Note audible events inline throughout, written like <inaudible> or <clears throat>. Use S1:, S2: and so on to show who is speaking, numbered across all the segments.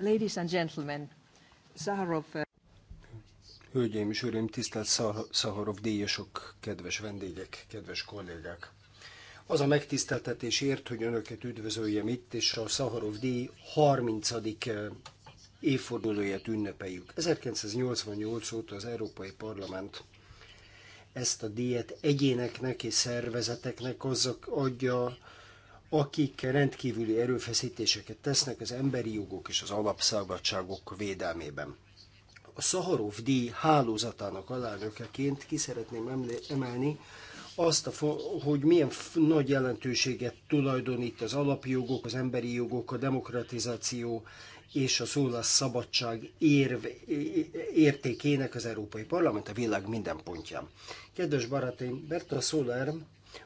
S1: Ladies and gentlemen, Zaharov... Uh,
S2: Hölgyeim és Uraim, tisztelt Szaharov díjasok, kedves vendégek, kedves kollégák! Az a megtiszteltetés ért, hogy Önöket üdvözöljem itt, és a Szaharov díj 30 uh, évfordulóját ünnepeljük. 1988 óta az Európai Parlament ezt a díjat egyéneknek és szervezeteknek azzak adja, akik rendkívüli erőfeszítéseket tesznek az emberi jogok és az alapszabadságok védelmében. A Szaharov díj hálózatának alelnökeként ki szeretném emelni azt, a, hogy milyen nagy jelentőséget tulajdonít az alapjogok, az emberi jogok, a demokratizáció és a szólásszabadság érv, értékének az Európai Parlament a világ minden pontján. Kedves barátaim, Bertha Szoller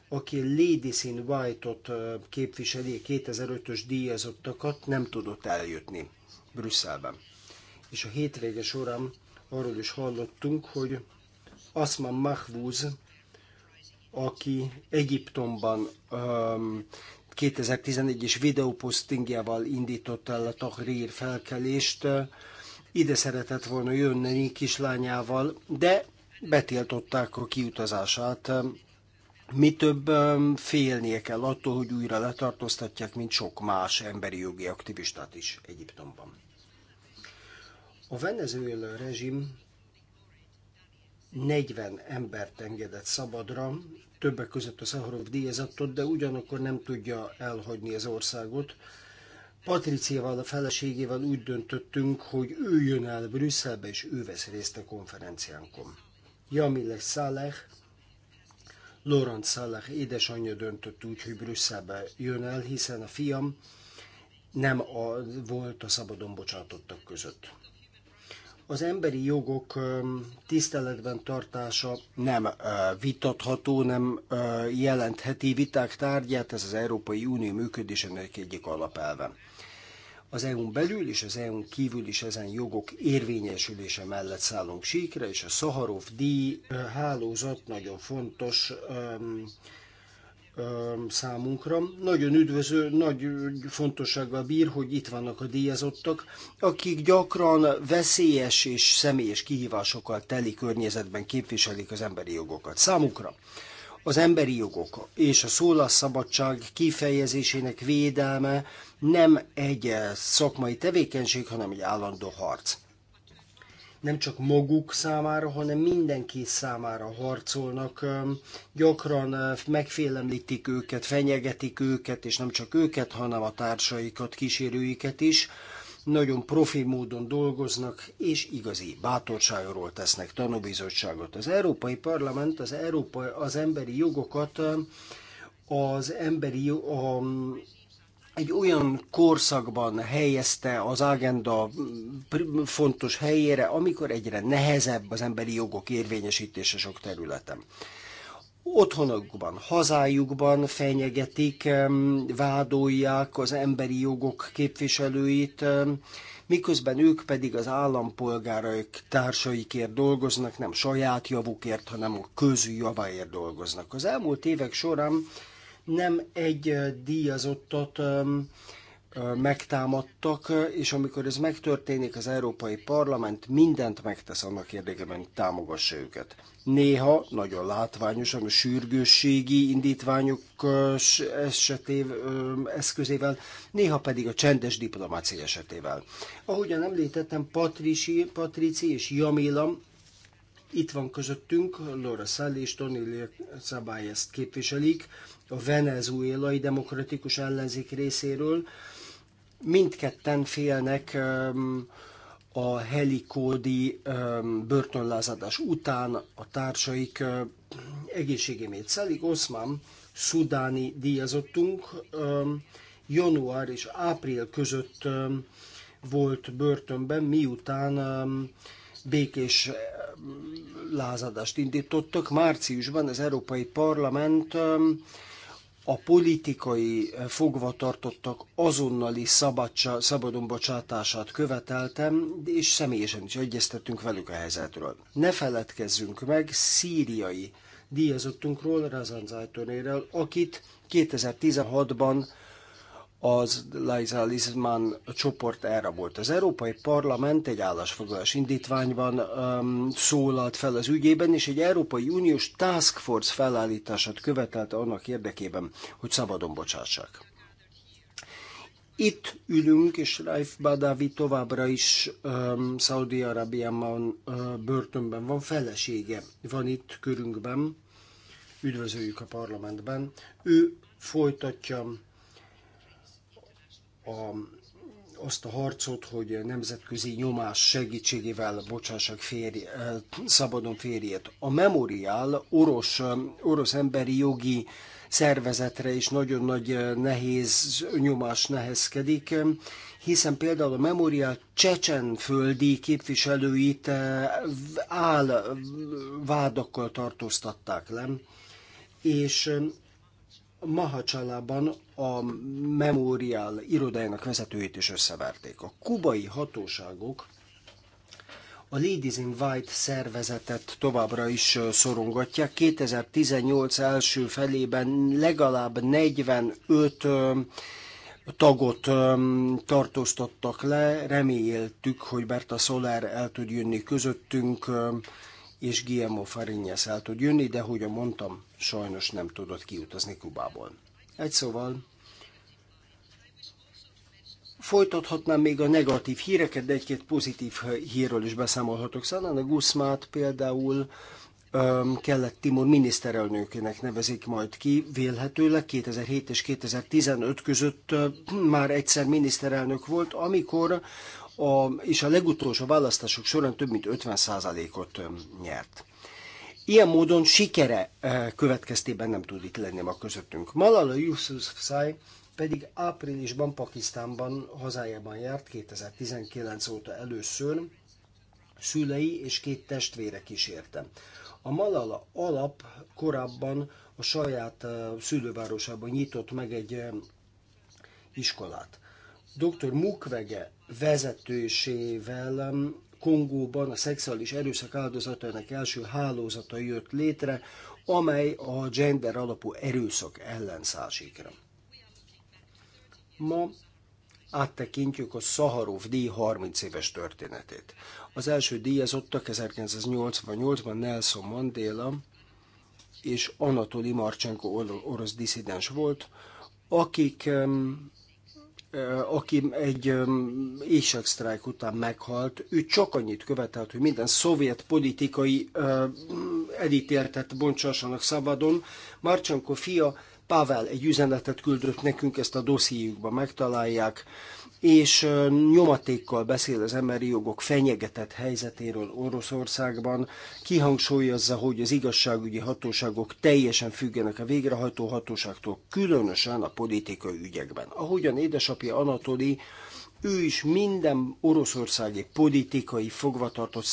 S2: aki Ladies in White-ot képviseli, 2005-ös díjazottakat, nem tudott eljutni Brüsszelben. És a hétvége során arról is hallottunk, hogy Asman Mahfouz, aki Egyiptomban um, 2011-es videóposztingjával indított el a Tahrir felkelést, ide szeretett volna jönni kislányával, de betiltották a kiutazását, mi több félnie kell attól, hogy újra letartóztatják, mint sok más emberi jogi aktivistát is Egyiptomban. A venezuela rezsim 40 embert engedett szabadra, többek között a Szaharov díjazatot, de ugyanakkor nem tudja elhagyni az országot. Patriciával, a feleségével úgy döntöttünk, hogy ő jön el Brüsszelbe, és ő vesz részt a konferenciánkon. Jamilek saleh Laurent Salah édesanyja döntött úgy, hogy Brüsszelbe jön el, hiszen a fiam nem a, volt a szabadon bocsátottak között. Az emberi jogok tiszteletben tartása nem vitatható, nem jelentheti viták tárgyát, ez az Európai Unió működésének egyik alapelve. Az EU-n belül és az EU-n kívül is ezen jogok érvényesülése mellett szállunk síkra, és a Szaharov díj hálózat nagyon fontos um, um, számunkra. Nagyon üdvöző, nagy fontossággal bír, hogy itt vannak a díjazottak, akik gyakran veszélyes és személyes kihívásokkal teli környezetben képviselik az emberi jogokat. Számukra az emberi jogok és a szólásszabadság kifejezésének védelme nem egy eh, szakmai tevékenység, hanem egy állandó harc. Nem csak maguk számára, hanem mindenki számára harcolnak. Eh, gyakran eh, megfélemlítik őket, fenyegetik őket, és nem csak őket, hanem a társaikat, kísérőiket is nagyon profi módon dolgoznak, és igazi bátorságról tesznek tanúbizottságot. Az Európai Parlament az, Európai, az emberi jogokat az emberi a, egy olyan korszakban helyezte az agenda fontos helyére, amikor egyre nehezebb az emberi jogok érvényesítése sok területen otthonokban, hazájukban fenyegetik, vádolják az emberi jogok képviselőit, miközben ők pedig az állampolgáraik társaikért dolgoznak, nem saját javukért, hanem a javáért dolgoznak. Az elmúlt évek során nem egy eh, díjazottat eh, megtámadtak, és amikor ez megtörténik, az Európai Parlament mindent megtesz annak érdekében, hogy támogassa őket néha nagyon látványos, ami sürgősségi indítványok esetével, eszközével, néha pedig a csendes diplomácia esetével. Ahogyan említettem, Patrici, Patrici és Jamila itt van közöttünk, Laura Sally és Tony ezt képviselik, a venezuelai demokratikus ellenzék részéről. Mindketten félnek um, a helikódi börtönlázadás után a társaik egészségémét szelik. Oszmán, szudáni díjazottunk, január és ápril között volt börtönben, miután békés lázadást indítottak. Márciusban az Európai Parlament a politikai eh, fogvatartottak azonnali szabadsa, szabadon bocsátását követeltem, és személyesen is egyeztettünk velük a helyzetről. Ne feledkezzünk meg szíriai díjazottunkról, Razan Zajtonérel, akit 2016-ban az Liza Lisman csoport elrabolt. Az Európai Parlament egy állásfoglalás indítványban um, szólalt fel az ügyében, és egy Európai Uniós Task Force felállítását követelte annak érdekében, hogy szabadon bocsássák. Itt ülünk, és Raif Badavi továbbra is um, Szaudi-Arabiában uh, börtönben van, felesége van itt körünkben, üdvözöljük a parlamentben. Ő folytatja a, azt a harcot, hogy nemzetközi nyomás segítségével bocsássak férj, szabadon férjét. A Memorial orosz, orosz emberi jogi szervezetre is nagyon nagy nehéz nyomás nehezkedik, hiszen például a Memorial csecsenföldi képviselőit áll vádakkal tartóztatták le, és Mahacsalában a memóriál irodájának vezetőjét is összeverték. A kubai hatóságok a Ladies in White szervezetet továbbra is szorongatják. 2018 első felében legalább 45 tagot tartóztattak le, reméltük, hogy Berta Soler el tud jönni közöttünk, és Guillermo Farinyes el tud jönni, de a mondtam, sajnos nem tudott kiutazni Kubából. Egy szóval, folytathatnám még a negatív híreket, de egy-két pozitív hírről is beszámolhatok. Szanán a Guzmát például um, kellett Timor miniszterelnőkének nevezik majd ki, vélhetőleg 2007 és 2015 között uh, már egyszer miniszterelnök volt, amikor a, és a legutolsó választások során több mint 50%-ot nyert. Ilyen módon sikere következtében nem tud itt lenni ma közöttünk. Malala Yousafzai pedig áprilisban Pakisztánban hazájában járt 2019 óta először, szülei és két testvére kísérte. A Malala alap korábban a saját szülővárosában nyitott meg egy iskolát. Dr. Mukwege vezetősével um, Kongóban a szexuális erőszak áldozatainak első hálózata jött létre, amely a gender alapú erőszak ellen szásikra. Ma áttekintjük a Szaharov díj 30 éves történetét. Az első díjazottak 1988-ban Nelson Mandela és Anatoli Marchenko orosz diszidens volt, akik um, Eh, aki egy éjségsztrájk után meghalt, ő csak annyit követelt, hogy minden szovjet politikai eh, elítéltet bontsassanak szabadon. Marcsankó fia Pavel egy üzenetet küldött nekünk, ezt a dossziéjukban megtalálják és nyomatékkal beszél az emberi jogok fenyegetett helyzetéről Oroszországban, kihangsúlyozza, hogy az igazságügyi hatóságok teljesen függenek a végrehajtó hatóságtól, különösen a politikai ügyekben. Ahogyan édesapja Anatoli ő is minden oroszországi politikai fogvatartott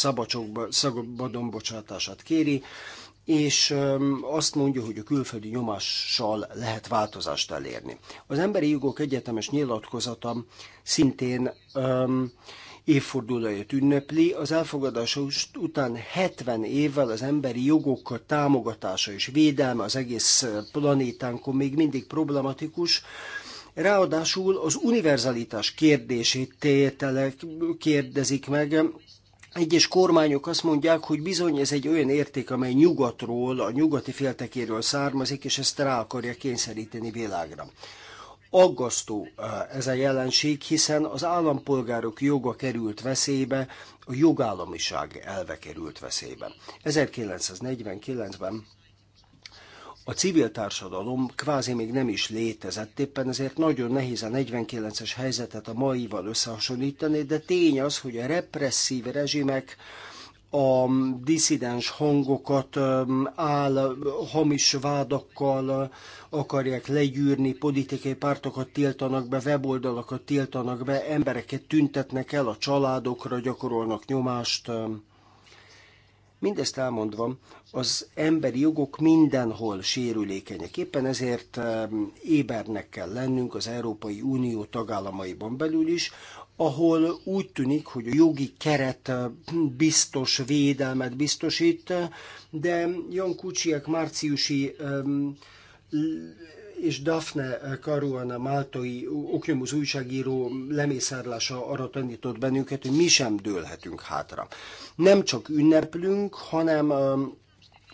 S2: szabadon bocsátását kéri, és azt mondja, hogy a külföldi nyomással lehet változást elérni. Az Emberi Jogok Egyetemes nyilatkozata szintén um, évfordulóját ünnepli, az elfogadása után 70 évvel az emberi jogok támogatása és védelme az egész planétánkon még mindig problematikus, Ráadásul az univerzalitás kérdését tételek kérdezik meg, egyes kormányok azt mondják, hogy bizony ez egy olyan érték, amely nyugatról, a nyugati féltekéről származik, és ezt rá akarja kényszeríteni világra. Aggasztó eh, ez a jelenség, hiszen az állampolgárok joga került veszélybe, a jogállamiság elve került veszélybe. 1949-ben a civil társadalom kvázi még nem is létezett, éppen ezért nagyon nehéz a 49-es helyzetet a maival összehasonlítani, de tény az, hogy a represszív rezsimek a diszidens hangokat áll, hamis vádakkal akarják legyűrni, politikai pártokat tiltanak be, weboldalakat tiltanak be, embereket tüntetnek el, a családokra gyakorolnak nyomást, Mindezt elmondva, az emberi jogok mindenhol sérülékenyek. Éppen ezért ébernek kell lennünk az Európai Unió tagállamaiban belül is, ahol úgy tűnik, hogy a jogi keret biztos védelmet biztosít, de Jan Kucsiak márciusi és Daphne Caruana Máltai oknyomozó újságíró lemészárlása arra tanított bennünket, hogy mi sem dőlhetünk hátra. Nem csak ünneplünk, hanem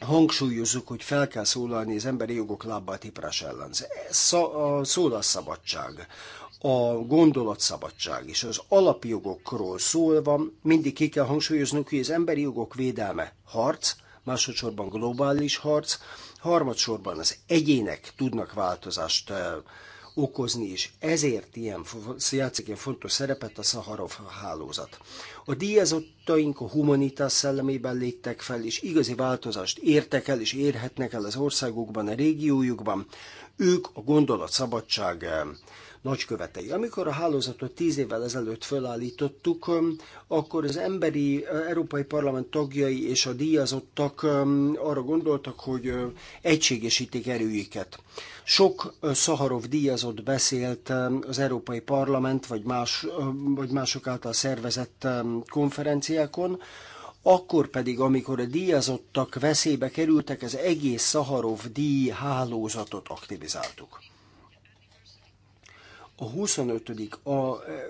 S2: hangsúlyozzuk, hogy fel kell szólalni az emberi jogok lábbal tiprás ellen. A szabadság, a gondolatszabadság és az alapjogokról szólva mindig ki kell hangsúlyoznunk, hogy az emberi jogok védelme harc, másodszorban globális harc, Harmadsorban az egyének tudnak változást okozni, és ezért ilyen, játszik ilyen fontos szerepet a Szaharov hálózat. A díjazottaink a humanitás szellemében léptek fel, és igazi változást értek el, és érhetnek el az országokban, a régiójukban. Ők a gondolatszabadság nagykövetei. Amikor a hálózatot tíz évvel ezelőtt felállítottuk, um, akkor az emberi uh, Európai Parlament tagjai és a díjazottak um, arra gondoltak, hogy uh, egységesítik erőiket. Sok uh, Szaharov díjazott beszélt um, az Európai Parlament vagy, más, vagy mások által szervezett konferenciákon, akkor pedig, amikor a díjazottak veszélybe kerültek, az egész Szaharov díj hálózatot aktivizáltuk. A 25. a eh,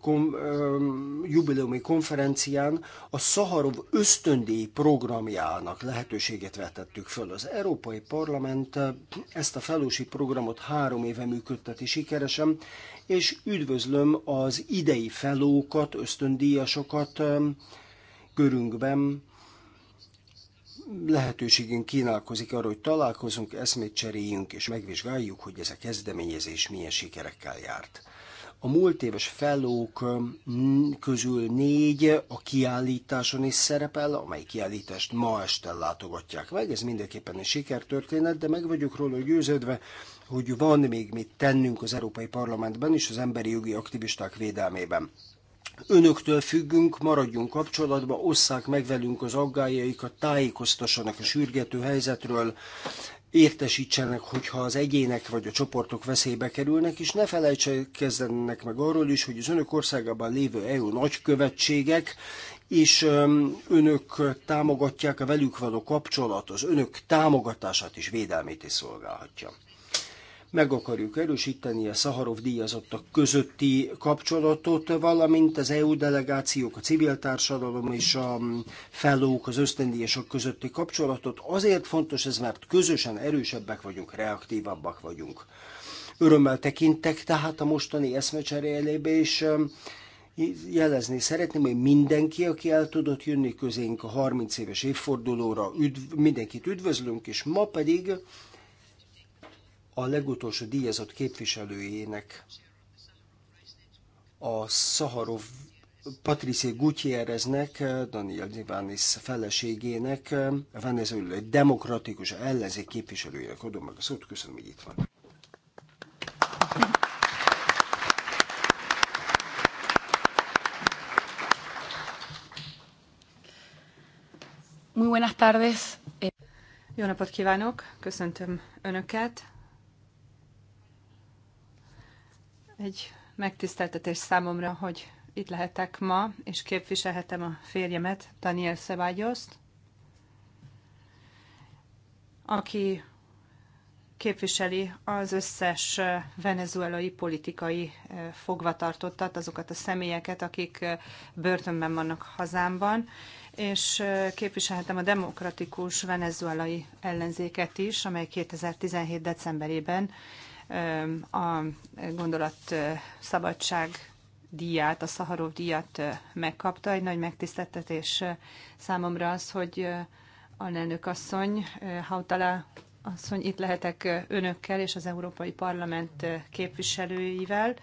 S2: kom, eh, jubileumi konferencián a Szaharov ösztöndíj programjának lehetőséget vetettük föl. Az Európai Parlament eh, ezt a felúsi programot három éve működteti sikeresen, és üdvözlöm az idei felókat, ösztöndíjasokat görünkben, lehetőségünk kínálkozik arra, hogy találkozunk, eszmét cseréljünk, és megvizsgáljuk, hogy ez a kezdeményezés milyen sikerekkel járt. A múlt éves fellók mm, közül négy a kiállításon is szerepel, amely kiállítást ma este látogatják meg. Ez mindenképpen egy sikertörténet, de meg vagyok róla győződve, hogy van még mit tennünk az Európai Parlamentben és az emberi jogi aktivisták védelmében. Önöktől függünk, maradjunk kapcsolatba, osszák meg velünk az aggájaikat, tájékoztassanak a sürgető helyzetről, értesítsenek, hogyha az egyének vagy a csoportok veszélybe kerülnek, és ne felejtsenek meg arról is, hogy az önök országában lévő EU nagykövetségek és önök támogatják a velük való kapcsolat, az önök támogatását és védelmét is szolgálhatja meg akarjuk erősíteni a Szaharov díjazottak közötti kapcsolatot, valamint az EU delegációk, a civil társadalom és a fellók, az ösztöndíjasok közötti kapcsolatot. Azért fontos ez, mert közösen erősebbek vagyunk, reaktívabbak vagyunk. Örömmel tekintek tehát a mostani eszmecsere elébe, és um, jelezni szeretném, hogy mindenki, aki el tudott jönni közénk a 30 éves évfordulóra, üdv, mindenkit üdvözlünk, és ma pedig a legutolsó díjazott képviselőjének, a Szaharov Patrice Gutierreznek, Daniel Nivánis feleségének, a egy demokratikus ellenzék képviselőjének adom meg a szót. Köszönöm, hogy itt van.
S1: Muy buenas tardes. Jó napot kívánok, köszöntöm Önöket. Egy megtiszteltetés számomra, hogy itt lehetek ma, és képviselhetem a férjemet, Daniel Szevágyoszt, aki képviseli az összes venezuelai politikai fogvatartottat, azokat a személyeket, akik börtönben vannak hazámban, és képviselhetem a demokratikus venezuelai ellenzéket is, amely 2017. decemberében a gondolat szabadság díját, a Szaharov díjat megkapta. Egy nagy megtiszteltetés számomra az, hogy a nőnök asszony, Hautala asszony, itt lehetek önökkel és az Európai Parlament képviselőivel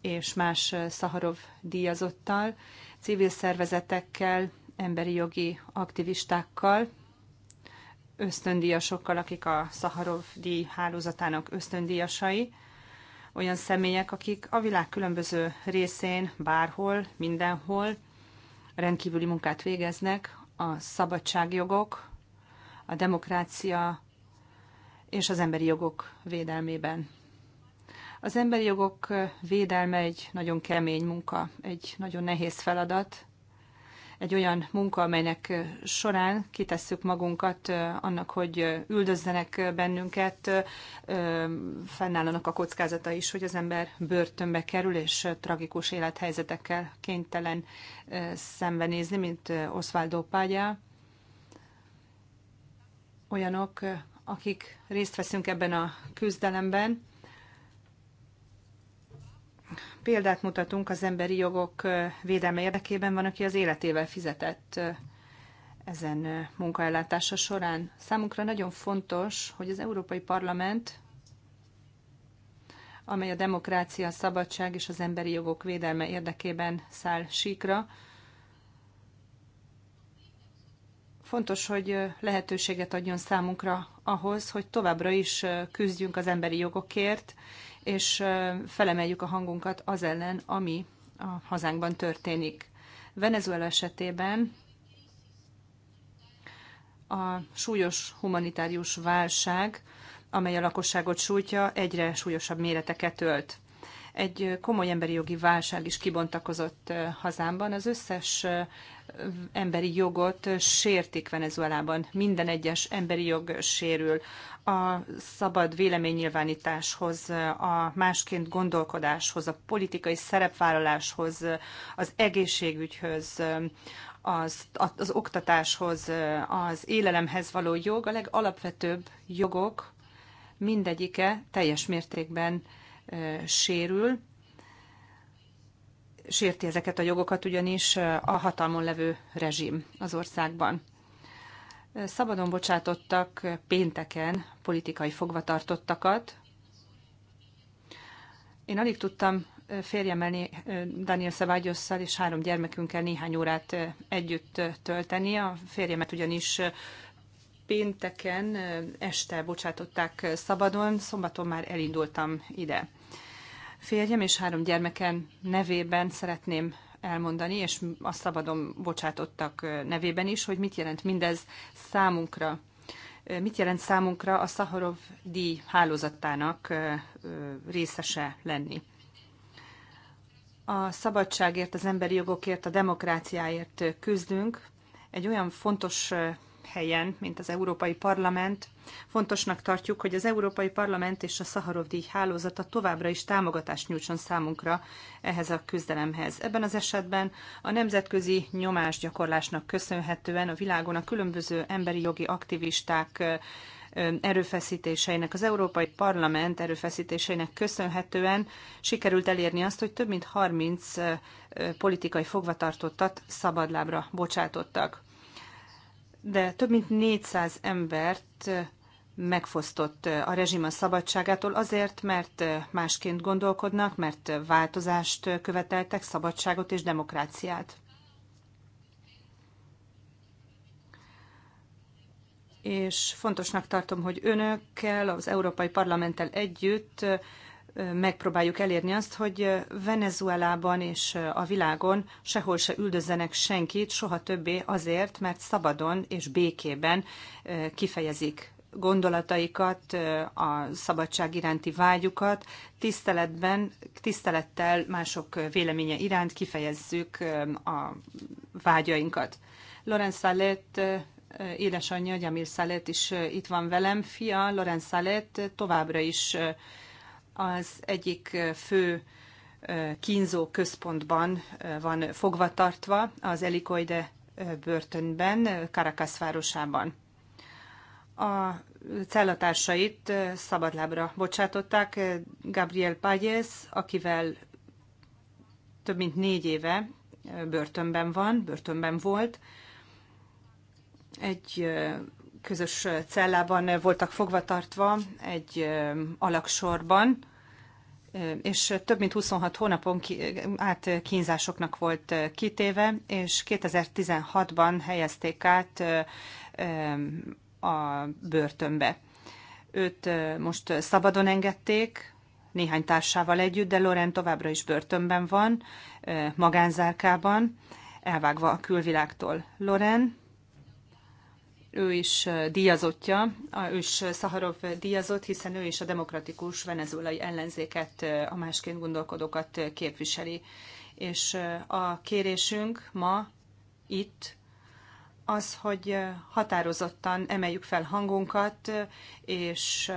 S1: és más Szaharov díjazottal, civil szervezetekkel, emberi jogi aktivistákkal, ösztöndíjasokkal, akik a Szaharov díj hálózatának ösztöndíjasai, olyan személyek, akik a világ különböző részén, bárhol, mindenhol rendkívüli munkát végeznek, a szabadságjogok, a demokrácia és az emberi jogok védelmében. Az emberi jogok védelme egy nagyon kemény munka, egy nagyon nehéz feladat, egy olyan munka, amelynek során kitesszük magunkat annak, hogy üldözzenek bennünket, fennállanak a kockázata is, hogy az ember börtönbe kerül, és tragikus élethelyzetekkel kénytelen szembenézni, mint Osvaldo Pagya Olyanok, akik részt veszünk ebben a küzdelemben, példát mutatunk az emberi jogok védelme érdekében, van, aki az életével fizetett ezen munkaellátása során. Számunkra nagyon fontos, hogy az Európai Parlament, amely a demokrácia, a szabadság és az emberi jogok védelme érdekében száll síkra, fontos, hogy lehetőséget adjon számunkra ahhoz, hogy továbbra is küzdjünk az emberi jogokért, és felemeljük a hangunkat az ellen, ami a hazánkban történik. Venezuela esetében a súlyos humanitárius válság, amely a lakosságot sújtja, egyre súlyosabb méreteket ölt. Egy komoly emberi jogi válság is kibontakozott hazámban. Az összes emberi jogot sértik Venezuelában. Minden egyes emberi jog sérül. A szabad véleménynyilvánításhoz, a másként gondolkodáshoz, a politikai szerepvállaláshoz, az egészségügyhöz, az, az oktatáshoz, az élelemhez való jog, a legalapvetőbb jogok mindegyike teljes mértékben sérül. Sérti ezeket a jogokat ugyanis a hatalmon levő rezsim az országban. Szabadon bocsátottak pénteken politikai fogvatartottakat. Én alig tudtam férjemmel, Daniel Szabágyosszal és három gyermekünkkel néhány órát együtt tölteni. A férjemet ugyanis pénteken este bocsátották szabadon, szombaton már elindultam ide férjem és három gyermekem nevében szeretném elmondani, és a szabadon bocsátottak nevében is, hogy mit jelent mindez számunkra. Mit jelent számunkra a Szaharov díj hálózatának részese lenni? A szabadságért, az emberi jogokért, a demokráciáért küzdünk. Egy olyan fontos helyen, mint az Európai Parlament. Fontosnak tartjuk, hogy az Európai Parlament és a Szaharov díj hálózata továbbra is támogatást nyújtson számunkra ehhez a küzdelemhez. Ebben az esetben a nemzetközi nyomásgyakorlásnak köszönhetően a világon a különböző emberi jogi aktivisták erőfeszítéseinek, az Európai Parlament erőfeszítéseinek köszönhetően sikerült elérni azt, hogy több mint 30 politikai fogvatartottat szabadlábra bocsátottak de több mint 400 embert megfosztott a rezsim a szabadságától azért, mert másként gondolkodnak, mert változást követeltek, szabadságot és demokráciát. És fontosnak tartom, hogy önökkel, az Európai Parlamenttel együtt megpróbáljuk elérni azt, hogy Venezuelában és a világon sehol se üldözzenek senkit, soha többé azért, mert szabadon és békében kifejezik gondolataikat, a szabadság iránti vágyukat, tiszteletben, tisztelettel mások véleménye iránt kifejezzük a vágyainkat. Lorenz Salet édesanyja, Gyamil Salet is itt van velem, fia Lorenz Salet továbbra is az egyik fő kínzó központban van fogvatartva, az Elikoide börtönben, Caracas városában. A cellatársait szabadlábra bocsátották, Gabriel Págyez, akivel több mint négy éve börtönben van, börtönben volt, egy közös cellában voltak fogvatartva egy alaksorban, és több mint 26 hónapon át kínzásoknak volt kitéve, és 2016-ban helyezték át a börtönbe. Őt most szabadon engedték, néhány társával együtt, de Loren továbbra is börtönben van, magánzárkában, elvágva a külvilágtól. Loren ő is díjazottja, ő is Szaharov díjazott, hiszen ő is a demokratikus venezuelai ellenzéket, a másként gondolkodókat képviseli. És a kérésünk ma itt az, hogy határozottan emeljük fel hangunkat, és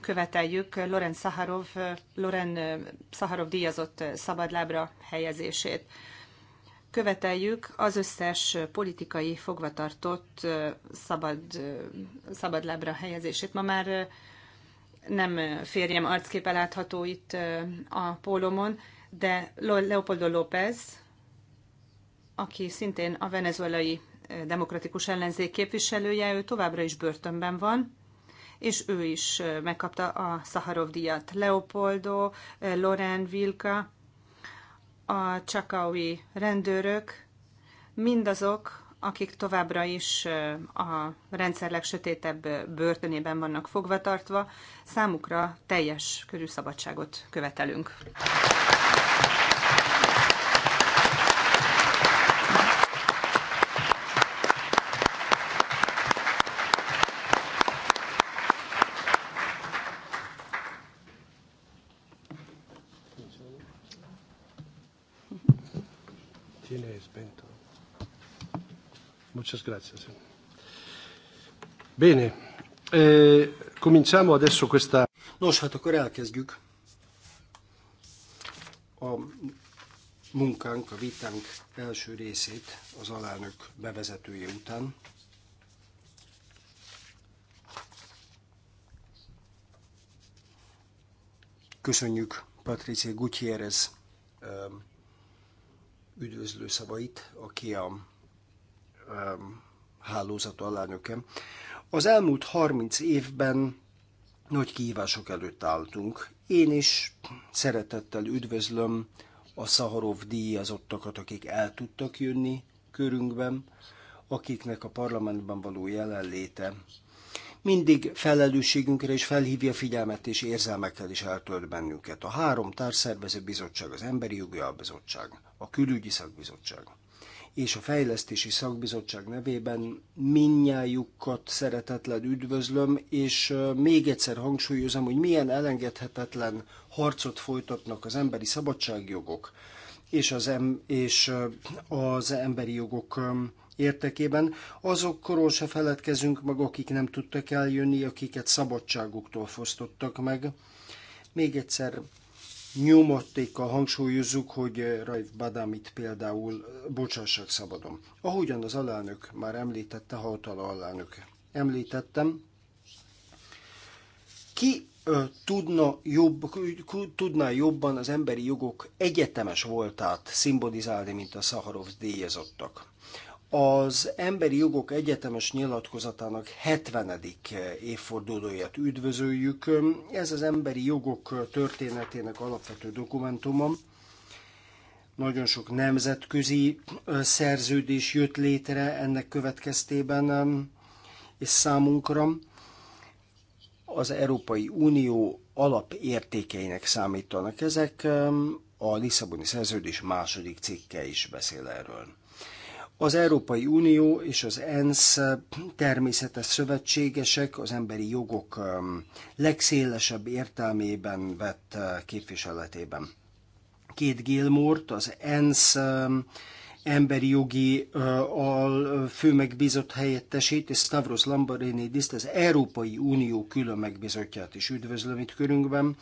S1: követeljük Loren Szaharov, Loren Szaharov díjazott szabadlábra helyezését követeljük az összes politikai fogvatartott szabad, szabad lábra helyezését. Ma már nem férjem arcképe látható itt a pólomon, de Leopoldo López, aki szintén a venezuelai demokratikus ellenzék képviselője, ő továbbra is börtönben van, és ő is megkapta a Szaharov díjat. Leopoldo, Loren Vilka, a csakaui rendőrök, mindazok, akik továbbra is a rendszer legsötétebb börtönében vannak fogvatartva, számukra teljes körű szabadságot követelünk.
S3: intervento. Muchas gracias. Eh. Bene, eh, cominciamo adesso questa... Nos, hát akkor elkezdjük a munkánk, a vitánk
S2: első részét az alelnök bevezetője után. Köszönjük Patrici Gutierrez eh, üdvözlő szavait, aki a hálózat hálózat alánöke. Az elmúlt 30 évben nagy kihívások előtt álltunk. Én is szeretettel üdvözlöm a Szaharov díjazottakat, akik el tudtak jönni körünkben, akiknek a parlamentben való jelenléte mindig felelősségünkre és felhívja figyelmet és érzelmekkel is eltölt bennünket. A három társszervező bizottság, az Emberi Jogi Albizottság, a Külügyi Szakbizottság és a Fejlesztési Szakbizottság nevében minnyájukat szeretetlen üdvözlöm, és még egyszer hangsúlyozom, hogy milyen elengedhetetlen harcot folytatnak az emberi szabadságjogok és az, em- és az emberi jogok értekében. Azokról se feledkezünk meg, akik nem tudtak eljönni, akiket szabadságuktól fosztottak meg. Még egyszer nyomottékkal hangsúlyozzuk, hogy Raif Badamit például bocsássak szabadon. Ahogyan az alelnök már említette, hautala alelnök említettem, ki ö, tudna, jobb, tudná jobban az emberi jogok egyetemes voltát szimbolizálni, mint a Szaharov díjazottak az Emberi Jogok Egyetemes Nyilatkozatának 70. évfordulóját üdvözöljük. Ez az emberi jogok történetének alapvető dokumentuma. Nagyon sok nemzetközi szerződés jött létre ennek következtében, és számunkra az Európai Unió alapértékeinek számítanak ezek. A Lisszaboni szerződés második cikke is beszél erről. Az Európai Unió és az ENSZ eh, természetes szövetségesek az emberi jogok eh, legszélesebb értelmében vett eh, képviseletében. Két Gilmort, az ENSZ emberi jogi al főmegbízott helyettesét, és Stavros Lambarinidis, az Európai Unió külön megbízottját is üdvözlöm itt körünkben.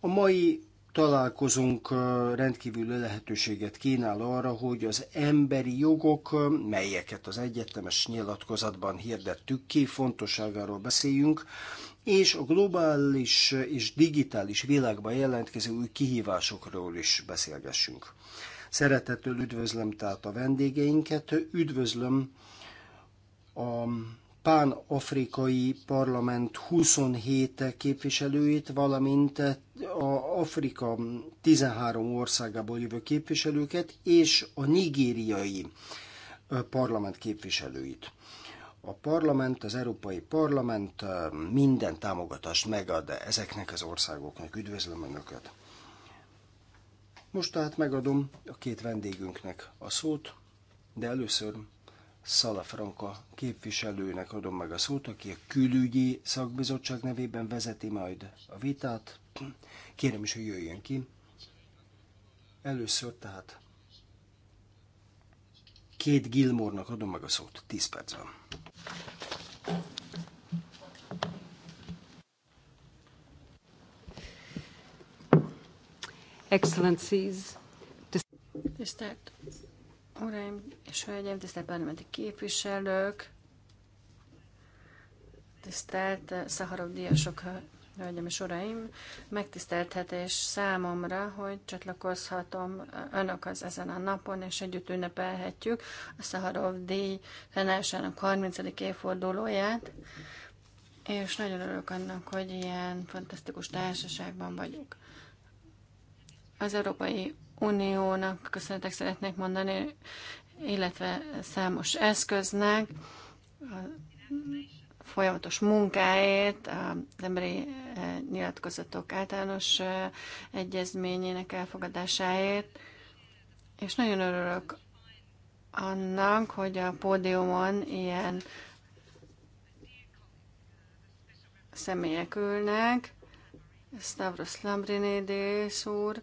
S2: A mai találkozunk rendkívüli lehetőséget kínál arra, hogy az emberi jogok, melyeket az egyetemes nyilatkozatban hirdettük ki, fontosságáról beszéljünk, és a globális és digitális világban jelentkező új kihívásokról is beszélgessünk. Szeretettel üdvözlöm tehát a vendégeinket, üdvözlöm a pán-afrikai parlament 27 képviselőjét, valamint a Afrika 13 országából jövő képviselőket és a nigériai parlament képviselőit. A parlament, az Európai Parlament minden támogatást megad ezeknek az országoknak. Üdvözlöm Önöket! Most tehát megadom a két vendégünknek a szót, de először Szalafranka képviselőnek adom meg a szót, aki a külügyi szakbizottság nevében vezeti majd a vitát. Kérem is, hogy jöjjön ki. Először tehát két Gilmornak adom meg a szót, Tíz perc van.
S1: Excellencies,
S4: tisztelt Uraim és hölgyeim, tisztelt parlamenti képviselők, tisztelt Szaharov díjasok, hölgyeim és uraim, megtisztelthetés számomra, hogy csatlakozhatom önökhöz ezen a napon, és együtt ünnepelhetjük a Szaharov díj fennállásának 30. évfordulóját, és nagyon örülök annak, hogy ilyen fantasztikus társaságban vagyok. Az Európai Uniónak köszönetek szeretnék mondani, illetve számos eszköznek folyamatos munkáért, az emberi eh, nyilatkozatok általános eh, egyezményének elfogadásáért, és nagyon örülök annak, hogy a pódiumon ilyen személyek ülnek, Stavros Lambrinidis úr,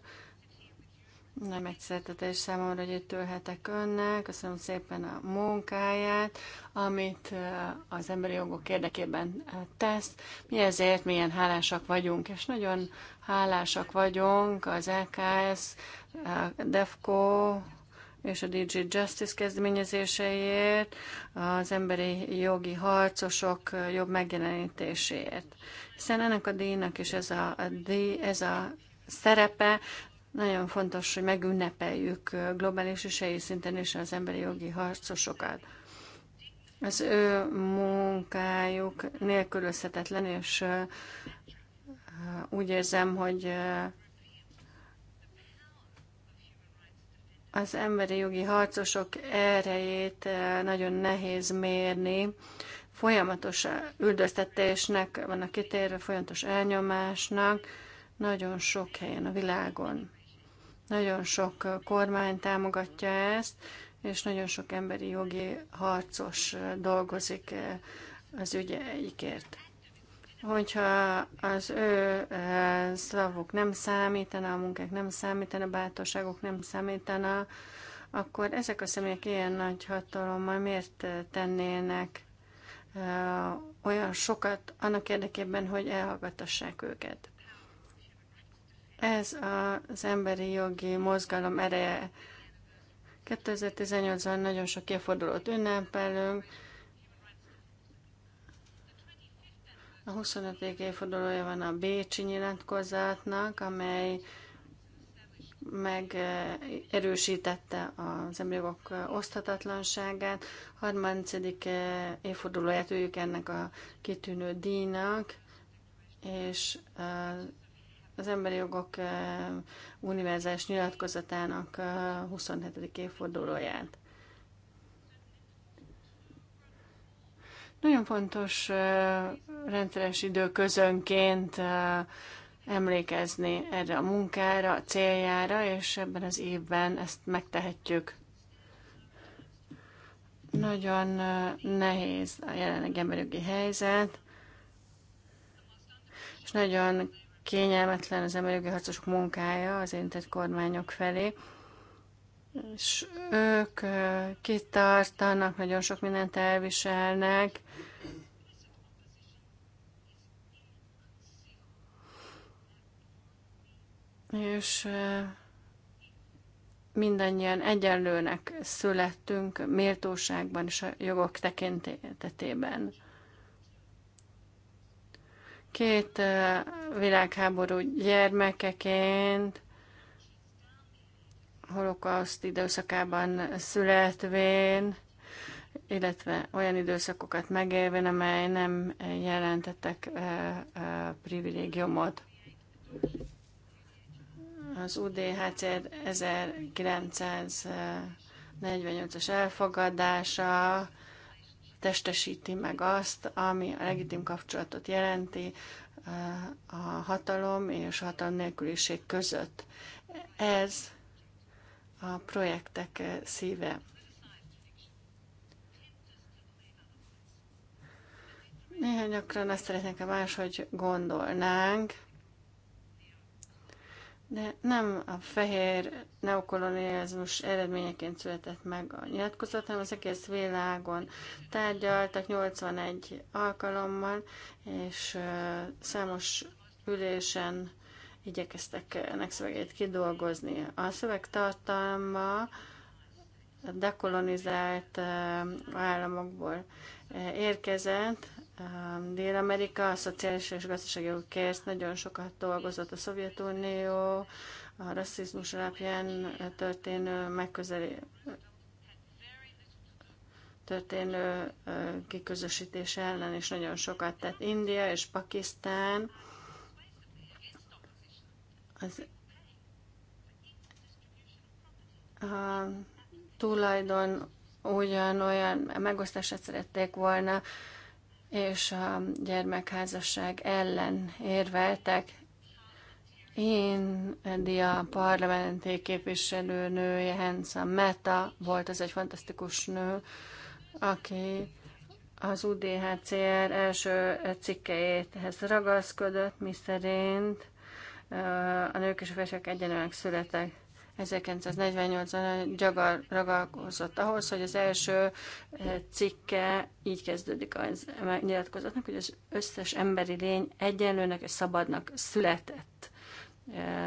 S4: egy szeretetés számomra, hogy itt ülhetek önnek. Köszönöm szépen a munkáját, amit az emberi jogok érdekében tesz. Mi ezért milyen hálásak vagyunk, és nagyon hálásak vagyunk az LKS, a DEFCO és a DG Justice kezdeményezéseiért, az emberi jogi harcosok jobb megjelenítéséért. Hiszen ennek a díjnak is ez a, a díj, ez a szerepe nagyon fontos, hogy megünnepeljük globális és helyi szinten is az emberi jogi harcosokat. Az ő munkájuk nélkülözhetetlen, és úgy érzem, hogy az emberi jogi harcosok erejét nagyon nehéz mérni. Folyamatos üldöztetésnek vannak kitérve, folyamatos elnyomásnak nagyon sok helyen a világon. Nagyon sok kormány támogatja ezt, és nagyon sok emberi jogi harcos dolgozik az ügyeikért. Hogyha az ő szlavuk nem számítana, a munkák nem számítana, a bátorságok nem számítana, akkor ezek a személyek ilyen nagy hatalommal miért tennének olyan sokat annak érdekében, hogy elhallgatassák őket? Ez az emberi jogi mozgalom ereje. 2018-ban nagyon sok évfordulót ünnepelünk. A 25. évfordulója van a Bécsi nyilatkozatnak, amely megerősítette az emberi jogok oszthatatlanságát. 30. évfordulóját üljük ennek a kitűnő díjnak, és az Emberi Jogok eh, Univerzális Nyilatkozatának 27. Eh, évfordulóját. Nagyon fontos eh, rendszeres időközönként emlékezni erre a munkára, a céljára, és ebben az évben ezt megtehetjük. Nagyon nehéz a jelenleg emberi helyzet, és nagyon kényelmetlen az emberi harcosok munkája az érintett kormányok felé, és ők kitartanak, nagyon sok mindent elviselnek, és mindannyian egyenlőnek születtünk méltóságban és a jogok tekintetében. Két világháború gyermekeként, holokauszt időszakában születvén, illetve olyan időszakokat megélvén, amely nem jelentettek privilégiumot. Az UDHCR 1945 as elfogadása testesíti meg azt, ami a legitim kapcsolatot jelenti eh, a hatalom és a hatalom nélküliség között. Ez a projektek eh, szíve. Néha gyakran azt szeretnék, máshogy gondolnánk, de nem a fehér neokolonializmus eredményeként született meg a nyilatkozat, hanem az egész világon tárgyaltak 81 alkalommal, és számos ülésen igyekeztek ennek szövegét kidolgozni. A szöveg tartalma dekolonizált államokból érkezett, Dél-Amerika a szociális és gazdasági kérsz nagyon sokat dolgozott a Szovjetunió, a rasszizmus alapján történő megközelítés történő kiközösítés ellen is nagyon sokat tett India és Pakisztán. Az a tulajdon ugyanolyan megosztását szerették volna, és a gyermekházasság ellen érveltek. Én a parlamenti képviselőnője Hensa Meta volt, ez egy fantasztikus nő, aki az UDHCR első cikkejéhez ragaszkodott, miszerint a nők és a férfiak egyenlően születek. 1948-ban gyagar ragalkozott ahhoz, hogy az első cikke így kezdődik a nyilatkozatnak, hogy az összes emberi lény egyenlőnek és szabadnak született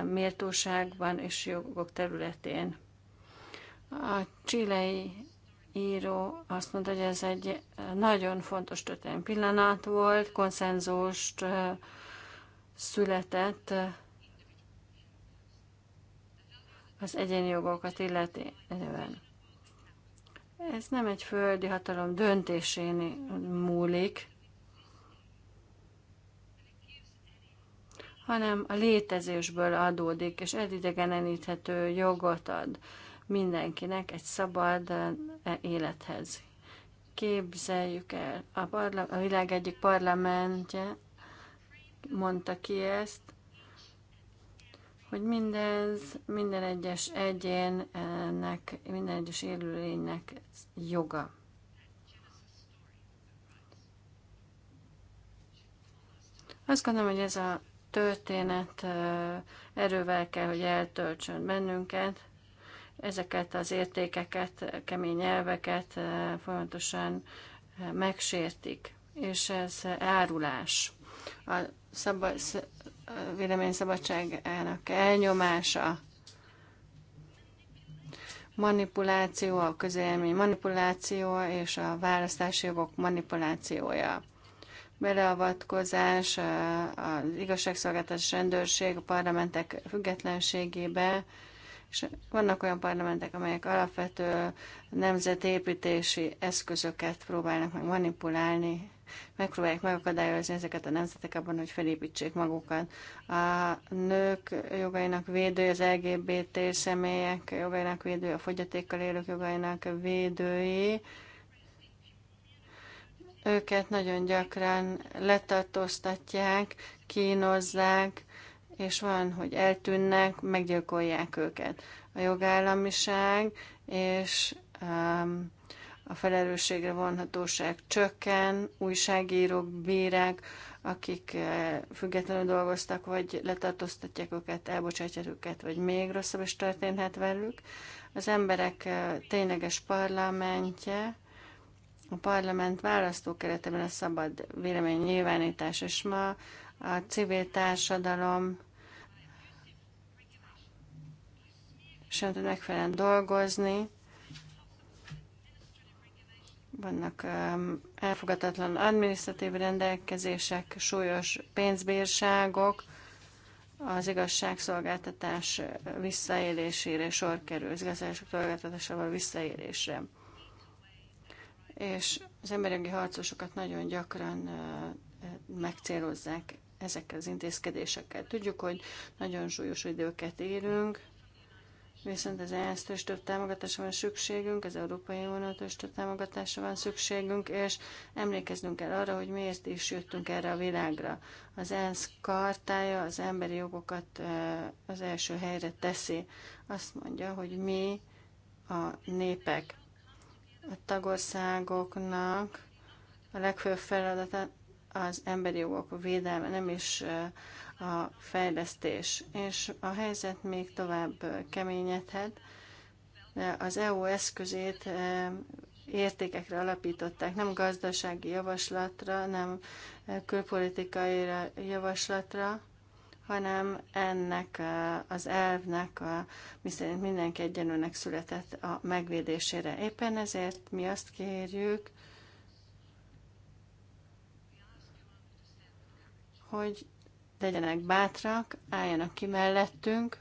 S4: méltóságban és jogok területén. A csilei író azt mondta, hogy ez egy nagyon fontos történelmi pillanat volt, konszenzust született az egyéni jogokat illetően. Ez nem egy földi hatalom döntésén múlik, hanem a létezésből adódik, és elidegeneníthető jogot ad mindenkinek egy szabad eh, élethez. Képzeljük el, a, a világ egyik parlamentje mondta ki ezt, hogy mindez minden egyes egyénnek, minden egyes élőlénynek joga. Azt gondolom, hogy ez a történet erővel kell, hogy eltöltsön bennünket. Ezeket az értékeket, kemény elveket folyamatosan megsértik, és ez árulás. A vélemény véleményszabadságának elnyomása, manipuláció, a közélmény manipuláció és a választási jogok manipulációja beleavatkozás, az igazságszolgáltatás rendőrség, a parlamentek függetlenségébe, és vannak olyan parlamentek, amelyek alapvető nemzetépítési eszközöket próbálnak meg manipulálni, megpróbálják megakadályozni ezeket a nemzetek abban, hogy felépítsék magukat. A nők jogainak védője, az LGBT személyek jogainak védője, a fogyatékkal élők jogainak védői, őket nagyon gyakran letartóztatják, kínozzák, és van, hogy eltűnnek, meggyilkolják őket. A jogállamiság és um, a felelősségre vonhatóság csökken, újságírók, bírák, akik eh, függetlenül dolgoztak, vagy letartóztatják őket, elbocsátják őket, vagy még rosszabb is történhet velük. Az emberek eh, tényleges parlamentje a parlament választókeretében a szabad vélemény nyilvánítás, és ma a civil társadalom sem tud megfelelően dolgozni. Vannak um, elfogadatlan adminisztratív rendelkezések, súlyos pénzbírságok, az igazságszolgáltatás visszaélésére sor kerül, az igazságszolgáltatásával visszaélésre és az emberi harcosokat nagyon gyakran megcélozzák ezekkel az intézkedésekkel. Tudjuk, hogy nagyon súlyos időket élünk, viszont az ENSZ több támogatásra van szükségünk, az Európai Unió több támogatásra van szükségünk, és emlékeznünk kell arra, hogy miért is jöttünk erre a világra. Az ENSZ kartája az emberi jogokat az első helyre teszi. Azt mondja, hogy mi a népek a tagországoknak a legfőbb feladata az emberi jogok védelme, nem is a fejlesztés. És a helyzet még tovább keményedhet. az EU eszközét értékekre alapították, nem gazdasági javaslatra, nem külpolitikai javaslatra, hanem ennek az elvnek, a, miszerint mindenki egyenlőnek született a megvédésére. Éppen ezért mi azt kérjük, hogy legyenek bátrak, álljanak ki mellettünk,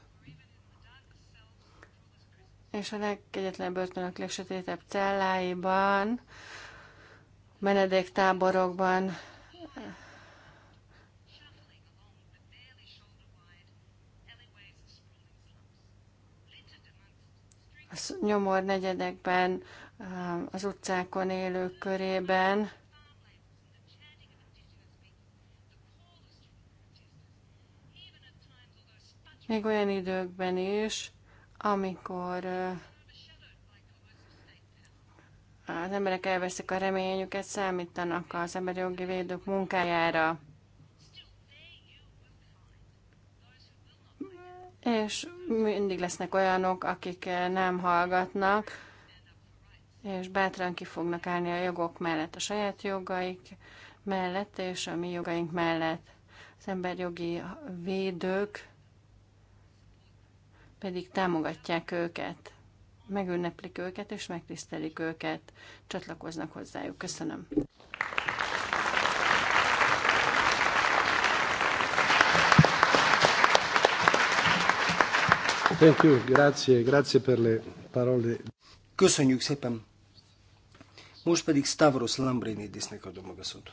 S4: és a legkegyetlenebb börtönök legsötétebb celláiban, menedéktáborokban a nyomor negyedekben, eh, az utcákon élők körében. Még olyan időkben is, amikor eh, az emberek elveszik a reményüket, számítanak az emberi jogi védők munkájára. és mindig lesznek olyanok, akik eh, nem hallgatnak, és bátran ki fognak állni a jogok mellett, a saját jogaik mellett, és a mi jogaink mellett. Az emberjogi védők pedig támogatják őket, megünneplik őket, és megtisztelik őket, csatlakoznak hozzájuk. Köszönöm.
S3: Thank you, grazie, grazie per le parole. Köszönjük szépen.
S2: Most pedig Stavros Lambrinidisnek adom a szót.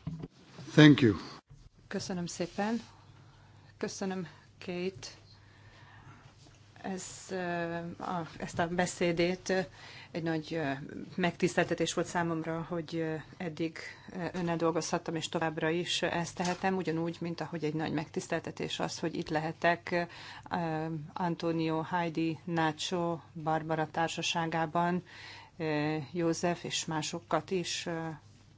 S3: Thank you.
S1: Köszönöm szépen. Köszönöm, Kate, ez, a, ezt a beszédét egy nagy megtiszteltetés volt számomra, hogy eddig önnel dolgozhattam, és továbbra is ezt tehetem, ugyanúgy, mint ahogy egy nagy megtiszteltetés az, hogy itt lehetek Antonio Heidi Nácsó Barbara társaságában, József és másokat is,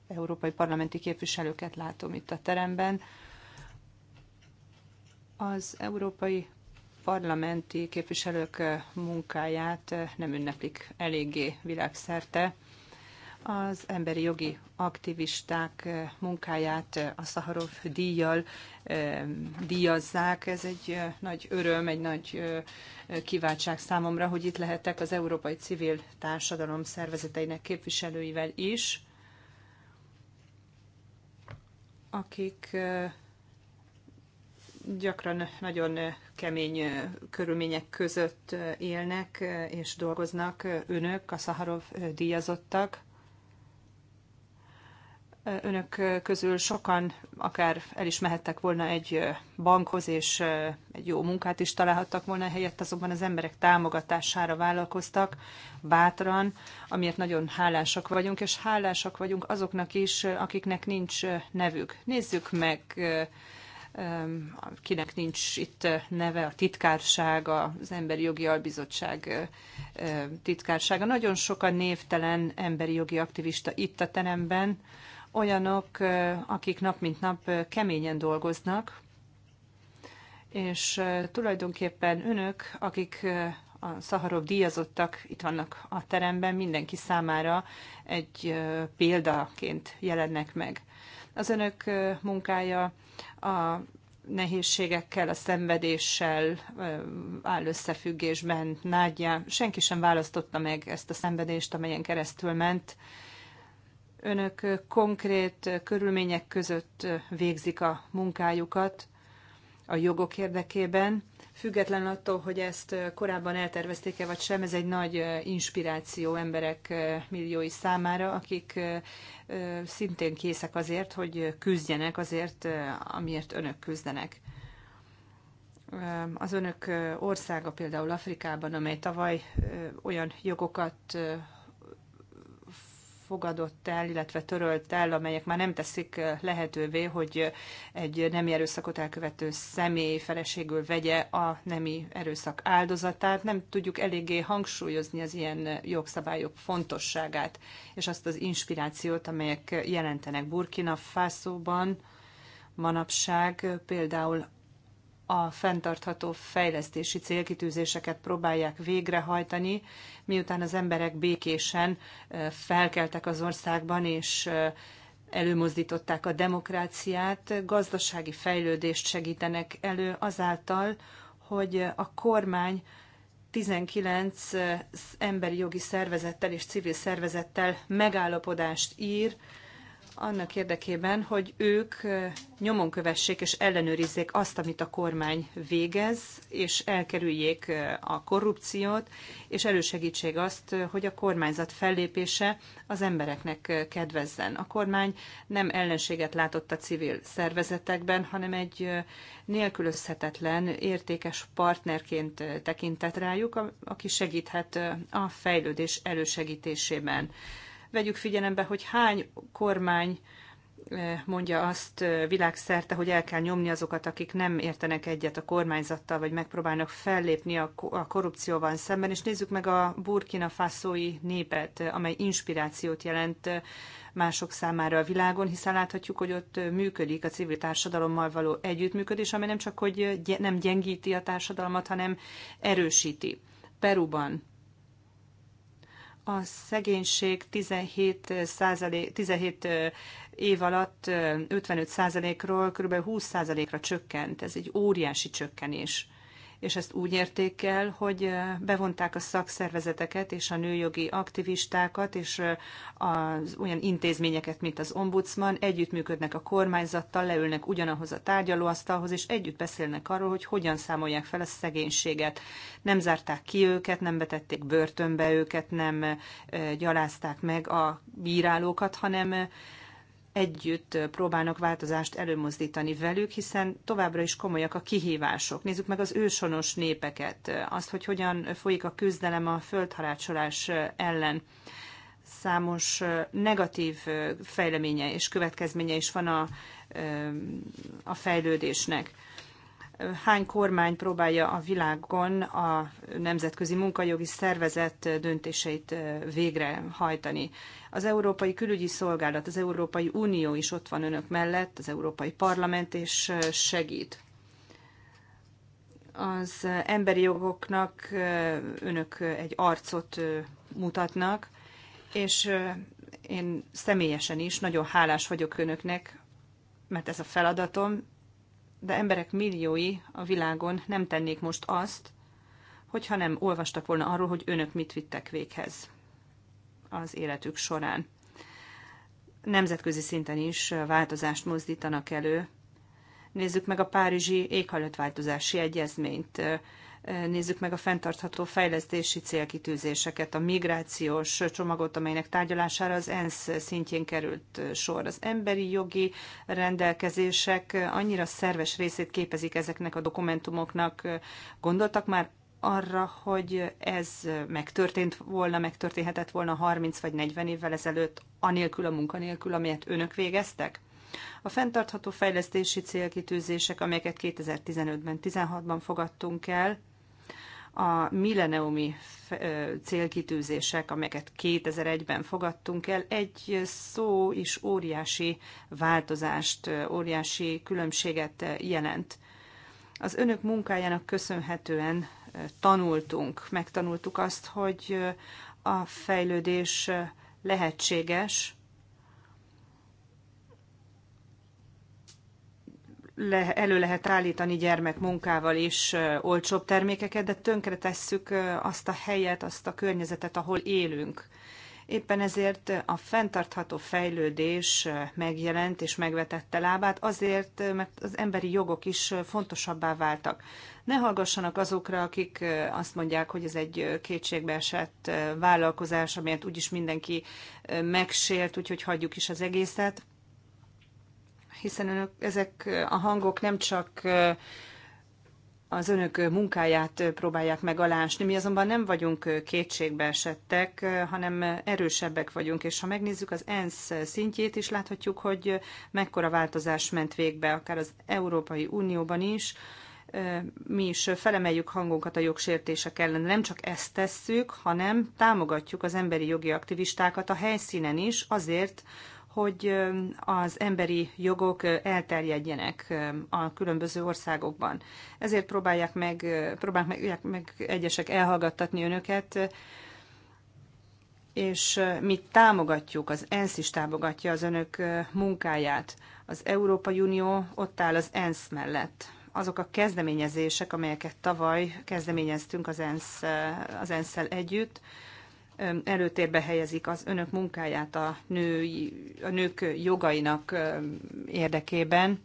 S1: európai parlamenti képviselőket látom itt a teremben. Az Európai parlamenti képviselők eh, munkáját eh, nem ünneplik eléggé világszerte. Az emberi jogi aktivisták eh, munkáját a Szaharov díjjal díjazzák. Ez egy nagy öröm, egy nagy kiváltság számomra, hogy itt lehetek az európai civil társadalom szervezeteinek képviselőivel is, akik gyakran nagyon kemény körülmények között élnek és dolgoznak önök, a Szaharov díjazottak. Önök közül sokan akár el is mehettek volna egy bankhoz, és egy jó munkát is találhattak volna, helyett azonban az emberek támogatására vállalkoztak bátran, amiért nagyon hálásak vagyunk, és hálásak vagyunk azoknak is, akiknek nincs nevük. Nézzük meg kinek nincs itt neve, a titkárság, az Emberi Jogi Albizottság titkársága. Nagyon sok a névtelen emberi jogi aktivista itt a teremben, olyanok, akik nap mint nap keményen dolgoznak, és tulajdonképpen önök, akik a Szaharov díjazottak itt vannak a teremben, mindenki számára egy példaként jelennek meg. Az önök munkája a nehézségekkel, a szenvedéssel áll összefüggésben. Nádja, senki sem választotta meg ezt a szenvedést, amelyen keresztül ment. Önök konkrét körülmények között végzik a munkájukat a jogok érdekében, Független attól, hogy ezt korábban eltervezték-e vagy sem, ez egy nagy inspiráció emberek milliói számára, akik szintén készek azért, hogy küzdjenek azért, amiért önök küzdenek. Az önök országa például Afrikában, amely tavaly olyan jogokat fogadott el, illetve törölt el, amelyek már nem teszik eh, lehetővé, hogy eh, egy nemi erőszakot elkövető személy feleségül vegye a nemi erőszak áldozatát. Nem tudjuk eléggé hangsúlyozni az ilyen eh, jogszabályok fontosságát, és azt az inspirációt, amelyek jelentenek Burkina Faso-ban manapság például a fenntartható fejlesztési célkitűzéseket próbálják végrehajtani, miután az emberek békésen felkeltek az országban, és előmozdították a demokráciát, gazdasági fejlődést segítenek elő azáltal, hogy a kormány 19 emberi jogi szervezettel és civil szervezettel megállapodást ír, annak érdekében, hogy ők nyomon kövessék és ellenőrizzék azt, amit a kormány végez, és elkerüljék a korrupciót, és elősegítsék azt, hogy a kormányzat fellépése az embereknek kedvezzen. A kormány nem ellenséget látott a civil szervezetekben, hanem egy nélkülözhetetlen, értékes partnerként tekintett rájuk, aki segíthet a fejlődés elősegítésében vegyük figyelembe, hogy hány kormány eh, mondja azt eh, világszerte, hogy el kell nyomni azokat, akik nem értenek egyet a kormányzattal, vagy megpróbálnak fellépni a korrupcióval szemben, és nézzük meg a burkina faszói népet, eh, amely inspirációt jelent mások számára a világon, hiszen láthatjuk, hogy ott működik a civil társadalommal való együttműködés, amely nem csak hogy nem gyengíti a társadalmat, hanem erősíti. Peruban a szegénység 17, százalék, 17 év alatt 55 ról kb. 20 ra csökkent. Ez egy óriási csökkenés és ezt úgy érték el, hogy bevonták a szakszervezeteket és a nőjogi aktivistákat és az olyan intézményeket, mint az ombudsman, együttműködnek a kormányzattal, leülnek ugyanahoz a tárgyalóasztalhoz, és együtt beszélnek arról, hogy hogyan számolják fel a szegénységet. Nem zárták ki őket, nem betették börtönbe őket, nem gyalázták meg a bírálókat, hanem együtt próbálnak változást előmozdítani velük, hiszen továbbra is komolyak a kihívások. Nézzük meg az ősonos népeket, azt, hogy hogyan folyik a küzdelem a földharácsolás ellen. Számos negatív fejleménye és következménye is van a, a fejlődésnek hány kormány próbálja a világon a nemzetközi munkajogi szervezet döntéseit végrehajtani. Az Európai Külügyi Szolgálat, az Európai Unió is ott van önök mellett, az Európai Parlament, is segít. Az emberi jogoknak önök egy arcot mutatnak, és én személyesen is nagyon hálás vagyok önöknek, mert ez a feladatom, de emberek milliói a világon nem tennék most azt, hogyha nem olvastak volna arról, hogy önök mit vittek véghez az életük során. Nemzetközi szinten is változást mozdítanak elő. Nézzük meg a Párizsi éghajlatváltozási egyezményt nézzük meg a fenntartható fejlesztési célkitűzéseket, a migrációs csomagot, amelynek tárgyalására az ENSZ szintjén került sor. Az emberi jogi rendelkezések annyira szerves részét képezik ezeknek a dokumentumoknak. Gondoltak már arra, hogy ez megtörtént volna, megtörténhetett volna 30 vagy 40 évvel ezelőtt, anélkül a munkanélkül, amelyet önök végeztek? A fenntartható fejlesztési célkitűzések, amelyeket 2015-ben, 16 ban fogadtunk el, a milleniumi célkitűzések, amelyeket 2001-ben fogadtunk el, egy szó is óriási változást, óriási különbséget jelent. Az önök munkájának köszönhetően tanultunk, megtanultuk azt, hogy a fejlődés lehetséges, le, elő lehet állítani gyermekmunkával is olcsóbb termékeket, de tönkre tesszük azt a helyet, azt a környezetet, ahol élünk. Éppen ezért a fenntartható fejlődés megjelent és megvetette lábát, azért, mert az emberi jogok is fontosabbá váltak. Ne hallgassanak azokra, akik azt mondják, hogy ez egy kétségbeesett vállalkozás, amelyet úgyis mindenki megsért, úgyhogy hagyjuk is az egészet hiszen önök, ezek a hangok nem csak az önök munkáját próbálják megalásni. Mi azonban nem vagyunk kétségbe esettek, hanem erősebbek vagyunk, és ha megnézzük az ENSZ szintjét is, láthatjuk, hogy mekkora változás ment végbe, akár az Európai Unióban is, mi is felemeljük hangunkat a jogsértések ellen. Nem csak ezt tesszük, hanem támogatjuk az emberi jogi aktivistákat a helyszínen is azért, hogy az emberi jogok elterjedjenek a különböző országokban. Ezért próbálják meg, próbálják meg, meg egyesek elhallgattatni önöket, és mi támogatjuk, az ENSZ is támogatja az önök munkáját. Az Európai Unió ott áll az ENSZ mellett. Azok a kezdeményezések, amelyeket tavaly kezdeményeztünk az ENSZ, az ensz együtt, előtérbe helyezik az önök munkáját a, női, a nők jogainak érdekében.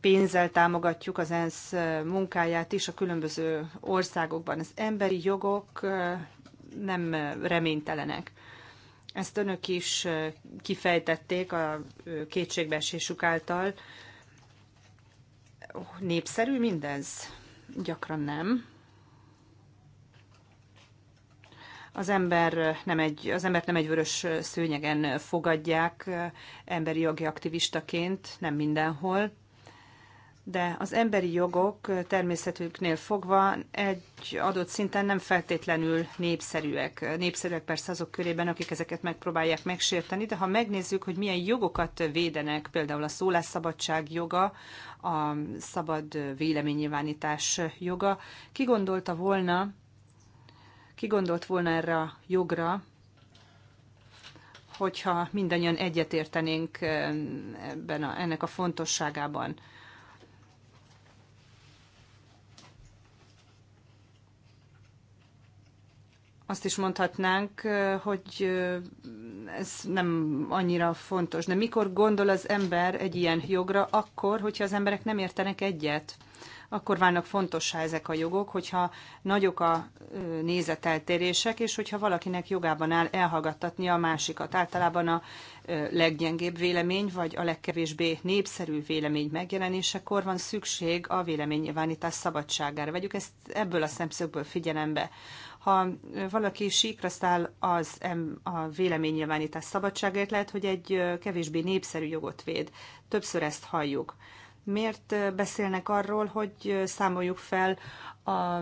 S1: Pénzzel támogatjuk az ENSZ munkáját is a különböző országokban. Az emberi jogok nem reménytelenek. Ezt önök is kifejtették a kétségbeesésük által. Népszerű mindez? Gyakran nem az, ember nem egy, az embert nem egy vörös szőnyegen fogadják emberi jogi aktivistaként, nem mindenhol, de az emberi jogok természetüknél fogva egy adott szinten nem feltétlenül népszerűek. Népszerűek persze azok körében, akik ezeket megpróbálják megsérteni, de ha megnézzük, hogy milyen jogokat védenek, például a szólásszabadság joga, a szabad véleménynyilvánítás joga, ki gondolta volna, ki gondolt volna erre a jogra, hogyha mindannyian egyetértenénk ebben a, ennek a fontosságában. Azt is mondhatnánk, hogy ez nem annyira fontos. De mikor gondol az ember egy ilyen jogra? Akkor, hogyha az emberek nem értenek egyet akkor válnak fontossá ezek a jogok, hogyha nagyok a nézeteltérések, és hogyha valakinek jogában áll elhallgattatni a másikat. Általában a leggyengébb vélemény, vagy a legkevésbé népszerű vélemény megjelenésekor van szükség a véleménynyilvánítás szabadságára. Vegyük ezt ebből a szemszögből figyelembe ha valaki síkra száll az a véleménynyilvánítás szabadságért, lehet, hogy egy kevésbé népszerű jogot véd. Többször ezt halljuk miért beszélnek arról, hogy számoljuk fel a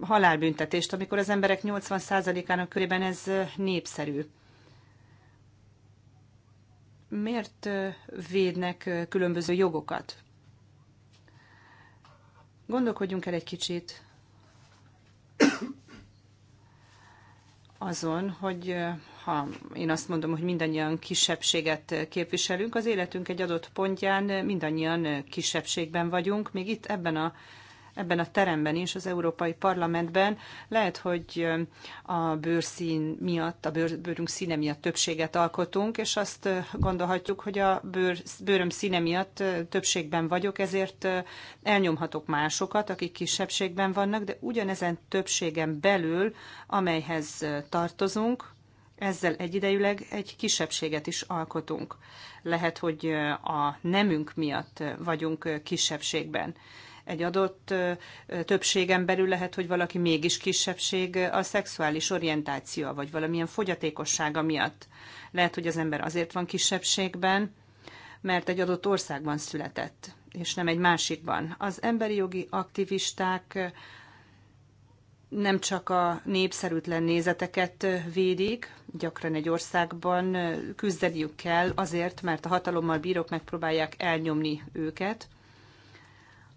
S1: halálbüntetést, amikor az emberek 80%-ának körében ez népszerű? Miért védnek különböző jogokat? Gondolkodjunk el egy kicsit azon, hogy ha én azt mondom, hogy mindannyian kisebbséget képviselünk, az életünk egy adott pontján mindannyian kisebbségben vagyunk, még itt ebben a ebben a teremben is, az Európai Parlamentben. Lehet, hogy a bőrszín miatt, a bőr, bőrünk színe miatt többséget alkotunk, és azt gondolhatjuk, hogy a bőr, bőröm színe miatt többségben vagyok, ezért elnyomhatok másokat, akik kisebbségben vannak, de ugyanezen többségen belül, amelyhez tartozunk, ezzel egyidejűleg egy kisebbséget is alkotunk. Lehet, hogy a nemünk miatt vagyunk kisebbségben. Egy adott többségen belül lehet, hogy valaki mégis kisebbség a szexuális orientáció, vagy valamilyen fogyatékossága miatt. Lehet, hogy az ember azért van kisebbségben, mert egy adott országban született, és nem egy másikban. Az emberi jogi aktivisták nem csak a népszerűtlen nézeteket védik, gyakran egy országban küzdeniük kell azért, mert a hatalommal bírók megpróbálják elnyomni őket.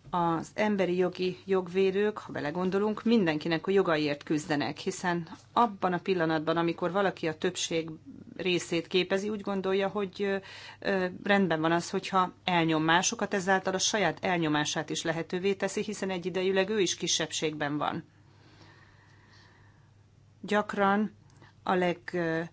S1: Az emberi jogi jogvédők, ha belegondolunk, mindenkinek a jogaiért küzdenek, hiszen abban a pillanatban, amikor valaki a többség részét képezi, úgy gondolja, hogy rendben van az, hogyha elnyom másokat, ezáltal a saját elnyomását is lehetővé teszi, hiszen egyidejűleg ő is kisebbségben van Gyakran a legkisebb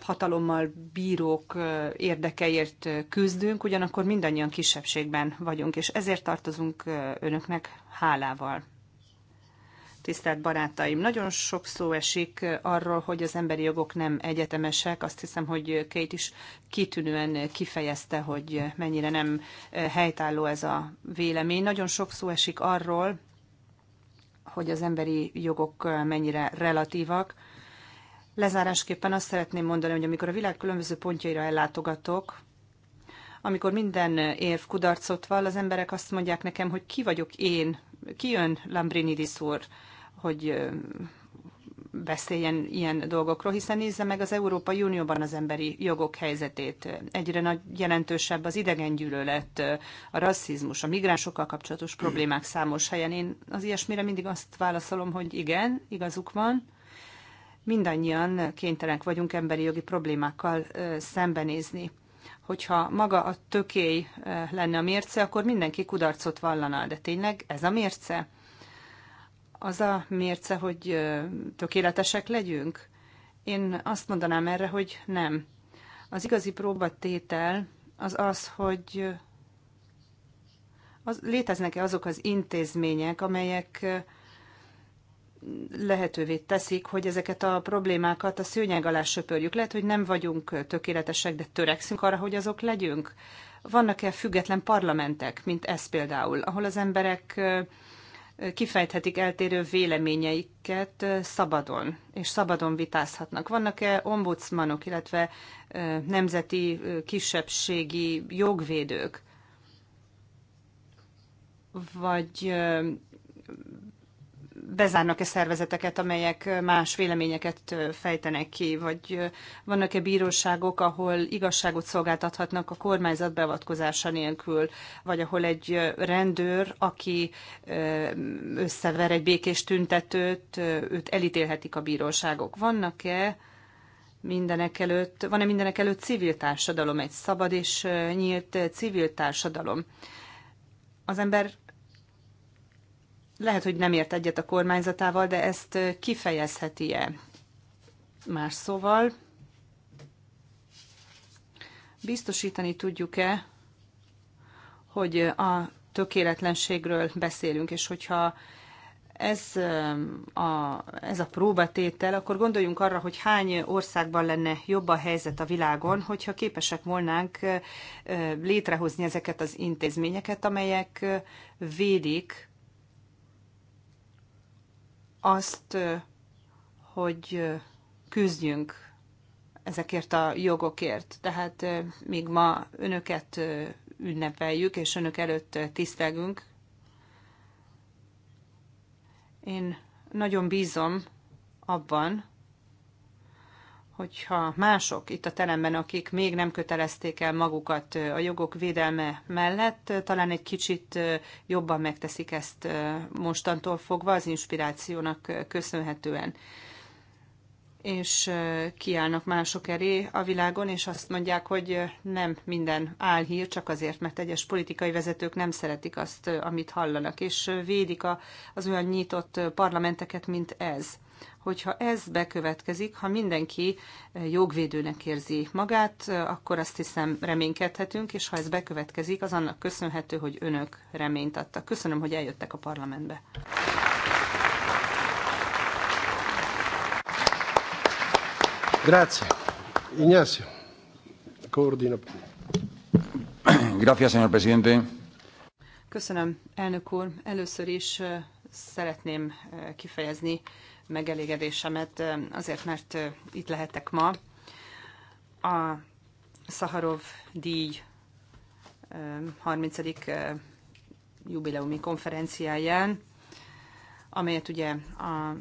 S1: hatalommal bírók érdekeért küzdünk, ugyanakkor mindannyian kisebbségben vagyunk, és ezért tartozunk önöknek hálával tisztelt barátaim! Nagyon sok szó esik arról, hogy az emberi jogok nem egyetemesek. Azt hiszem, hogy Kate is kitűnően kifejezte, hogy mennyire nem helytálló ez a vélemény. Nagyon sok szó esik arról, hogy az emberi jogok mennyire relatívak. Lezárásképpen azt szeretném mondani, hogy amikor a világ különböző pontjaira ellátogatok, amikor minden érv kudarcot vall, az emberek azt mondják nekem, hogy ki vagyok én, ki jön Lambrinidis úr, hogy beszéljen ilyen dolgokról, hiszen nézze meg az Európai Unióban az emberi jogok helyzetét. Egyre nagy jelentősebb az idegengyűlölet, a rasszizmus, a migránsokkal kapcsolatos problémák számos helyen. Én az ilyesmire mindig azt válaszolom, hogy igen, igazuk van, mindannyian kénytelenek vagyunk emberi jogi problémákkal szembenézni. Hogyha maga a tökély lenne a mérce, akkor mindenki kudarcot vallana, de tényleg ez a mérce? az a mérce, hogy tökéletesek legyünk? Én azt mondanám erre, hogy nem. Az igazi próbatétel az az, hogy az, léteznek-e azok az intézmények, amelyek lehetővé teszik, hogy ezeket a problémákat a szőnyeg alá söpörjük. Lehet, hogy nem vagyunk tökéletesek, de törekszünk arra, hogy azok legyünk. Vannak-e független parlamentek, mint ez például, ahol az emberek kifejthetik eltérő véleményeiket szabadon, és szabadon vitázhatnak. Vannak-e ombudsmanok, illetve nemzeti kisebbségi jogvédők, vagy bezárnak-e szervezeteket, amelyek más véleményeket fejtenek ki, vagy vannak-e bíróságok, ahol igazságot szolgáltathatnak a kormányzat beavatkozása nélkül, vagy ahol egy rendőr, aki összever egy békés tüntetőt, őt elítélhetik a bíróságok. Vannak-e mindenek előtt, van-e mindenek előtt civil társadalom, egy szabad és nyílt civil társadalom? Az ember lehet, hogy nem ért egyet a kormányzatával, de ezt kifejezheti-e? Más szóval, biztosítani tudjuk-e, hogy a tökéletlenségről beszélünk, és hogyha ez a, ez a próbatétel, akkor gondoljunk arra, hogy hány országban lenne jobb a helyzet a világon, hogyha képesek volnánk létrehozni ezeket az intézményeket, amelyek védik azt, hogy küzdjünk ezekért a jogokért. Tehát még ma önöket ünnepeljük, és önök előtt tisztelgünk. Én nagyon bízom abban, hogyha mások itt a teremben, akik még nem kötelezték el magukat a jogok védelme mellett, talán egy kicsit jobban megteszik ezt mostantól fogva az inspirációnak köszönhetően és kiállnak mások elé a világon, és azt mondják, hogy nem minden álhír, csak azért, mert egyes politikai vezetők nem szeretik azt, amit hallanak, és védik az olyan nyitott parlamenteket, mint ez hogyha ez bekövetkezik, ha mindenki jogvédőnek érzi magát, akkor azt hiszem reménykedhetünk, és ha ez bekövetkezik, az annak köszönhető, hogy önök reményt adtak. Köszönöm, hogy eljöttek a parlamentbe.
S3: Grazie. Ignacio, Coordino. Grazie, señor presidente.
S1: Köszönöm, elnök úr. Először is szeretném kifejezni megelégedésemet azért, mert itt lehetek ma a Szaharov díj 30. jubileumi konferenciáján, amelyet ugye a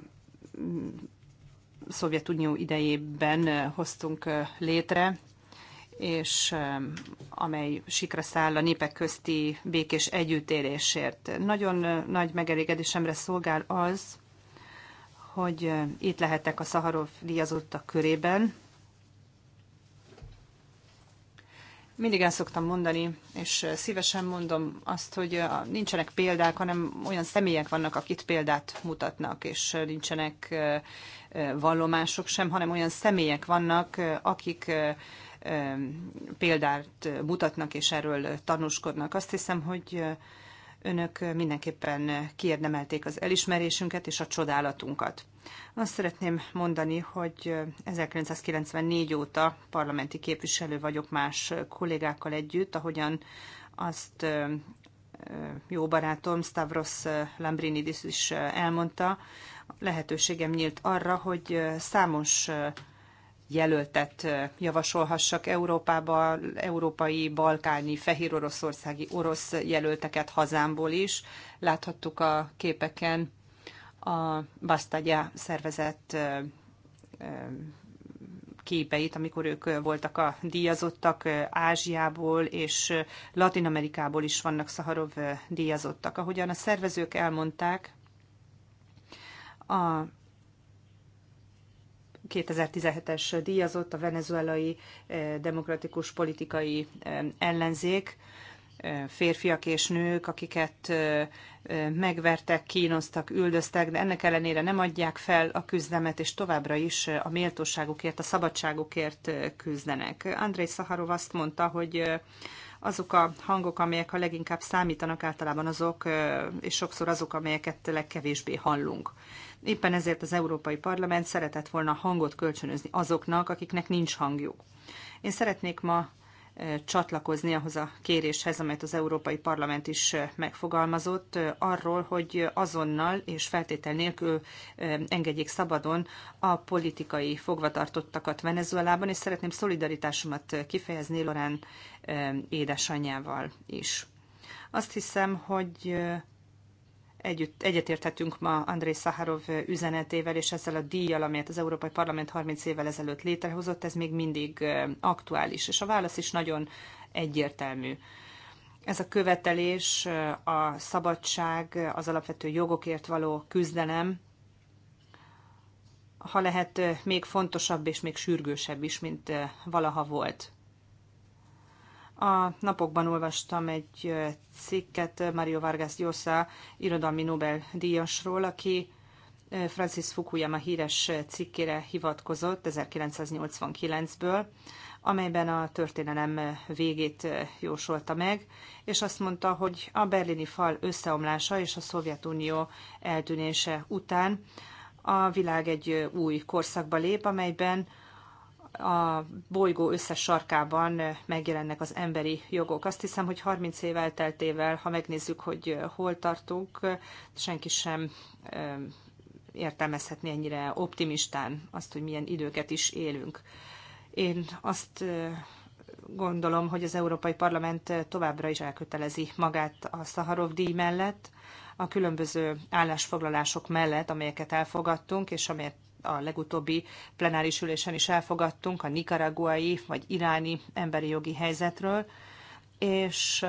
S1: mm, Szovjetunió idejében hoztunk létre, és amely sikra száll a népek közti békés együttélésért. Nagyon nagy megelégedésemre szolgál az, hogy itt lehetek a Szaharov díjazottak körében. Mindig el szoktam mondani, és szívesen mondom azt, hogy nincsenek példák, hanem olyan személyek vannak, akik példát mutatnak, és nincsenek vallomások sem, hanem olyan személyek vannak, akik példát mutatnak, és erről tanúskodnak. Azt hiszem, hogy Önök mindenképpen kiérdemelték az elismerésünket és a csodálatunkat. Azt szeretném mondani, hogy 1994 óta parlamenti képviselő vagyok más kollégákkal együtt, ahogyan azt jó barátom Stavros Lambrinidis is elmondta, lehetőségem nyílt arra, hogy számos jelöltet javasolhassak Európába, európai, balkáni, fehér oroszországi orosz jelölteket hazámból is. Láthattuk a képeken a Bastagya szervezet képeit, amikor ők voltak a díjazottak Ázsiából és Latin Amerikából is vannak Szaharov díjazottak. Ahogyan a szervezők elmondták, a 2017-es díjazott a venezuelai eh, demokratikus politikai eh, ellenzék, eh, férfiak és nők, akiket megvertek, kínoztak, üldöztek, de ennek ellenére nem adják fel a küzdemet, és továbbra is a méltóságukért, a szabadságukért küzdenek. Andrei Szaharov azt mondta, hogy azok a hangok, amelyek a leginkább számítanak, általában azok, és sokszor azok, amelyeket legkevésbé hallunk. Éppen ezért az Európai Parlament szeretett volna hangot kölcsönözni azoknak, akiknek nincs hangjuk. Én szeretnék ma csatlakozni ahhoz a kéréshez, amelyet az Európai Parlament is megfogalmazott, arról, hogy azonnal és feltétel nélkül engedjék szabadon a politikai fogvatartottakat Venezuelában, és szeretném szolidaritásomat kifejezni Lorán édesanyjával is. Azt hiszem, hogy együtt, egyetérthetünk ma Andrei Szaharov üzenetével és ezzel a díjjal, amelyet az Európai Parlament 30 évvel ezelőtt létrehozott, ez még mindig aktuális, és a válasz is nagyon egyértelmű. Ez a követelés, a szabadság, az alapvető jogokért való küzdelem, ha lehet, még fontosabb és még sürgősebb is, mint valaha volt. A napokban olvastam egy cikket Mario Vargas Llosa irodalmi Nobel-díjasról, aki Francis Fukuyama híres cikkére hivatkozott 1989-ből, amelyben a történelem végét jósolta meg, és azt mondta, hogy a berlini fal összeomlása és a Szovjetunió eltűnése után a világ egy új korszakba lép, amelyben a bolygó összes sarkában megjelennek az emberi jogok. Azt hiszem, hogy 30 év elteltével, ha megnézzük, hogy hol tartunk, senki sem értelmezhetni ennyire optimistán azt, hogy milyen időket is élünk. Én azt gondolom, hogy az Európai Parlament továbbra is elkötelezi magát a Szaharov díj mellett, a különböző állásfoglalások mellett, amelyeket elfogadtunk, és amelyet a legutóbbi plenáris ülésen is elfogadtunk a nikaraguai vagy iráni emberi jogi helyzetről, és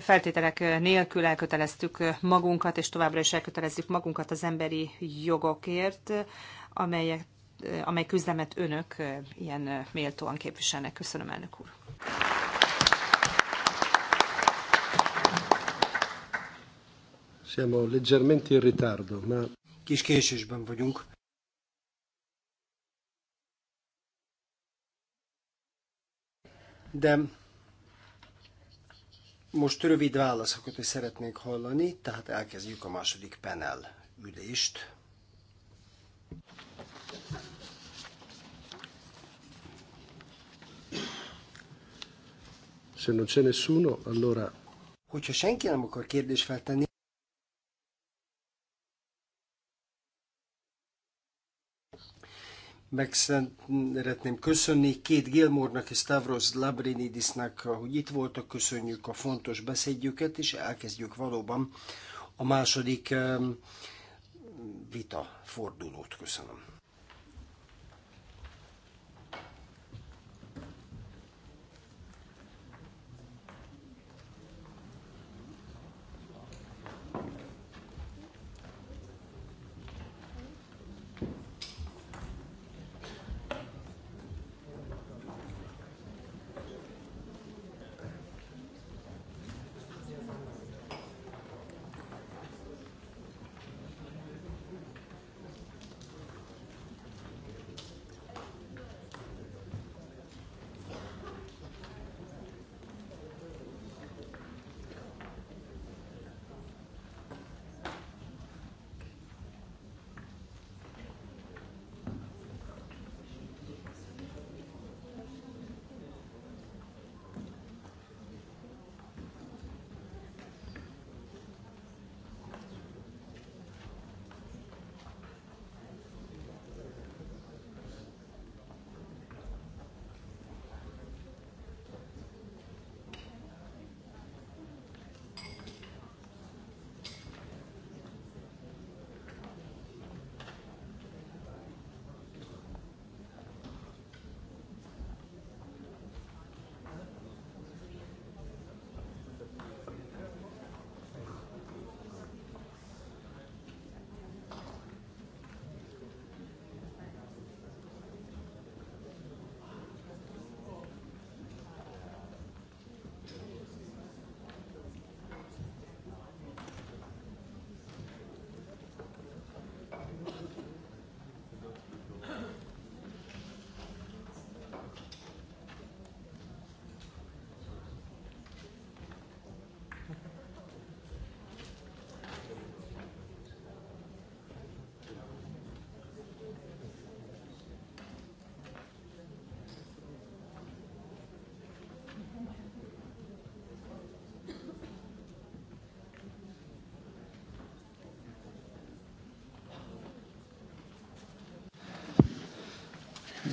S1: feltételek nélkül elköteleztük magunkat, és továbbra is elkötelezzük magunkat az emberi jogokért, amelyek, amely küzdemet önök ilyen méltóan képviselnek. Köszönöm, elnök úr!
S3: Siamo leggermente in ritardo, ma... Kis késésben vagyunk.
S2: De most rövid válaszokat is szeretnék hallani, tehát elkezdjük a második panel ülést.
S3: Se non c'è nessuno, allora... Hogyha senki
S2: nem akar kérdést feltenni, meg szeretném köszönni két Gilmornak és Stavros Labrinidisnak, hogy itt voltak, köszönjük a fontos beszédjüket, és elkezdjük valóban a második vita fordulót. Köszönöm.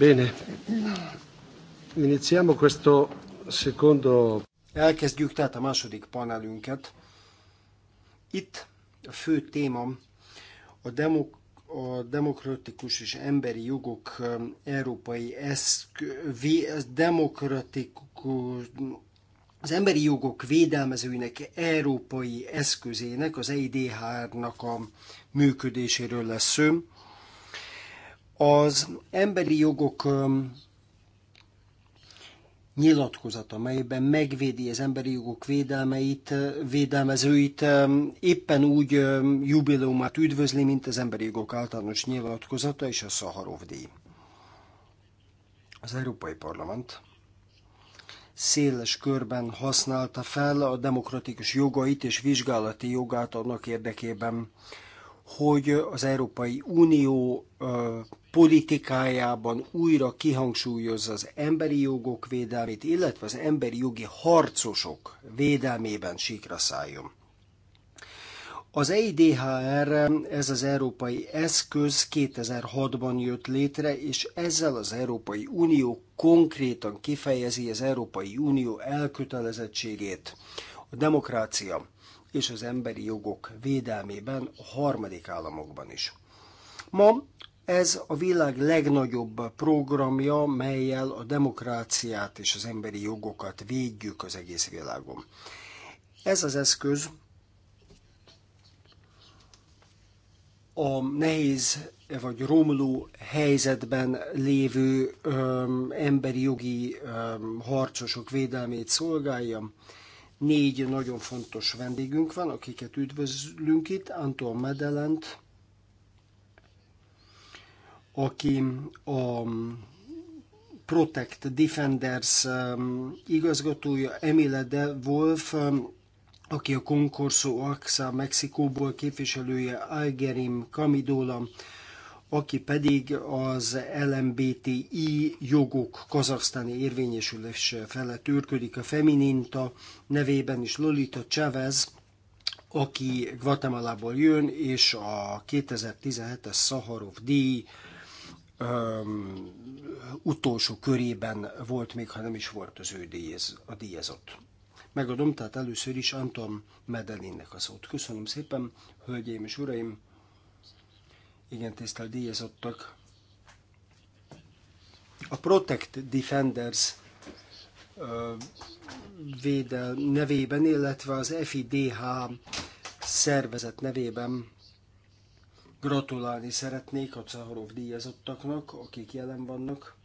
S3: Bene. Iniziamo questo secondo...
S2: Elkezdjük tehát a második
S3: panelünket.
S2: Itt a fő téma a, demok a demokratikus és emberi jogok um, európai eszk, vé, demokratikus az emberi jogok védelmezőinek európai eszközének, az eidh nak a működéséről lesz szó. Az emberi jogok nyilatkozata, amelyben megvédi az emberi jogok védelmeit, védelmezőit, éppen úgy jubileumát üdvözli, mint az emberi jogok általános nyilatkozata és a Szaharov díj. Az Európai Parlament széles körben használta fel a demokratikus jogait és vizsgálati jogát annak érdekében, hogy az Európai Unió politikájában újra kihangsúlyozza az emberi jogok védelmét, illetve az emberi jogi harcosok védelmében síkra szálljon. Az EIDHR, ez az európai eszköz 2006-ban jött létre, és ezzel az Európai Unió konkrétan kifejezi az Európai Unió elkötelezettségét a demokrácia, és az emberi jogok védelmében a harmadik államokban is. Ma ez a világ legnagyobb programja, melyel a demokráciát és az emberi jogokat védjük az egész világon. Ez az eszköz a nehéz vagy romló helyzetben lévő öm, emberi jogi öm, harcosok védelmét szolgálja, Négy nagyon fontos vendégünk van, akiket üdvözlünk itt. Anton Medelent, aki a Protect Defenders um, igazgatója, Emile de Wolf, um, aki a Concorso AXA Mexikóból képviselője, Algerim Camidola, aki pedig az LMBTI jogok kazaksztáni érvényesülés felett őrködik a Femininta nevében is Lolita Chavez, aki Guatemalából jön, és a 2017-es Szaharov díj um, utolsó körében volt még, ha nem is volt az ő díjez, a díjezott. Megadom tehát először is Anton Medelinnek a szót. Köszönöm szépen, hölgyeim és uraim! Igen, tisztel díjazottak. A Protect Defenders védel nevében, illetve az FIDH szervezet nevében gratulálni szeretnék a Caharov díjazottaknak, akik jelen vannak.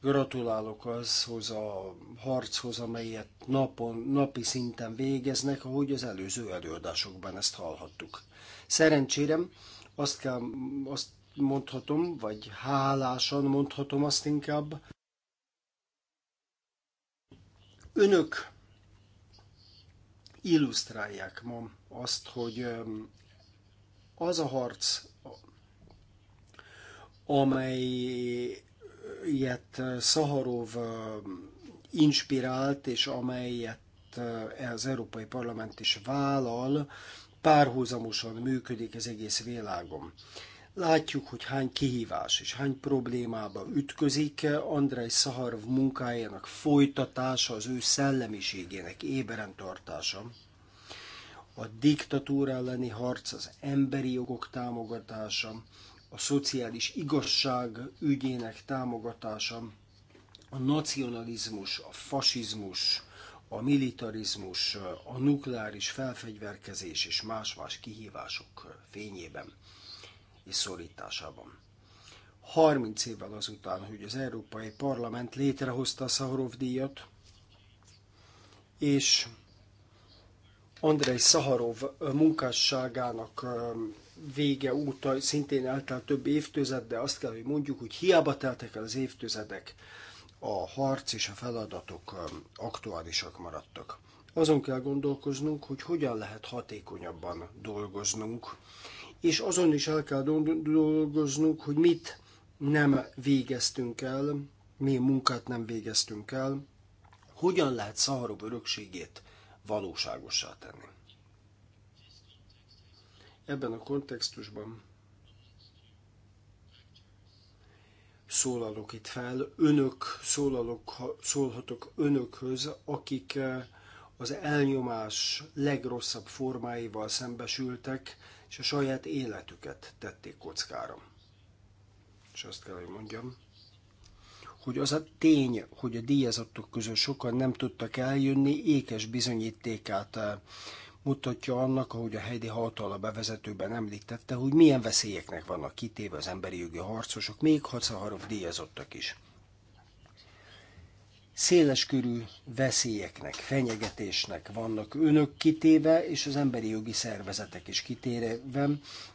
S2: Gratulálok azhoz a harchoz, amelyet napon, napi szinten végeznek, ahogy az előző előadásokban ezt hallhattuk. Szerencsérem, azt kell, azt mondhatom, vagy hálásan mondhatom azt inkább. Önök illusztrálják ma azt, hogy az a harc, amelyet Szaharov inspirált, és amelyet eh, az Európai Parlament is vállal, párhuzamosan működik az egész világon. Látjuk, hogy hány kihívás és hány problémába ütközik Andrei Szaharov munkájának folytatása, az ő szellemiségének éberen tartása. A diktatúra elleni harc, az emberi jogok támogatása, a szociális igazság ügyének támogatása, a nacionalizmus, a fasizmus a militarizmus, a nukleáris felfegyverkezés és más-más kihívások fényében és szorításában. 30 évvel azután, hogy az Európai Parlament létrehozta a Szaharov díjat, és Andrei Szaharov munkásságának vége óta szintén eltelt több évtized, de azt kell, hogy mondjuk, hogy hiába teltek el az évtizedek, a harc és a feladatok um, aktuálisak maradtak. Azon kell gondolkoznunk, hogy hogyan lehet hatékonyabban dolgoznunk, és azon is el kell dolgoznunk, hogy mit nem végeztünk el, milyen munkát nem végeztünk el, hogyan lehet Szaharov örökségét valóságossá tenni. Ebben a kontextusban szólalok itt fel, önök szólalok, szólhatok önökhöz, akik eh, az elnyomás legrosszabb formáival szembesültek, és a saját életüket tették kockára. És azt kell, hogy mondjam, hogy az a tény, hogy a díjazottok közül sokan nem tudtak eljönni, ékes bizonyítékát eh, mutatja annak, ahogy a Heidi Hautal a bevezetőben említette, hogy milyen veszélyeknek vannak kitéve az emberi jogi harcosok, még hadszaharok díjazottak is. Széleskörű veszélyeknek, fenyegetésnek vannak önök kitéve, és az emberi jogi szervezetek is kitéve,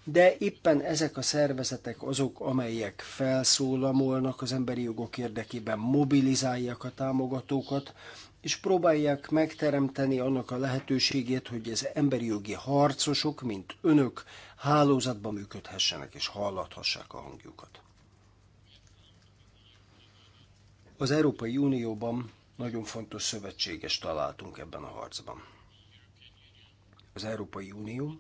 S2: de éppen ezek a szervezetek azok, amelyek felszólamolnak az emberi jogok érdekében, mobilizálják a támogatókat, és próbálják megteremteni annak a lehetőségét, hogy az emberi jogi harcosok, mint önök, hálózatban működhessenek és hallathassák a hangjukat. Az Európai Unióban nagyon fontos szövetséges találtunk ebben a harcban. Az Európai Unió,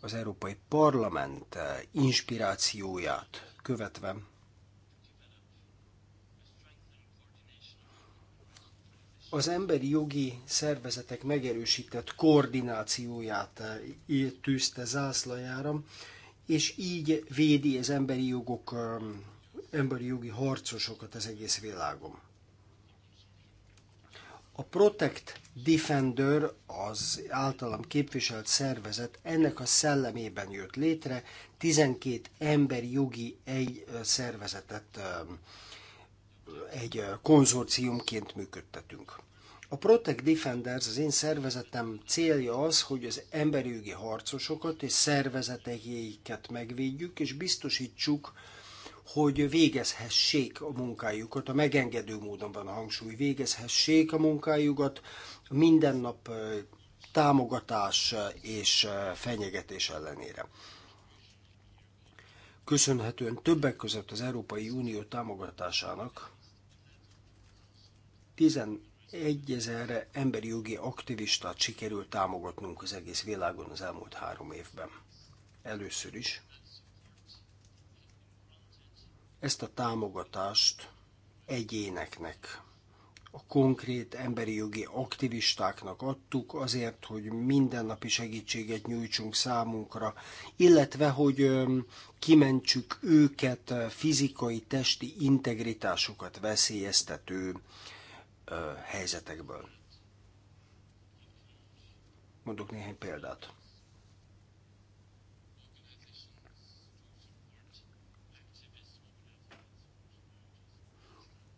S2: az Európai Parlament eh, inspirációját követve az emberi jogi szervezetek megerősített koordinációját eh, tűzte zászlajára, és így védi az emberi jogok, eh, emberi jogi harcosokat az egész világon. A Protect Defender, az általam képviselt szervezet ennek a szellemében jött létre, 12 emberi jogi egy eh, szervezetet egy konzorciumként működtetünk. A Protect Defenders, az én szervezetem célja az, hogy az emberi jogi harcosokat és szervezeteiket megvédjük, és biztosítsuk, hogy végezhessék a munkájukat, a megengedő módon van a hangsúly, végezhessék a munkájukat, minden nap támogatás és fenyegetés ellenére. Köszönhetően többek között az Európai Unió támogatásának 1000 emberi jogi aktivistát sikerült támogatnunk az egész világon az elmúlt három évben. Először is. Ezt a támogatást egyéneknek, a konkrét emberi jogi aktivistáknak adtuk azért, hogy mindennapi segítséget nyújtsunk számunkra, illetve hogy kimentsük őket fizikai, testi integritásukat veszélyeztető helyzetekből. Mondok néhány példát.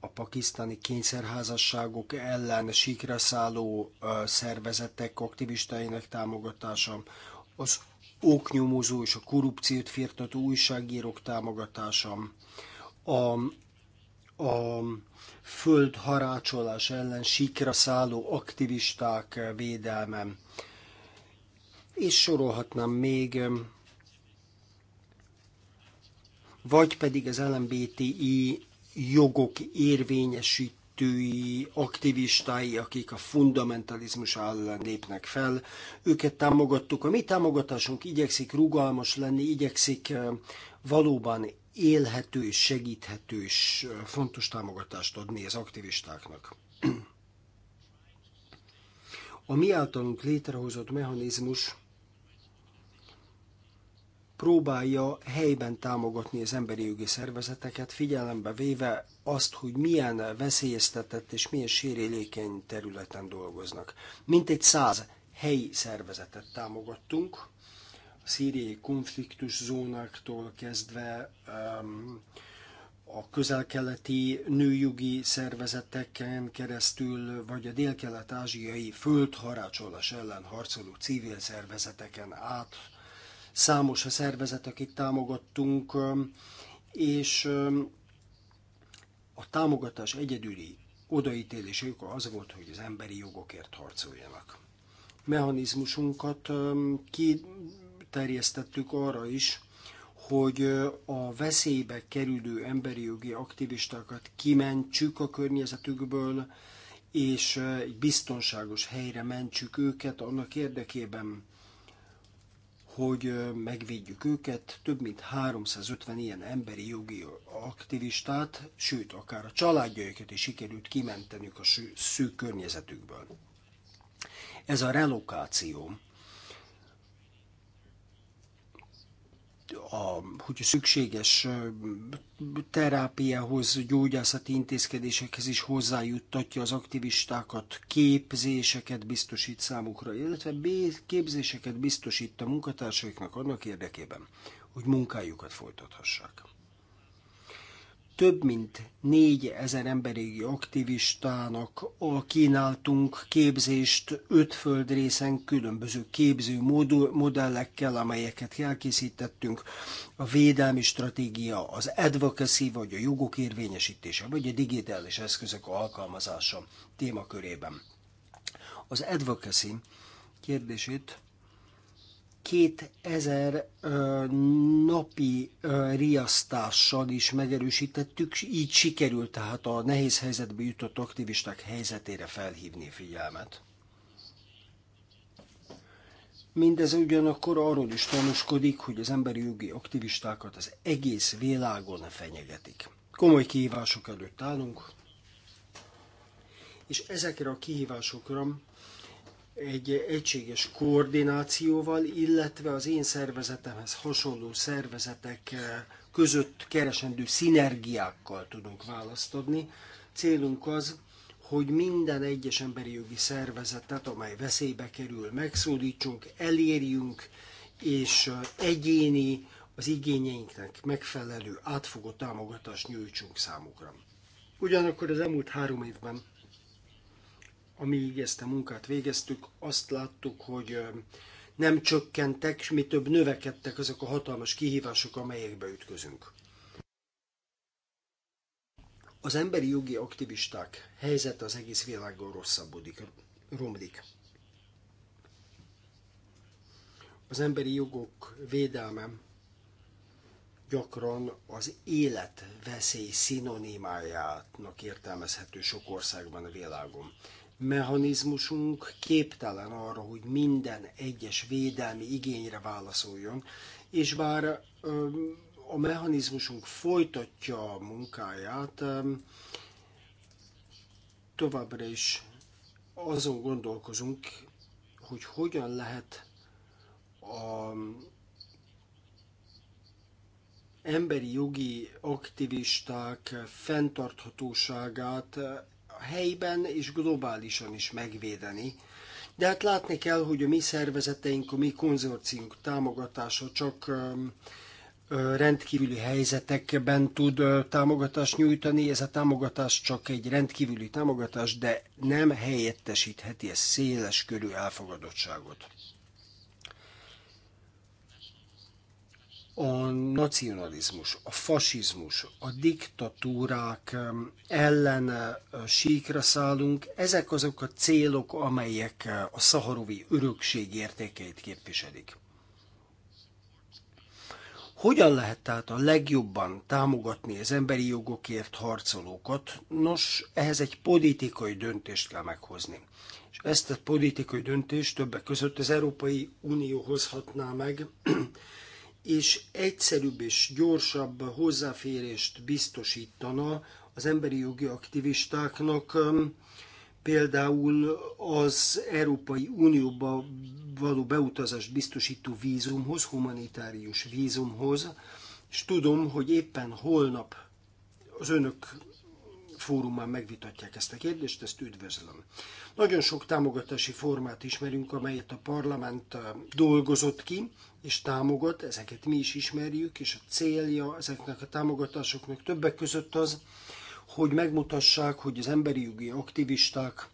S2: a pakisztáni kényszerházasságok ellen síkra szálló szervezetek aktivistáinak támogatása, az oknyomozó és a korrupciót firtató újságírók támogatása, a a földharácsolás ellen sikra szálló aktivisták védelme. És sorolhatnám még, vagy pedig az LMBTI jogok érvényesítői, aktivistái, akik a fundamentalizmus ellen lépnek fel. Őket támogattuk. A mi támogatásunk igyekszik rugalmas lenni, igyekszik valóban élhető és segíthető és fontos támogatást adni az aktivistáknak. A mi általunk létrehozott mechanizmus próbálja helyben támogatni az emberi jogi szervezeteket, figyelembe véve azt, hogy milyen veszélyeztetett és milyen sérélékeny területen dolgoznak. Mint egy száz helyi szervezetet támogattunk, szíriai konfliktus zónáktól kezdve a közel-keleti nőjogi szervezeteken keresztül, vagy a dél-kelet-ázsiai földharácsolás ellen harcoló civil szervezeteken át. Számos a szervezet, akit támogattunk, és a támogatás egyedüli odaítélésük az volt, hogy az emberi jogokért harcoljanak mechanizmusunkat ki terjesztettük arra is, hogy a veszélybe kerülő emberi jogi aktivistákat kimentsük a környezetükből, és egy biztonságos helyre mentsük őket annak érdekében, hogy megvédjük őket, több mint 350 ilyen emberi jogi aktivistát, sőt, akár a családjaikat is sikerült kimentenük a szűk környezetükből. Ez a relokáció a, hogy a szükséges terápiához, gyógyászati intézkedésekhez is hozzájuttatja az aktivistákat, képzéseket biztosít számukra, illetve képzéseket biztosít a munkatársaiknak annak érdekében, hogy munkájukat folytathassák több mint ezer emberi aktivistának kínáltunk képzést öt földrészen különböző képző modellekkel, amelyeket elkészítettünk, a védelmi stratégia, az advocacy, vagy a jogok érvényesítése, vagy a digitális eszközök alkalmazása témakörében. Az advocacy kérdését 2000 napi riasztással is megerősítettük, így sikerült tehát a nehéz helyzetbe jutott aktivisták helyzetére felhívni figyelmet. Mindez ugyanakkor arról is tanúskodik, hogy az emberi jogi aktivistákat az egész világon fenyegetik. Komoly kihívások előtt állunk, és ezekre a kihívásokra egy egységes koordinációval, illetve az én szervezetemhez hasonló szervezetek eh, között keresendő szinergiákkal tudunk választ adni. Célunk az, hogy minden egyes emberi jogi szervezetet, amely veszélybe kerül, megszólítsunk, elérjünk, és eh, egyéni, az igényeinknek megfelelő átfogó támogatást nyújtsunk számukra. Ugyanakkor az elmúlt három évben amíg ezt a munkát végeztük, azt láttuk, hogy nem csökkentek, és mi több növekedtek azok a hatalmas kihívások, amelyekbe ütközünk. Az emberi jogi aktivisták helyzet az egész világon rosszabbodik, romlik. Az emberi jogok védelme gyakran az életveszély szinonimájának értelmezhető sok országban a világon mechanizmusunk képtelen arra, hogy minden egyes védelmi igényre válaszoljon, és bár a mechanizmusunk folytatja a munkáját, továbbra is azon gondolkozunk, hogy hogyan lehet a emberi jogi aktivisták fenntarthatóságát helyben és globálisan is megvédeni. De hát látni kell, hogy a mi szervezeteink, a mi konzorciunk támogatása csak um, rendkívüli helyzetekben tud támogatást nyújtani. Ez a támogatás csak egy rendkívüli támogatás, de nem helyettesítheti a széles körű elfogadottságot. a nacionalizmus, a fasizmus, a diktatúrák ellen eh, síkra szállunk, ezek azok a célok, amelyek eh, a szaharovi örökség értékeit képviselik. Hogyan lehet tehát a legjobban támogatni az emberi jogokért harcolókat? Nos, ehhez egy politikai döntést kell meghozni. És ezt a politikai döntést többek között az Európai Unió hozhatná meg, és egyszerűbb és gyorsabb hozzáférést biztosítana az emberi jogi aktivistáknak, például az Európai Unióba való beutazást biztosító vízumhoz, humanitárius vízumhoz, és tudom, hogy éppen holnap az önök fórumán megvitatják ezt a kérdést, ezt üdvözlöm. Nagyon sok támogatási formát ismerünk, amelyet a parlament dolgozott ki, és támogat, ezeket mi is ismerjük, és a célja ezeknek a támogatásoknak többek között az, hogy megmutassák, hogy az emberi jogi aktivisták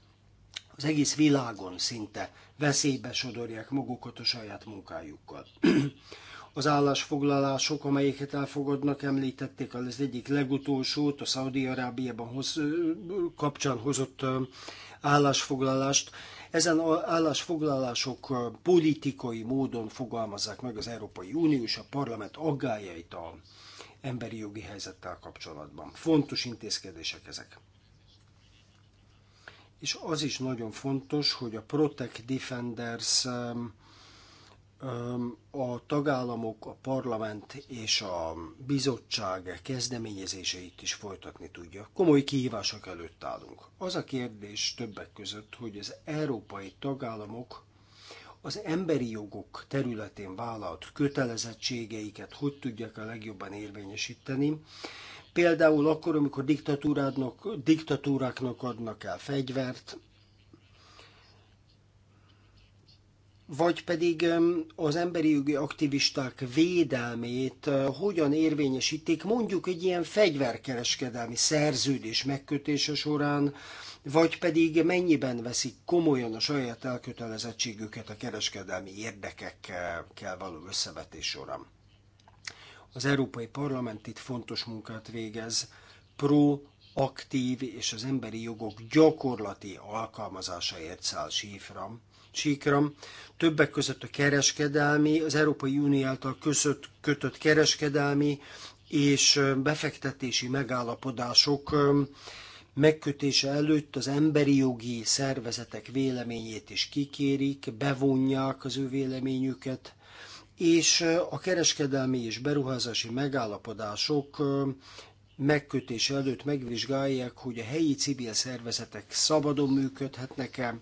S2: az egész világon szinte veszélybe sodorják magukat a saját munkájukkal. <clears throat> az állásfoglalások, amelyeket elfogadnak, említették az egyik legutolsót, a Szaudi-Arábiában hoz, kapcsán hozott állásfoglalást. Ezen állásfoglalások politikai módon fogalmazzák meg az Európai Unió és a parlament aggájait a emberi jogi helyzettel kapcsolatban. Fontos intézkedések ezek. És az is nagyon fontos, hogy a Protect Defenders um, a tagállamok, a parlament és a bizottság kezdeményezéseit is folytatni tudja. Komoly kihívások előtt állunk. Az a kérdés többek között, hogy az európai tagállamok az emberi jogok területén vállalt kötelezettségeiket hogy tudják a legjobban érvényesíteni. Például akkor, amikor diktatúráknak adnak el fegyvert, vagy pedig az emberi jogi aktivisták védelmét eh, hogyan érvényesítik mondjuk egy ilyen fegyverkereskedelmi szerződés megkötése során, vagy pedig mennyiben veszik komolyan a saját elkötelezettségüket a kereskedelmi érdekekkel való összevetés során. Az Európai Parlament itt fontos munkát végez, pro-aktív és az emberi jogok gyakorlati alkalmazásáért száll sífram csíkra, többek között a kereskedelmi, az Európai Unió által között kötött kereskedelmi és befektetési megállapodások megkötése előtt az emberi jogi szervezetek véleményét is kikérik, bevonják az ő véleményüket, és a kereskedelmi és beruházási megállapodások megkötése előtt megvizsgálják, hogy a helyi civil szervezetek szabadon működhetnek-e,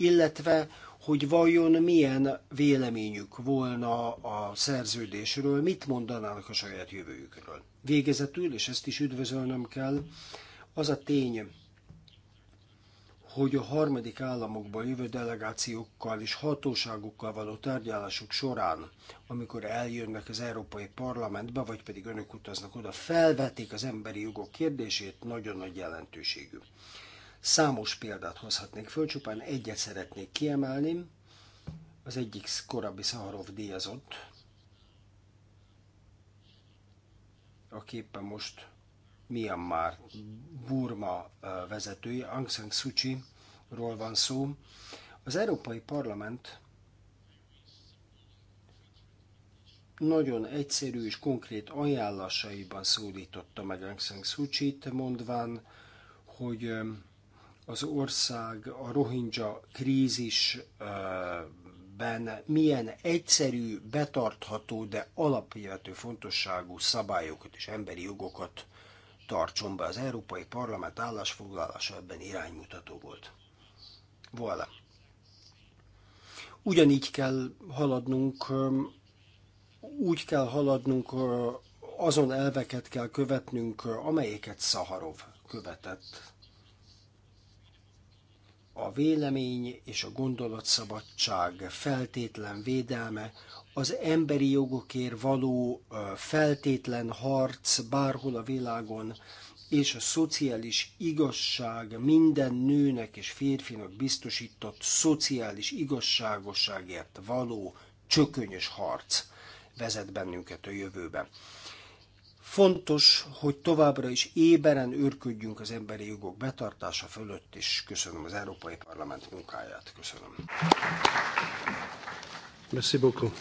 S2: illetve hogy vajon milyen véleményük volna a szerződésről, mit mondanának a saját jövőjükről. Végezetül, és ezt is üdvözölnöm kell, az a tény, hogy a harmadik államokban jövő delegációkkal és hatóságokkal való tárgyalások során, amikor eljönnek az Európai Parlamentbe, vagy pedig önök utaznak oda, felvetik az emberi jogok kérdését, nagyon nagy jelentőségű. Számos példát hozhatnék föl, csupán egyet szeretnék kiemelni. Az egyik korábbi Szaharov díjazott, aki éppen most Myanmar, Burma vezetője, Aung San Suu Kyi-ról van szó. Az Európai Parlament nagyon egyszerű és konkrét ajánlásaiban szólította meg Aung San Suu Kyi-t, mondván, hogy az ország a rohingya krízisben milyen egyszerű, betartható, de alapvető fontosságú szabályokat és emberi jogokat tartson be. Az Európai Parlament állásfoglalása ebben iránymutató volt. Voilà. Ugyanígy kell haladnunk, úgy kell haladnunk, azon elveket kell követnünk, amelyeket Szaharov követett a vélemény és a gondolatszabadság feltétlen védelme, az emberi jogokért való feltétlen harc bárhol a világon, és a szociális igazság minden nőnek és férfinak biztosított szociális igazságosságért való csökönyös harc vezet bennünket a jövőbe. Fontos, hogy továbbra is éberen őrködjünk az emberi jogok betartása fölött, és köszönöm az Európai Parlament munkáját. Köszönöm.
S3: Merci beaucoup.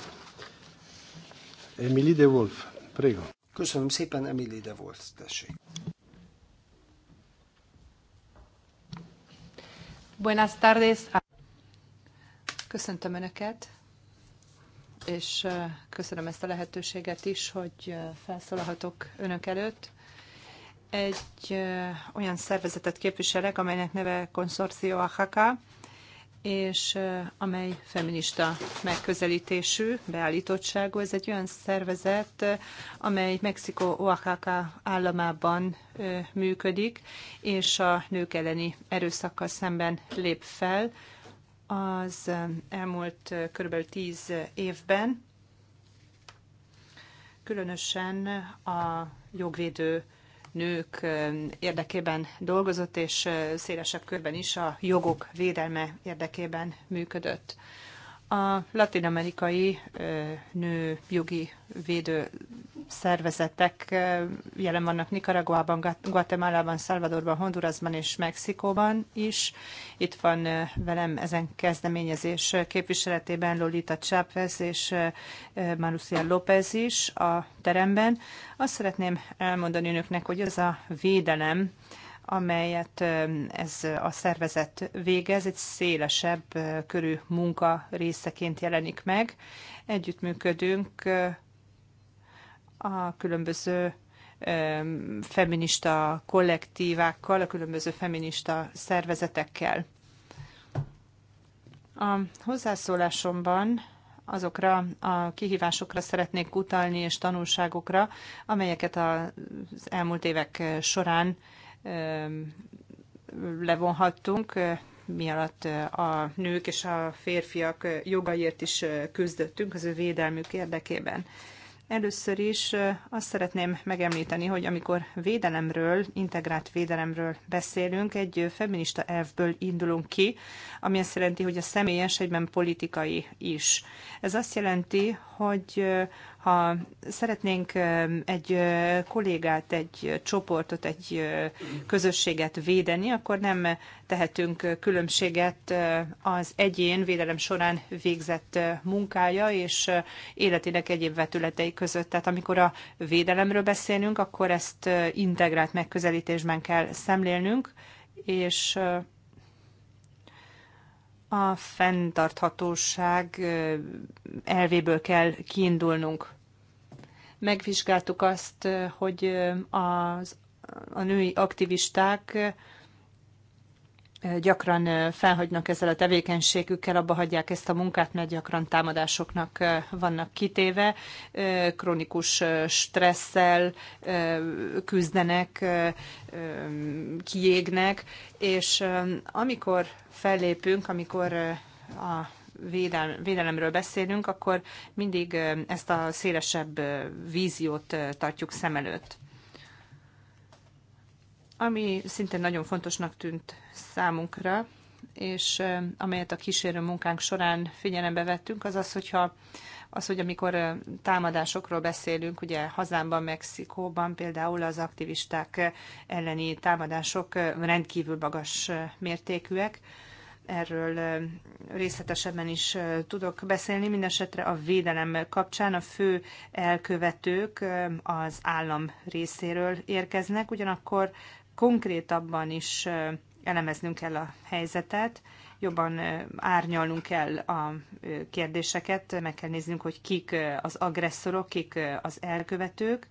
S3: Emily de Wolf, prego. Köszönöm
S2: szépen, Emily de Wolf, tessék.
S1: Buenas tardes. Köszöntöm Önöket és köszönöm ezt a lehetőséget is, hogy felszólalhatok önök előtt. Egy olyan szervezetet képviselek, amelynek neve Konszorció Oaxaca, és amely feminista megközelítésű, beállítottságú. Ez egy olyan szervezet, amely Mexikó Oaxaca államában működik, és a nők elleni erőszakkal szemben lép fel az elmúlt körülbelül tíz évben, különösen a jogvédő nők érdekében dolgozott, és szélesebb körben is a jogok védelme érdekében működött. A latinamerikai amerikai nőjogi védő szervezetek jelen vannak Nicaraguában, Guatemalában, Salvadorban, Hondurasban és Mexikóban is. Itt van velem ezen kezdeményezés képviseletében Lolita Chávez és Marusia López is a teremben. Azt szeretném elmondani önöknek, hogy ez a védelem, amelyet ez a szervezet végez, egy szélesebb körű munka részeként jelenik meg. Együttműködünk a különböző feminista kollektívákkal, a különböző feminista szervezetekkel. A hozzászólásomban azokra a kihívásokra szeretnék utalni és tanulságokra, amelyeket az elmúlt évek során levonhattunk, mi alatt a nők és a férfiak jogaiért is küzdöttünk az ő védelmük érdekében. Először is azt szeretném megemlíteni, hogy amikor védelemről, integrált védelemről beszélünk, egy feminista elvből indulunk ki, ami azt jelenti, hogy a személyes egyben politikai is. Ez azt jelenti, hogy ha szeretnénk egy kollégát, egy csoportot, egy közösséget védeni, akkor nem tehetünk különbséget az egyén védelem során végzett munkája és életének egyéb vetületei között. Tehát amikor a védelemről beszélünk, akkor ezt integrált megközelítésben kell szemlélnünk, és a fenntarthatóság elvéből kell kiindulnunk. Megvizsgáltuk azt, hogy az, a női aktivisták gyakran felhagynak ezzel a tevékenységükkel, abba hagyják ezt a munkát, mert gyakran támadásoknak vannak kitéve, kronikus stresszel küzdenek, kiégnek, és amikor fellépünk, amikor a védelemről beszélünk, akkor mindig ezt a szélesebb víziót tartjuk szem előtt. Ami szintén nagyon fontosnak tűnt számunkra, és amelyet a kísérő munkánk során figyelembe vettünk, az az, hogyha az, hogy amikor támadásokról beszélünk, ugye hazámban, Mexikóban például az aktivisták elleni támadások rendkívül magas mértékűek, erről részletesebben is tudok beszélni. Mindenesetre a védelem kapcsán a fő elkövetők az állam részéről érkeznek, ugyanakkor konkrétabban is elemeznünk kell a helyzetet, jobban árnyalnunk kell a kérdéseket, meg kell néznünk, hogy kik az agresszorok, kik az elkövetők,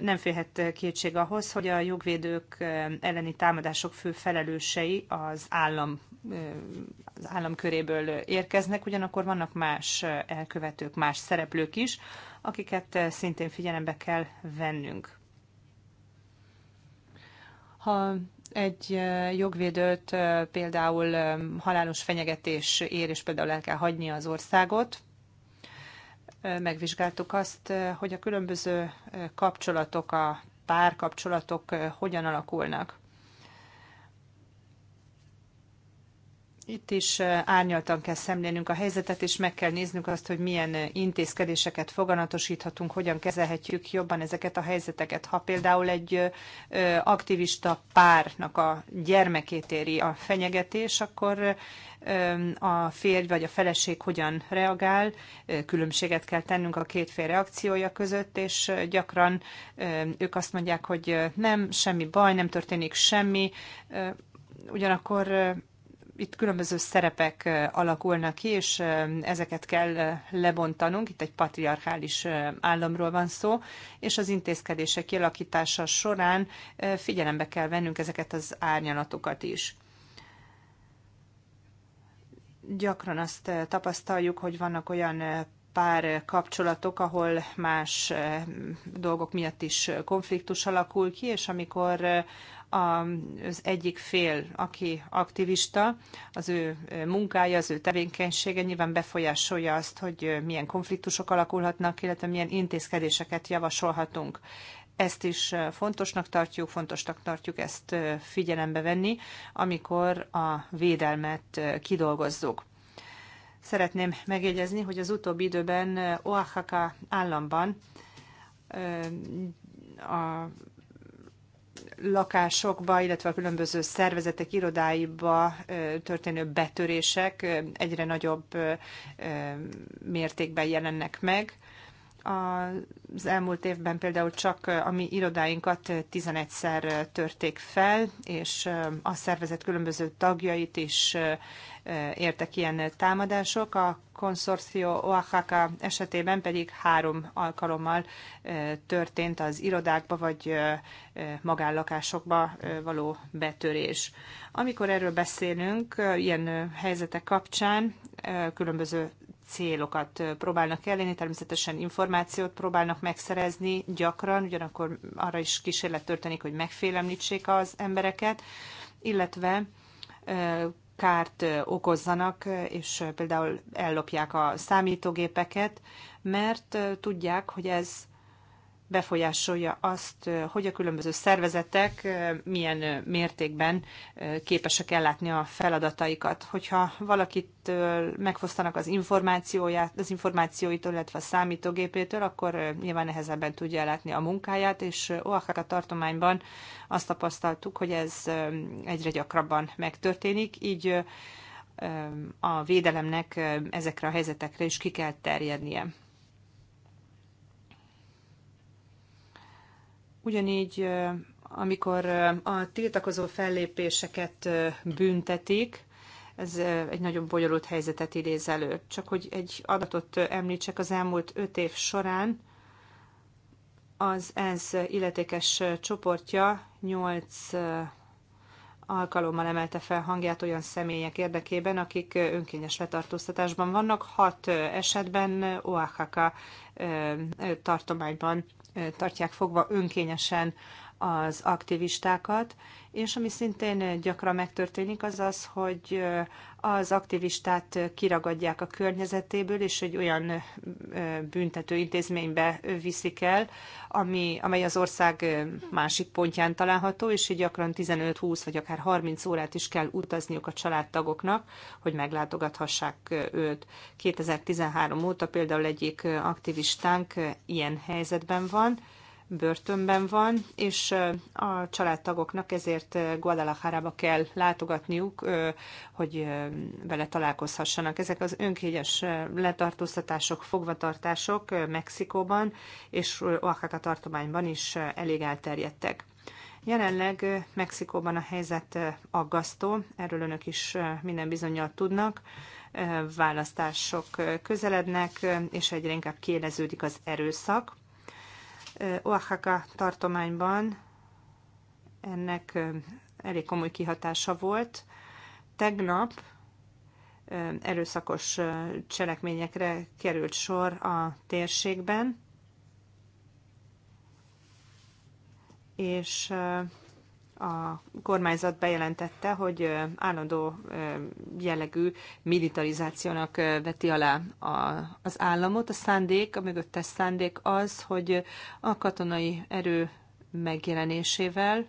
S1: nem félhet kétség ahhoz, hogy a jogvédők elleni támadások fő felelősei az állam, az állam köréből érkeznek, ugyanakkor vannak más elkövetők, más szereplők is, akiket szintén figyelembe kell vennünk. Ha egy jogvédőt például halálos fenyegetés ér, és például el kell hagyni az országot, megvizsgáltuk azt, hogy a különböző kapcsolatok, a párkapcsolatok hogyan alakulnak. itt is árnyaltan kell szemlélnünk a helyzetet, és meg kell néznünk azt, hogy milyen intézkedéseket foganatosíthatunk, hogyan kezelhetjük jobban ezeket a helyzeteket. Ha például egy aktivista párnak a gyermekét éri a fenyegetés, akkor a férj vagy a feleség hogyan reagál, különbséget kell tennünk a két fél reakciója között, és gyakran ők azt mondják, hogy nem, semmi baj, nem történik semmi, ugyanakkor itt különböző szerepek alakulnak ki, és ezeket kell lebontanunk. Itt egy patriarchális államról van szó, és az intézkedések kialakítása során figyelembe kell vennünk ezeket az árnyalatokat is gyakran azt tapasztaljuk, hogy vannak olyan pár kapcsolatok, ahol más dolgok miatt is konfliktus alakul ki, és amikor az egyik fél, aki aktivista, az ő munkája, az ő tevékenysége nyilván befolyásolja azt, hogy milyen konfliktusok alakulhatnak, illetve milyen intézkedéseket javasolhatunk. Ezt is fontosnak tartjuk, fontosnak tartjuk ezt figyelembe venni, amikor a védelmet kidolgozzuk. Szeretném megjegyezni, hogy az utóbbi időben Oaxaca államban a lakásokba, illetve a különböző szervezetek irodáiba történő betörések egyre nagyobb mértékben jelennek meg. Az elmúlt évben például csak a mi irodáinkat 11-szer törték fel, és a szervezet különböző tagjait is értek ilyen támadások, a konszorció Oaxaca esetében pedig három alkalommal történt az irodákba vagy magánlakásokba való betörés. Amikor erről beszélünk, ilyen helyzetek kapcsán különböző célokat próbálnak elérni, természetesen információt próbálnak megszerezni gyakran, ugyanakkor arra is kísérlet történik, hogy megfélemlítsék az embereket, illetve kárt okozzanak, és például ellopják a számítógépeket, mert tudják, hogy ez befolyásolja azt, hogy a különböző szervezetek milyen mértékben képesek ellátni a feladataikat. Hogyha valakit megfosztanak az információját, az információitól, illetve a számítógépétől, akkor nyilván nehezebben tudja ellátni a munkáját, és Oaxaca tartományban azt tapasztaltuk, hogy ez egyre gyakrabban megtörténik, így a védelemnek ezekre a helyzetekre is ki kell terjednie. Ugyanígy, amikor a tiltakozó fellépéseket büntetik, ez egy nagyon bonyolult helyzetet idéz elő. Csak hogy egy adatot említsek, az elmúlt öt év során az ENSZ illetékes csoportja nyolc alkalommal emelte fel hangját olyan személyek érdekében, akik önkényes letartóztatásban vannak. Hat esetben Oaxaca tartományban tartják fogva önkényesen az aktivistákat, és ami szintén gyakran megtörténik, az az, hogy az aktivistát kiragadják a környezetéből, és egy olyan büntető intézménybe viszik el, ami, amely az ország másik pontján található, és így gyakran 15-20 vagy akár 30 órát is kell utazniuk a családtagoknak, hogy meglátogathassák őt. 2013 óta például egyik aktivistánk ilyen helyzetben van, börtönben van, és a családtagoknak ezért Guadalajara-ba kell látogatniuk, hogy vele találkozhassanak. Ezek az önkényes letartóztatások, fogvatartások Mexikóban és Oaxaca tartományban is elég elterjedtek. Jelenleg Mexikóban a helyzet aggasztó, erről önök is minden bizonyal tudnak. Választások közelednek, és egyre inkább kéleződik az erőszak Oaxaca tartományban ennek elég komoly kihatása volt. Tegnap erőszakos cselekményekre került sor a térségben, és a kormányzat bejelentette, hogy állandó jellegű militarizációnak veti alá az államot. A szándék, a mögöttes szándék az, hogy a katonai erő megjelenésével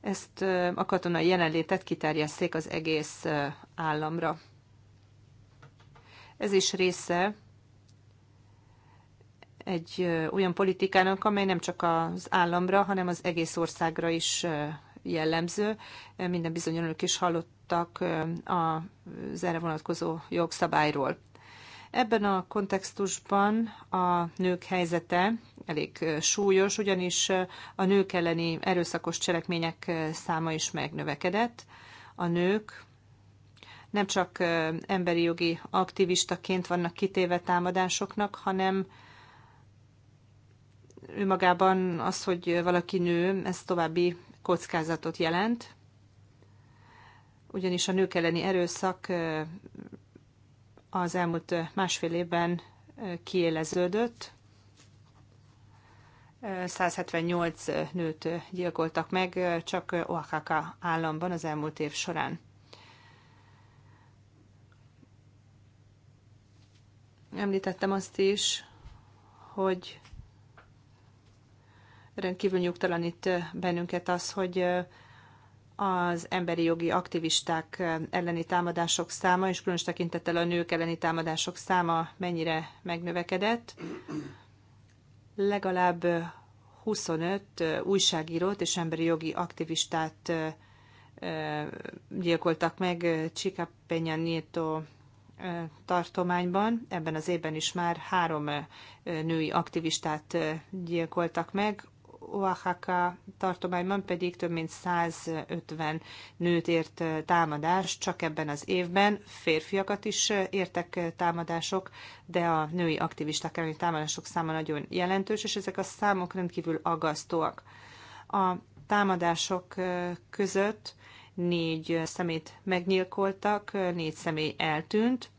S1: ezt a katonai jelenlétet kiterjesszék az egész államra. Ez is része egy olyan politikának, amely nem csak az államra, hanem az egész országra is jellemző. Minden bizony önök is hallottak az erre vonatkozó jogszabályról. Ebben a kontextusban a nők helyzete elég súlyos, ugyanis a nők elleni erőszakos cselekmények száma is megnövekedett. A nők nem csak emberi jogi aktivistaként vannak kitéve támadásoknak, hanem önmagában az, hogy valaki nő, ez további kockázatot jelent, ugyanis a nők elleni erőszak az elmúlt másfél évben kiéleződött. 178 nőt gyilkoltak meg csak Oaxaca államban az elmúlt év során. Említettem azt is, hogy rendkívül nyugtalanít bennünket az, hogy az emberi jogi aktivisták elleni támadások száma, és különös tekintettel a nők elleni támadások száma mennyire megnövekedett. Legalább 25 újságírót és emberi jogi aktivistát gyilkoltak meg Csika Peña Nieto tartományban. Ebben az évben is már három női aktivistát gyilkoltak meg, Oaxaca tartományban pedig több mint 150 nőt ért támadás csak ebben az évben. Férfiakat is értek támadások, de a női aktivisták elleni támadások száma nagyon jelentős, és ezek a számok rendkívül agasztóak. A támadások között négy szemét megnyilkoltak, négy személy eltűnt.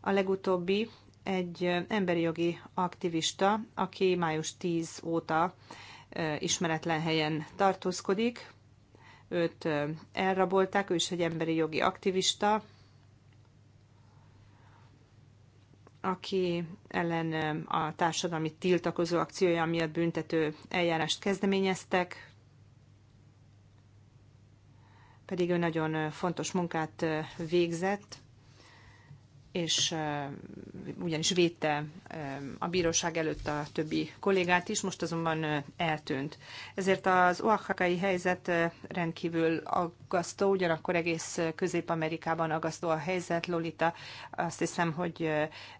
S1: A legutóbbi egy emberi jogi aktivista, aki május 10 óta ismeretlen helyen tartózkodik. Őt elrabolták, ő is egy emberi jogi aktivista, aki ellen a társadalmi tiltakozó akciója miatt büntető eljárást kezdeményeztek, pedig ő nagyon fontos munkát végzett és ugyanis védte a bíróság előtt a többi kollégát is, most azonban eltűnt. Ezért az oaxacai helyzet rendkívül aggasztó, ugyanakkor egész Közép-Amerikában aggasztó a helyzet. Lolita azt hiszem, hogy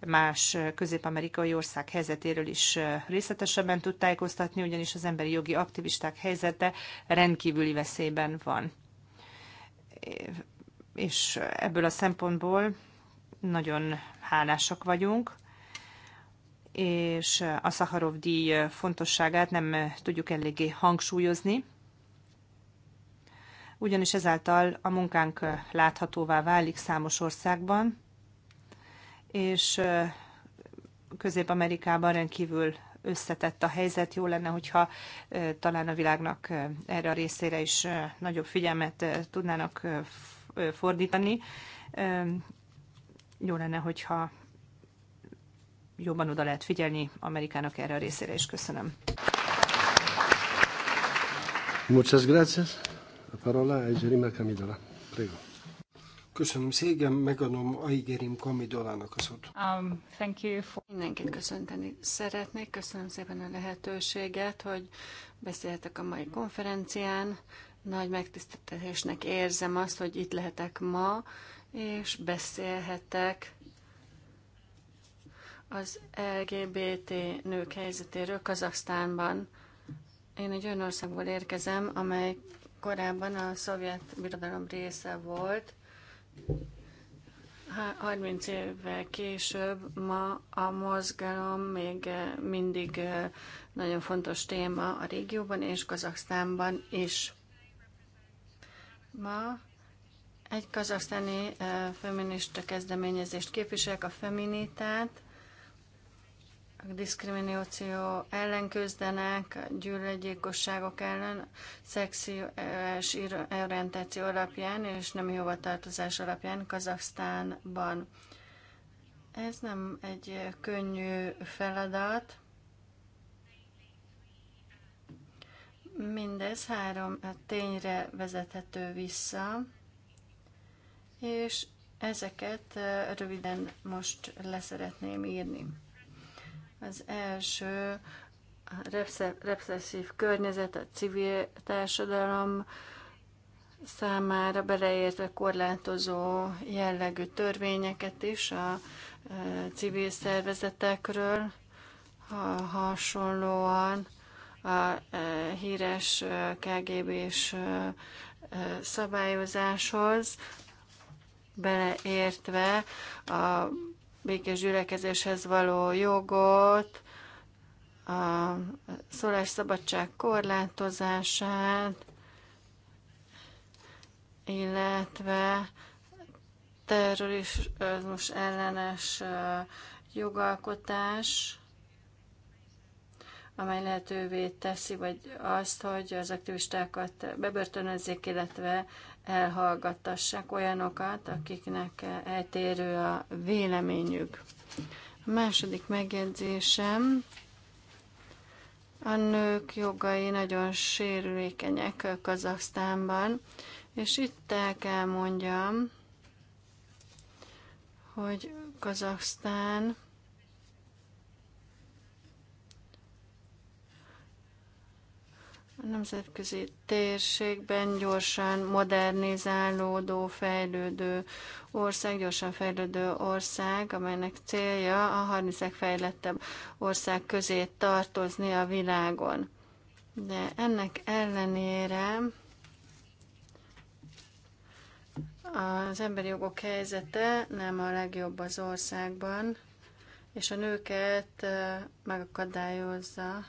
S1: más közép-amerikai ország helyzetéről is részletesebben tud tájékoztatni, ugyanis az emberi jogi aktivisták helyzete rendkívüli veszélyben van. És ebből a szempontból nagyon hálásak vagyunk, és a Szaharov díj fontosságát nem tudjuk eléggé hangsúlyozni, ugyanis ezáltal a munkánk láthatóvá válik számos országban, és Közép-Amerikában rendkívül összetett a helyzet. Jó lenne, hogyha talán a világnak erre a részére is nagyobb figyelmet tudnának fordítani. Jó lenne, hogyha jobban oda lehet figyelni Amerikának erre a részére is. Köszönöm.
S3: Muchas gracias. A parola a Jerima Camidola. Prego.
S2: Köszönöm szépen, megadom Aigerim Kamidolának a szót.
S4: Um, thank you for... Mindenkit köszönteni szeretnék, köszönöm szépen a lehetőséget, hogy beszélhetek a mai konferencián. Nagy megtiszteltetésnek érzem azt, hogy itt lehetek ma, és beszélhetek az LGBT nők helyzetéről Kazaksztánban. Én egy olyan országból érkezem, amely korábban a szovjet birodalom része volt. 30 évvel később ma a mozgalom még eh, mindig eh, nagyon fontos téma a régióban és Kazaksztánban is. Ma egy kazaksztáni feminista kezdeményezést képviselek, a feminitát. A diszkrimináció ellen küzdenek, gyűlöletgyilkosságok ellen, szexuális orientáció alapján és nem hovatartozás alapján Kazaksztánban. Ez nem egy könnyű feladat. Mindez három tényre vezethető vissza és ezeket röviden most leszeretném írni. Az első a környezet, a civil társadalom számára beleértve korlátozó jellegű törvényeket is a civil szervezetekről, ha hasonlóan a híres KGB-s szabályozáshoz, beleértve a békés gyülekezéshez való jogot, a szólásszabadság korlátozását, illetve terrorizmus ellenes jogalkotás, amely lehetővé teszi, vagy azt, hogy az aktivistákat bebörtönözzék, illetve elhallgattassak olyanokat, akiknek eltérő a véleményük. A második megjegyzésem, a nők jogai nagyon sérülékenyek Kazaksztánban, és itt el kell mondjam, hogy Kazaksztán A nemzetközi térségben gyorsan modernizálódó, fejlődő ország, gyorsan fejlődő ország, amelynek célja a 30 legfejlettebb ország közé tartozni a világon. De ennek ellenére az emberi jogok helyzete nem a legjobb az országban, és a nőket eh, megakadályozza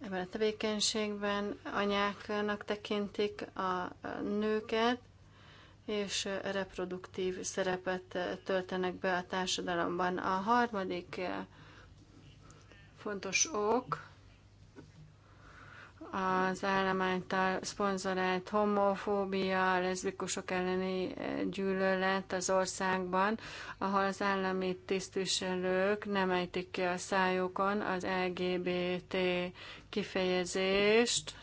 S4: ebben a tevékenységben anyáknak tekintik a nőket, és reproduktív szerepet töltenek be a társadalomban. A harmadik eh, fontos ok az állam által szponzorált homofóbia, leszbikusok elleni eh, gyűlölet az országban, ahol az állami tisztviselők nem ejtik ki a szájukon az LGBT kifejezést.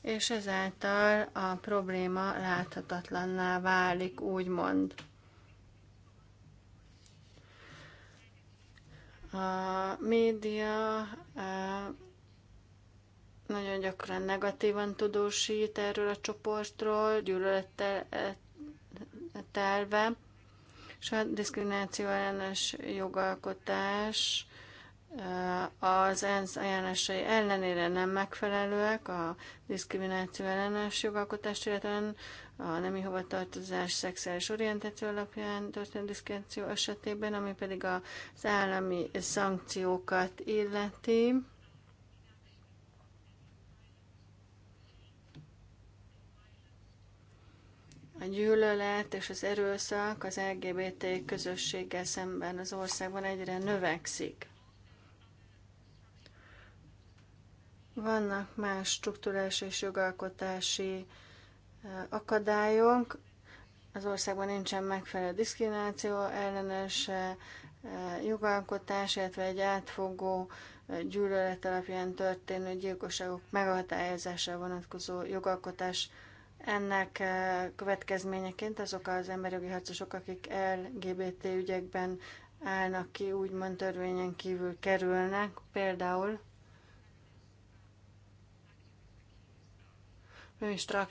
S4: és ezáltal a probléma láthatatlanná válik, úgymond. A média eh, nagyon gyakran negatívan tudósít erről a csoportról, gyűlölettel eh, telve, és a diszkrimináció ellenes jogalkotás eh, az ENSZ ajánlásai ellenére nem megfelelőek a diszkrimináció ellenes jogalkotást, illetve a nemi hovatartozás szexuális orientáció alapján történő diszkrimináció esetében, ami pedig az állami szankciókat illeti. A gyűlölet és az erőszak az LGBT közösséggel szemben az országban egyre növekszik. Vannak más struktúrás és jogalkotási akadályunk. Az országban nincsen megfelelő diszkrimináció ellenes e, jogalkotás, illetve egy átfogó e, gyűlölet alapján történő gyilkosságok megakadályozására vonatkozó jogalkotás. Ennek e, következményeként azok az emberjogi harcosok, akik LGBT ügyekben állnak ki, úgymond törvényen kívül kerülnek, például Műstra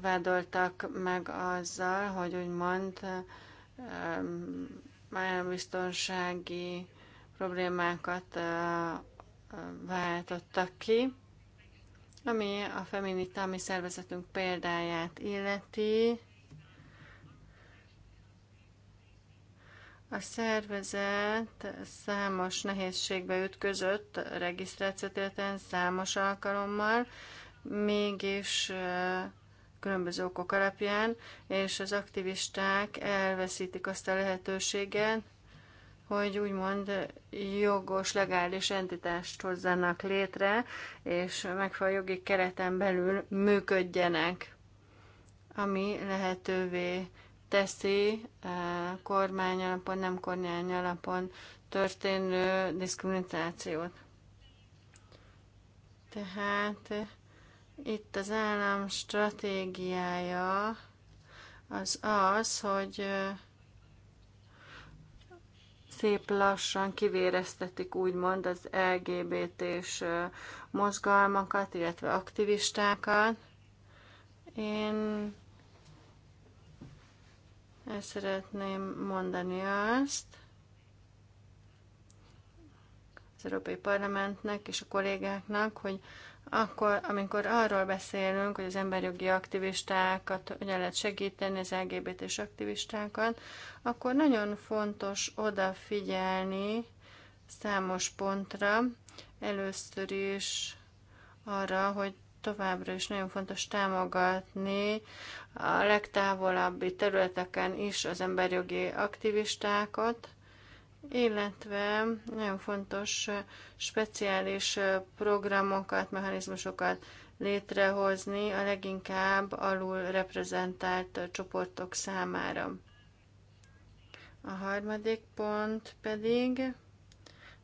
S4: vádoltak meg azzal, hogy úgymond biztonsági problémákat váltottak ki, ami a feminitámi szervezetünk példáját illeti, A szervezet számos nehézségbe ütközött regisztrációt illetően számos alkalommal, mégis különböző okok alapján, és az aktivisták elveszítik azt a lehetőséget, hogy úgymond jogos, legális entitást hozzanak létre, és megfelelő jogi kereten belül működjenek, ami lehetővé teszi eh, kormány alapon, nem kormány alapon történő diszkriminációt. Tehát eh, itt az állam stratégiája az az, hogy eh, szép lassan kivéreztetik úgymond az LGBT-s mozgalmakat, illetve aktivistákat. Én el szeretném mondani azt az Európai Parlamentnek és a kollégáknak, hogy akkor, amikor arról beszélünk, hogy az emberjogi aktivistákat hogyan lehet segíteni, az LGBT-s aktivistákat, akkor nagyon fontos odafigyelni számos pontra. Először is arra, hogy továbbra is nagyon fontos támogatni a legtávolabbi területeken is az emberjogi aktivistákat, illetve nagyon fontos speciális programokat, mechanizmusokat létrehozni a leginkább alul reprezentált csoportok számára. A harmadik pont pedig,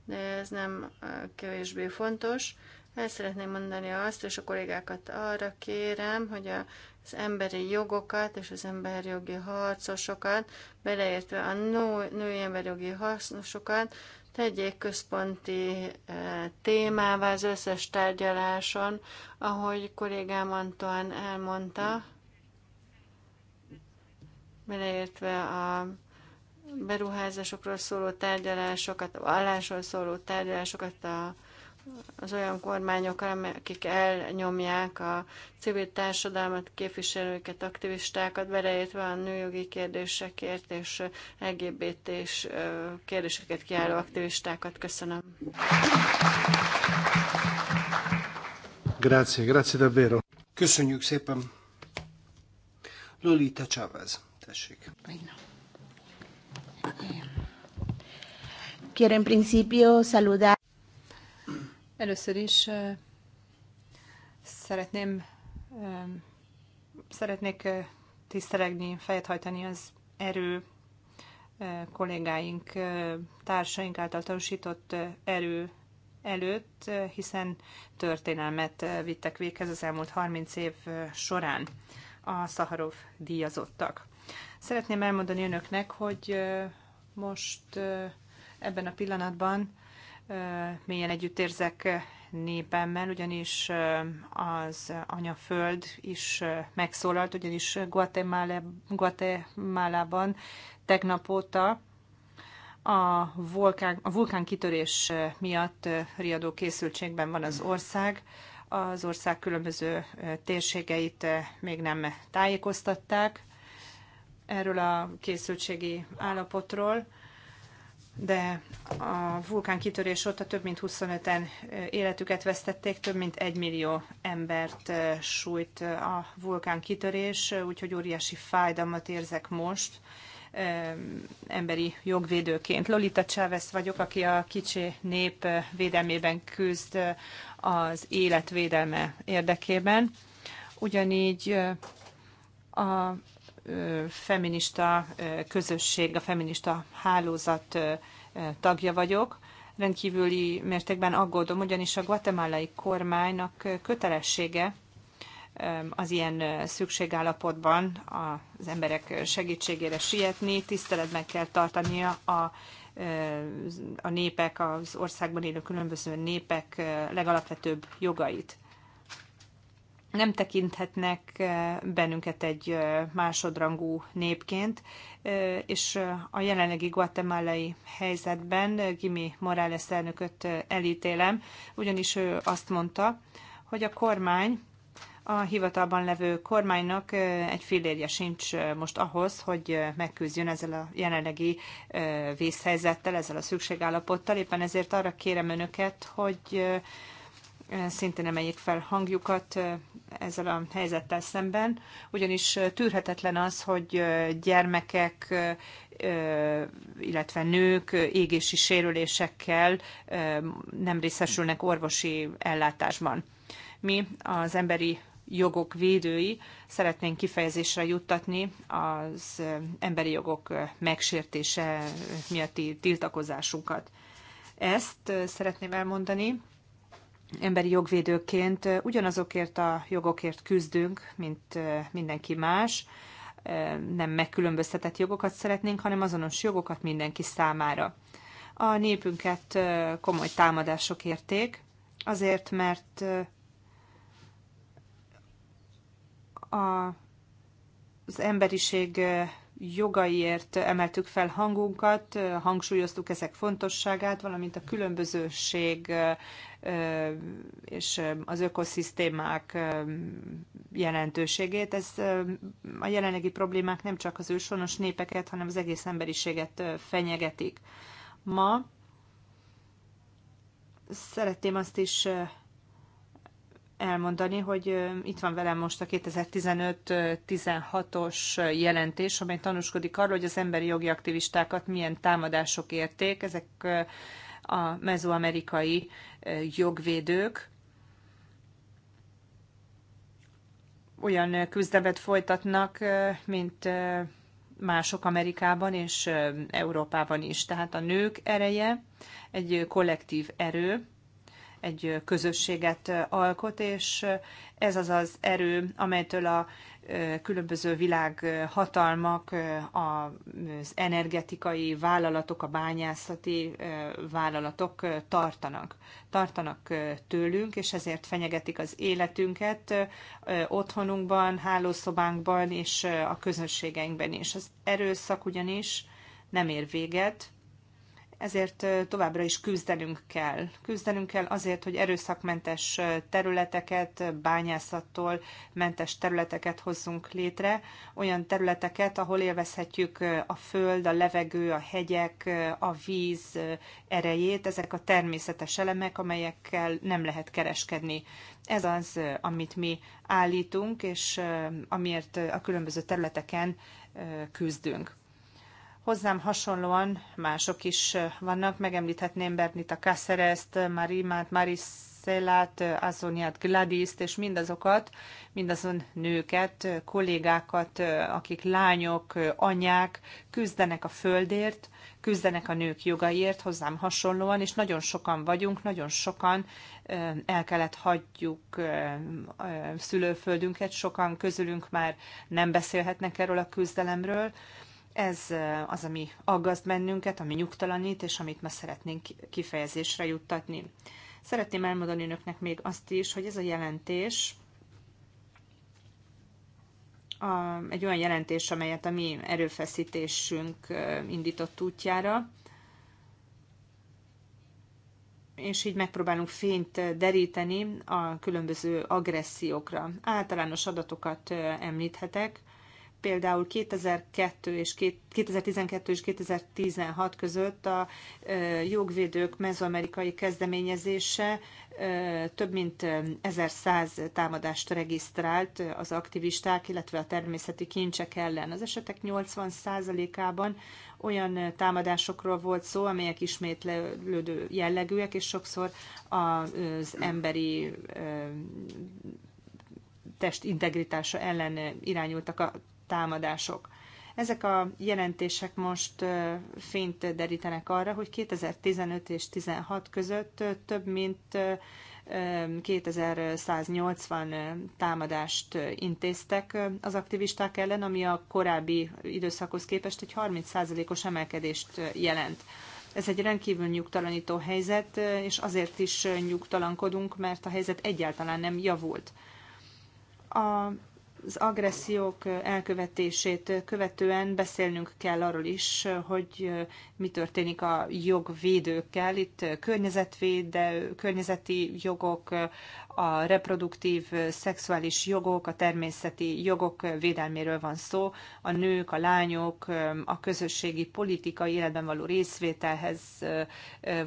S4: de ez nem kevésbé fontos, el szeretném mondani azt, és a kollégákat arra kérem, hogy az emberi jogokat és az emberjogi harcosokat, beleértve a női női emberjogi harcosokat, tegyék központi eh, témává az összes tárgyaláson, ahogy kollégám Antoine elmondta, beleértve a beruházásokról szóló tárgyalásokat, a vallásról szóló tárgyalásokat, a az olyan kormányokkal, akik elnyomják a civil társadalmat, képviselőket, aktivistákat, beleértve a nőjogi kérdésekért és lgbt és kérdéseket kiálló aktivistákat. Köszönöm.
S3: Grazie, grazie davvero. Köszönjük szépen.
S2: Lolita Chávez, tessék. Eh,
S1: quiero en principio saludar. Először is szeretném, szeretnék tisztelegni, fejet hajtani az erő kollégáink, társaink által tanúsított erő előtt, hiszen történelmet vittek véghez az elmúlt 30 év során a Szaharov díjazottak. Szeretném elmondani önöknek, hogy most ebben a pillanatban mélyen érzek népemmel, ugyanis az anyaföld is megszólalt, ugyanis Guatemala, Guatemala-ban tegnap óta a vulkán, a vulkán kitörés miatt riadó készültségben van az ország. Az ország különböző térségeit még nem tájékoztatták erről a készültségi állapotról de a vulkán kitörés óta több mint 25-en életüket vesztették, több mint 1 millió embert sújt a vulkán kitörés, úgyhogy óriási fájdalmat érzek most emberi jogvédőként. Lolita Chávez vagyok, aki a kicsi nép védelmében küzd az életvédelme érdekében. Ugyanígy a feminista közösség, a feminista hálózat tagja vagyok. Rendkívüli mértékben aggódom, ugyanis a guatemalai kormánynak kötelessége az ilyen szükségállapotban az emberek segítségére sietni, tiszteletben kell tartania a a népek, az országban élő különböző népek legalapvetőbb jogait nem tekinthetnek bennünket egy másodrangú népként, és a jelenlegi guatemalai helyzetben Gimi Morales elnököt elítélem, ugyanis ő azt mondta, hogy a kormány, a hivatalban levő kormánynak egy félérje sincs most ahhoz, hogy megküzdjön ezzel a jelenlegi vészhelyzettel, ezzel a szükségállapottal. Éppen ezért arra kérem önöket, hogy szintén emeljék fel hangjukat ezzel a helyzettel szemben, ugyanis tűrhetetlen az, hogy gyermekek, illetve nők égési sérülésekkel nem részesülnek orvosi ellátásban. Mi az emberi jogok védői szeretnénk kifejezésre juttatni az emberi jogok megsértése miatti tiltakozásunkat. Ezt szeretném elmondani, emberi jogvédőként ugyanazokért a jogokért küzdünk, mint mindenki más. Nem megkülönböztetett jogokat szeretnénk, hanem azonos jogokat mindenki számára. A népünket komoly támadások érték, azért, mert az emberiség jogaiért emeltük fel hangunkat, hangsúlyoztuk ezek fontosságát, valamint a különbözőség és az ökoszisztémák jelentőségét. Ez a jelenlegi problémák nem csak az őshonos népeket, hanem az egész emberiséget fenyegetik. Ma szeretném azt is elmondani, hogy itt van velem most a 2015-16-os jelentés, amely tanúskodik arról, hogy az emberi jogi aktivistákat milyen támadások érték. Ezek a mezoamerikai jogvédők olyan küzdelmet folytatnak, mint mások Amerikában és Európában is. Tehát a nők ereje egy kollektív erő, egy közösséget alkot, és ez az az erő, amelytől a különböző világ hatalmak, az energetikai vállalatok, a bányászati vállalatok tartanak. Tartanak tőlünk, és ezért fenyegetik az életünket otthonunkban, hálószobánkban és a közösségeinkben is. Az erőszak ugyanis nem ér véget, ezért továbbra is küzdenünk kell. Küzdenünk kell azért, hogy erőszakmentes területeket, bányászattól mentes területeket hozzunk létre, olyan területeket, ahol élvezhetjük a föld, a levegő, a hegyek, a víz erejét, ezek a természetes elemek, amelyekkel nem lehet kereskedni. Ez az, amit mi állítunk, és amiért a különböző területeken küzdünk. Hozzám hasonlóan mások is vannak, megemlíthetném Bernita Cáceres-t, Marimát, Mariszelát, Azoniát, Gladiszt, és mindazokat, mindazon nőket, kollégákat, akik lányok, anyák, küzdenek a földért, küzdenek a nők jogaiért, hozzám hasonlóan, és nagyon sokan vagyunk, nagyon sokan el kellett hagyjuk szülőföldünket, sokan közülünk már nem beszélhetnek erről a küzdelemről, ez az, ami aggaszt bennünket, ami nyugtalanít, és amit ma szeretnénk kifejezésre juttatni. Szeretném elmondani önöknek még azt is, hogy ez a jelentés a, egy olyan jelentés, amelyet a mi erőfeszítésünk indított útjára, és így megpróbálunk fényt deríteni a különböző agressziókra. Általános adatokat említhetek, például 2002 és 2012 és 2016 között a jogvédők mezoamerikai kezdeményezése több mint 1100 támadást regisztrált az aktivisták, illetve a természeti kincsek ellen. Az esetek 80%-ában olyan támadásokról volt szó, amelyek ismétlődő jellegűek, és sokszor az emberi test integritása ellen irányultak a támadások. Ezek a jelentések most fényt derítenek arra, hogy 2015 és 16 között több mint 2180 támadást intéztek az aktivisták ellen, ami a korábbi időszakhoz képest egy 30%-os emelkedést jelent. Ez egy rendkívül nyugtalanító helyzet, és azért is nyugtalankodunk, mert a helyzet egyáltalán nem javult. A az agressziók elkövetését követően beszélnünk kell arról is, hogy mi történik a jogvédőkkel. Itt környezetvéde, környezeti jogok, a reproduktív, szexuális jogok, a természeti jogok védelméről van szó, a nők, a lányok, a közösségi politikai életben való részvételhez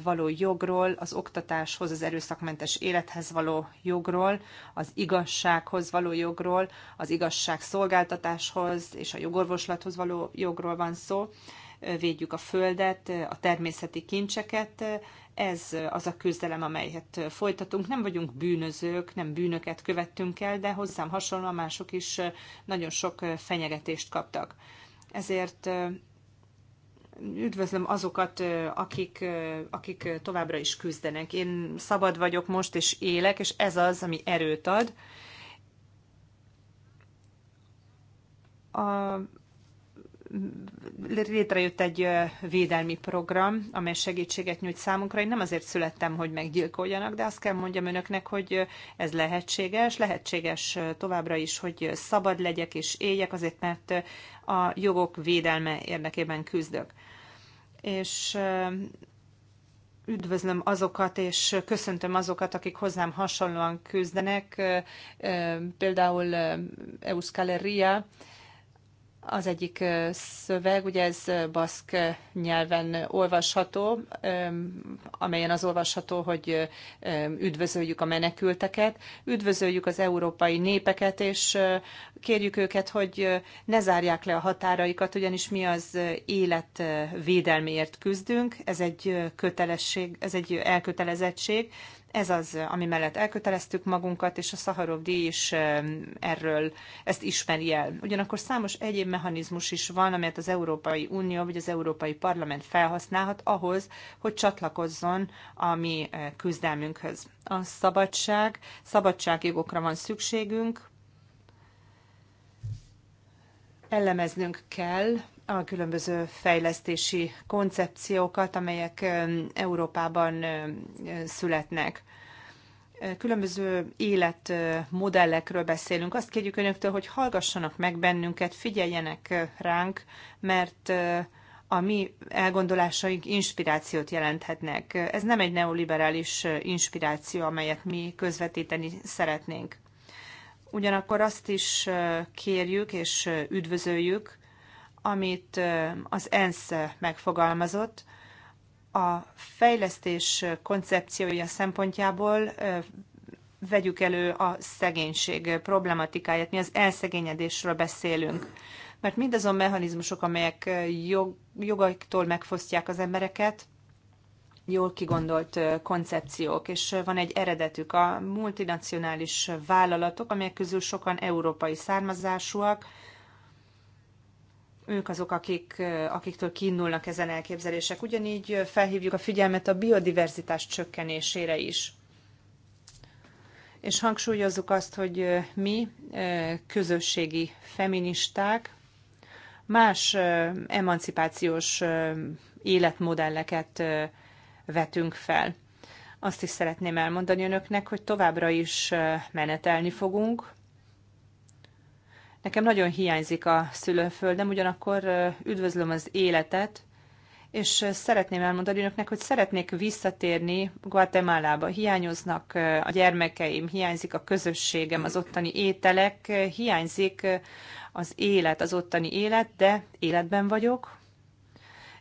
S1: való jogról, az oktatáshoz, az erőszakmentes élethez való jogról, az igazsághoz való jogról, az igazságszolgáltatáshoz és a jogorvoslathoz való jogról van szó, védjük a földet, a természeti kincseket. Ez az a küzdelem, amelyet folytatunk. Nem vagyunk bűnözők, nem bűnöket követtünk el, de hozzám hasonlóan mások is nagyon sok fenyegetést kaptak. Ezért üdvözlöm azokat, akik, akik továbbra is küzdenek. Én szabad vagyok most, és élek, és ez az, ami erőt ad. A létrejött egy védelmi program, amely segítséget nyújt számunkra. Én nem azért születtem, hogy meggyilkoljanak, de azt kell mondjam önöknek, hogy ez lehetséges. Lehetséges továbbra is, hogy szabad legyek és éljek, azért mert a jogok védelme érdekében küzdök. És üdvözlöm azokat, és köszöntöm azokat, akik hozzám hasonlóan küzdenek, például Euskal Herria, az egyik szöveg, ugye ez baszk nyelven olvasható, amelyen az olvasható, hogy üdvözöljük a menekülteket, üdvözöljük az európai népeket, és kérjük őket, hogy ne zárják le a határaikat, ugyanis mi az élet védelméért küzdünk, ez egy kötelesség, ez egy elkötelezettség, ez az, ami mellett elköteleztük magunkat, és a Szaharov díj is erről ezt ismeri el. Ugyanakkor számos egyéb mechanizmus is van, amelyet az Európai Unió vagy az Európai Parlament felhasználhat ahhoz, hogy csatlakozzon a mi küzdelmünkhöz. A szabadság, szabadságjogokra van szükségünk, elemeznünk kell a különböző fejlesztési koncepciókat, amelyek um, Európában um, születnek. Különböző életmodellekről uh, beszélünk. Azt kérjük önöktől, hogy hallgassanak meg bennünket, figyeljenek uh, ránk, mert uh, a mi elgondolásaink inspirációt jelenthetnek. Ez nem egy neoliberális inspiráció, amelyet mi közvetíteni szeretnénk. Ugyanakkor azt is kérjük és üdvözöljük, amit az ENSZ megfogalmazott, a fejlesztés koncepciója szempontjából vegyük elő a szegénység problematikáját. Mi az elszegényedésről beszélünk. Mert mindazon mechanizmusok, amelyek jog, jogaiktól megfosztják az embereket, jól kigondolt koncepciók, és van egy eredetük, a multinacionális vállalatok, amelyek közül sokan európai származásúak, ők azok, akik, akiktől kiindulnak ezen elképzelések. Ugyanígy felhívjuk a figyelmet a biodiverzitás csökkenésére is. És hangsúlyozzuk azt, hogy mi, közösségi feministák, más emancipációs életmodelleket vetünk fel. Azt is szeretném elmondani önöknek, hogy továbbra is menetelni fogunk, Nekem nagyon hiányzik a szülőföldem, ugyanakkor üdvözlöm az életet, és szeretném elmondani önöknek, hogy szeretnék visszatérni Guatemalába. Hiányoznak a gyermekeim, hiányzik a közösségem, az ottani ételek, hiányzik az élet, az ottani élet, de életben vagyok,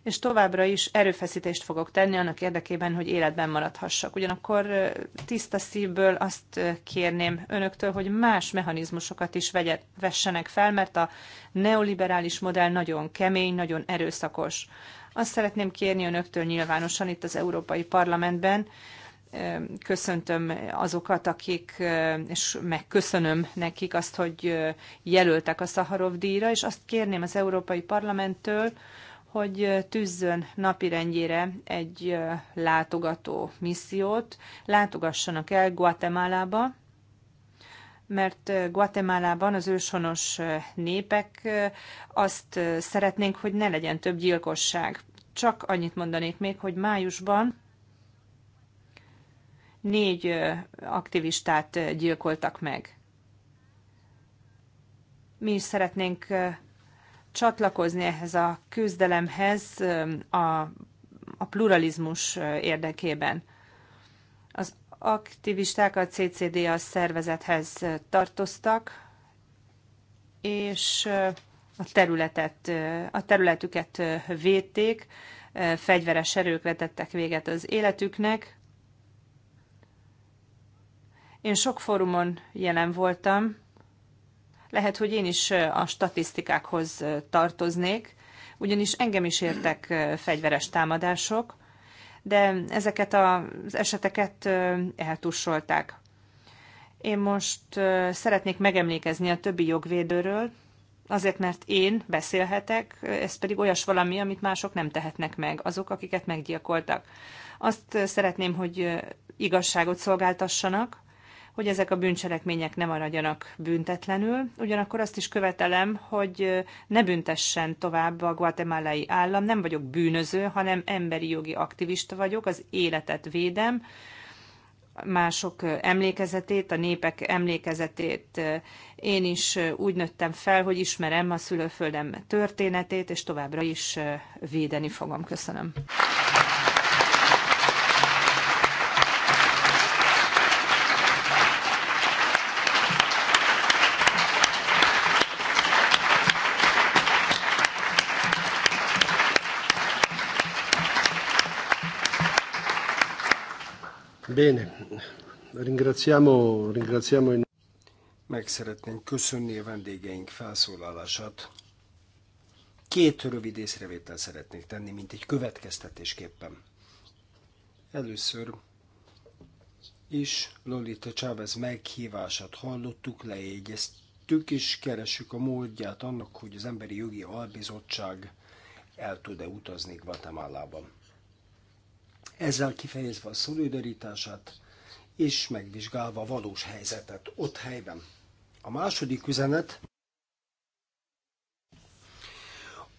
S1: és továbbra is erőfeszítést fogok tenni annak érdekében, hogy életben maradhassak. Ugyanakkor tiszta szívből azt kérném önöktől, hogy más mechanizmusokat is vegye, vessenek fel, mert a neoliberális modell nagyon kemény, nagyon erőszakos. Azt szeretném kérni önöktől nyilvánosan itt az Európai Parlamentben, köszöntöm azokat, akik, és megköszönöm nekik azt, hogy jelöltek a Szaharov díjra, és azt kérném az Európai Parlamenttől, hogy tűzzön napirendjére egy látogató missziót, látogassanak el Guatemalába, mert Guatemalában az őshonos népek azt szeretnénk, hogy ne legyen több gyilkosság. Csak annyit mondanék még, hogy májusban négy aktivistát gyilkoltak meg. Mi is szeretnénk csatlakozni ehhez a küzdelemhez a, a pluralizmus érdekében. Az aktivisták a CCD a szervezethez tartoztak, és a, területet, a területüket védték, fegyveres erők vetettek véget az életüknek. Én sok fórumon jelen voltam, lehet, hogy én is a statisztikákhoz tartoznék, ugyanis engem is értek fegyveres támadások, de ezeket az eseteket eltussolták. Én most szeretnék megemlékezni a többi jogvédőről, azért, mert én beszélhetek, ez pedig olyas valami, amit mások nem tehetnek meg, azok, akiket meggyilkoltak. Azt szeretném, hogy igazságot szolgáltassanak, hogy ezek a bűncselekmények nem maradjanak büntetlenül. Ugyanakkor azt is követelem, hogy ne büntessen tovább a guatemalai állam. Nem vagyok bűnöző, hanem emberi jogi aktivista vagyok, az életet védem, mások emlékezetét, a népek emlékezetét. Én is úgy nőttem fel, hogy ismerem a szülőföldem történetét, és továbbra is védeni fogom. Köszönöm.
S3: Bene, ringraziamo, ringraziamo in...
S2: Meg szeretném köszönni a vendégeink felszólalását. Két rövid észrevétel szeretnék tenni, mint egy következtetésképpen. Először is Lolita Chávez meghívását hallottuk, lejegyeztük, és keresük a módját annak, hogy az Emberi Jogi Albizottság el tud-e utazni Guatemala-ban ezzel kifejezve a szolidaritását, és megvizsgálva a valós helyzetet ott helyben. A második üzenet,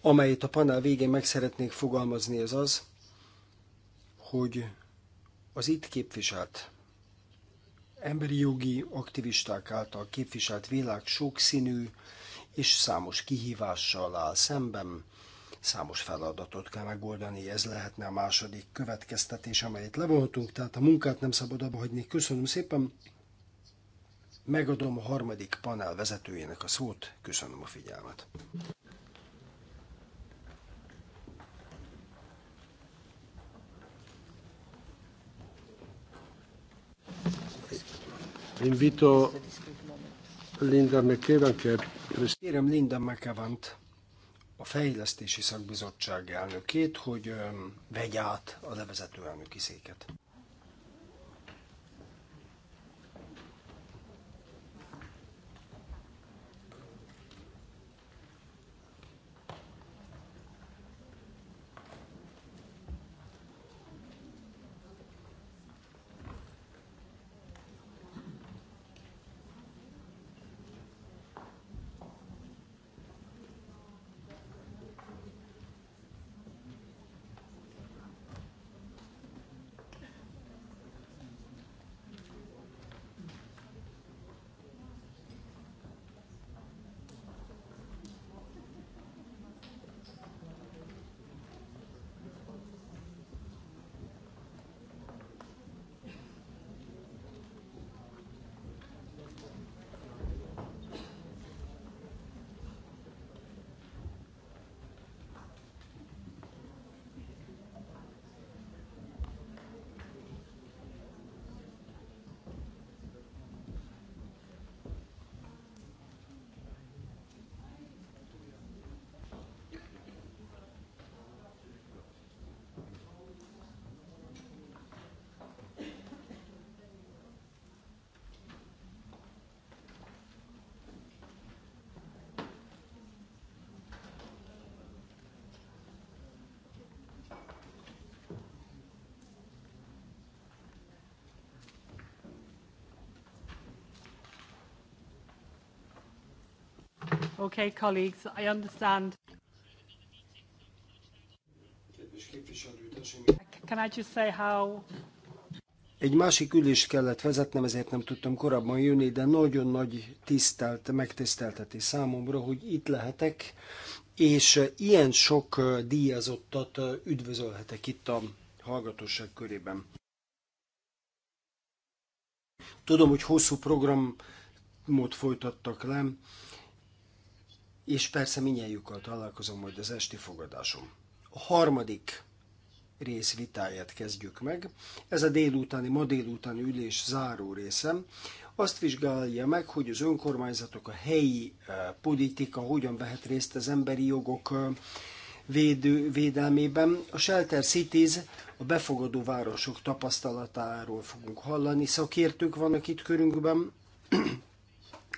S2: amelyet a panel végén meg szeretnék fogalmazni, az az, hogy az itt képviselt emberi jogi aktivisták által képviselt világ sokszínű és számos kihívással áll szemben, Számos feladatot kell megoldani, ez lehetne a második következtetés, amelyet levonhatunk, tehát a munkát nem szabad abba hagyni. Köszönöm szépen, megadom a harmadik panel vezetőjének a szót, köszönöm a figyelmet.
S3: Invito Linda McEvan Kérem
S2: Linda McEvant, a Fejlesztési Szakbizottság elnökét, hogy vegy át a levezető elnöki széket.
S1: Okay, colleagues, I understand. Can I just say how...
S2: Egy másik ülést kellett vezetnem, ezért nem tudtam korábban jönni, de nagyon nagy tisztelt, megtiszteltetés számomra, hogy itt lehetek, és ilyen sok díjazottat üdvözölhetek itt a hallgatóság körében. Tudom, hogy hosszú programot folytattak le, és persze minnyájukkal találkozom majd az esti fogadásom. A harmadik rész vitáját kezdjük meg. Ez a délutáni, ma délutáni ülés záró részem. Azt vizsgálja meg, hogy az önkormányzatok, a helyi eh, politika hogyan vehet részt az emberi jogok eh, védő, védelmében. A Shelter Cities, a befogadó városok tapasztalatáról fogunk hallani. Szakértők vannak itt körünkben,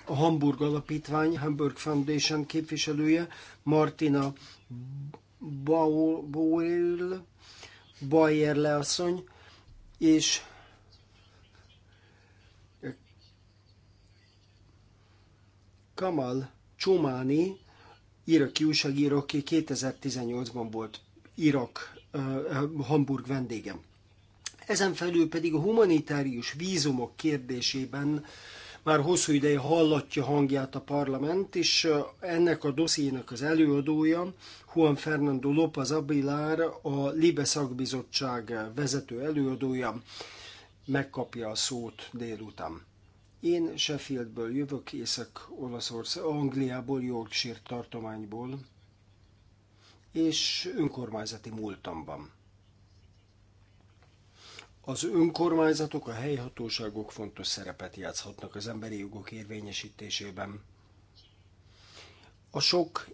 S2: a Hamburg Alapítvány, Hamburg Foundation képviselője, Martina Bau-Bauer, Bayer leasszony, és Kamal Csománi, iraki újságíró, aki 2018-ban volt Irak, Hamburg vendégem. Ezen felül pedig a humanitárius vízumok kérdésében már hosszú ideje hallatja hangját a parlament, és ennek a dossziénak az előadója, Juan Fernando López Abilar, a Libe szakbizottság vezető előadója, megkapja a szót délután. Én Sheffieldből jövök, Észak-Olaszország, Angliából, Yorkshire tartományból, és önkormányzati múltamban. van. Az önkormányzatok, a helyi hatóságok fontos szerepet játszhatnak az emberi jogok érvényesítésében. A sok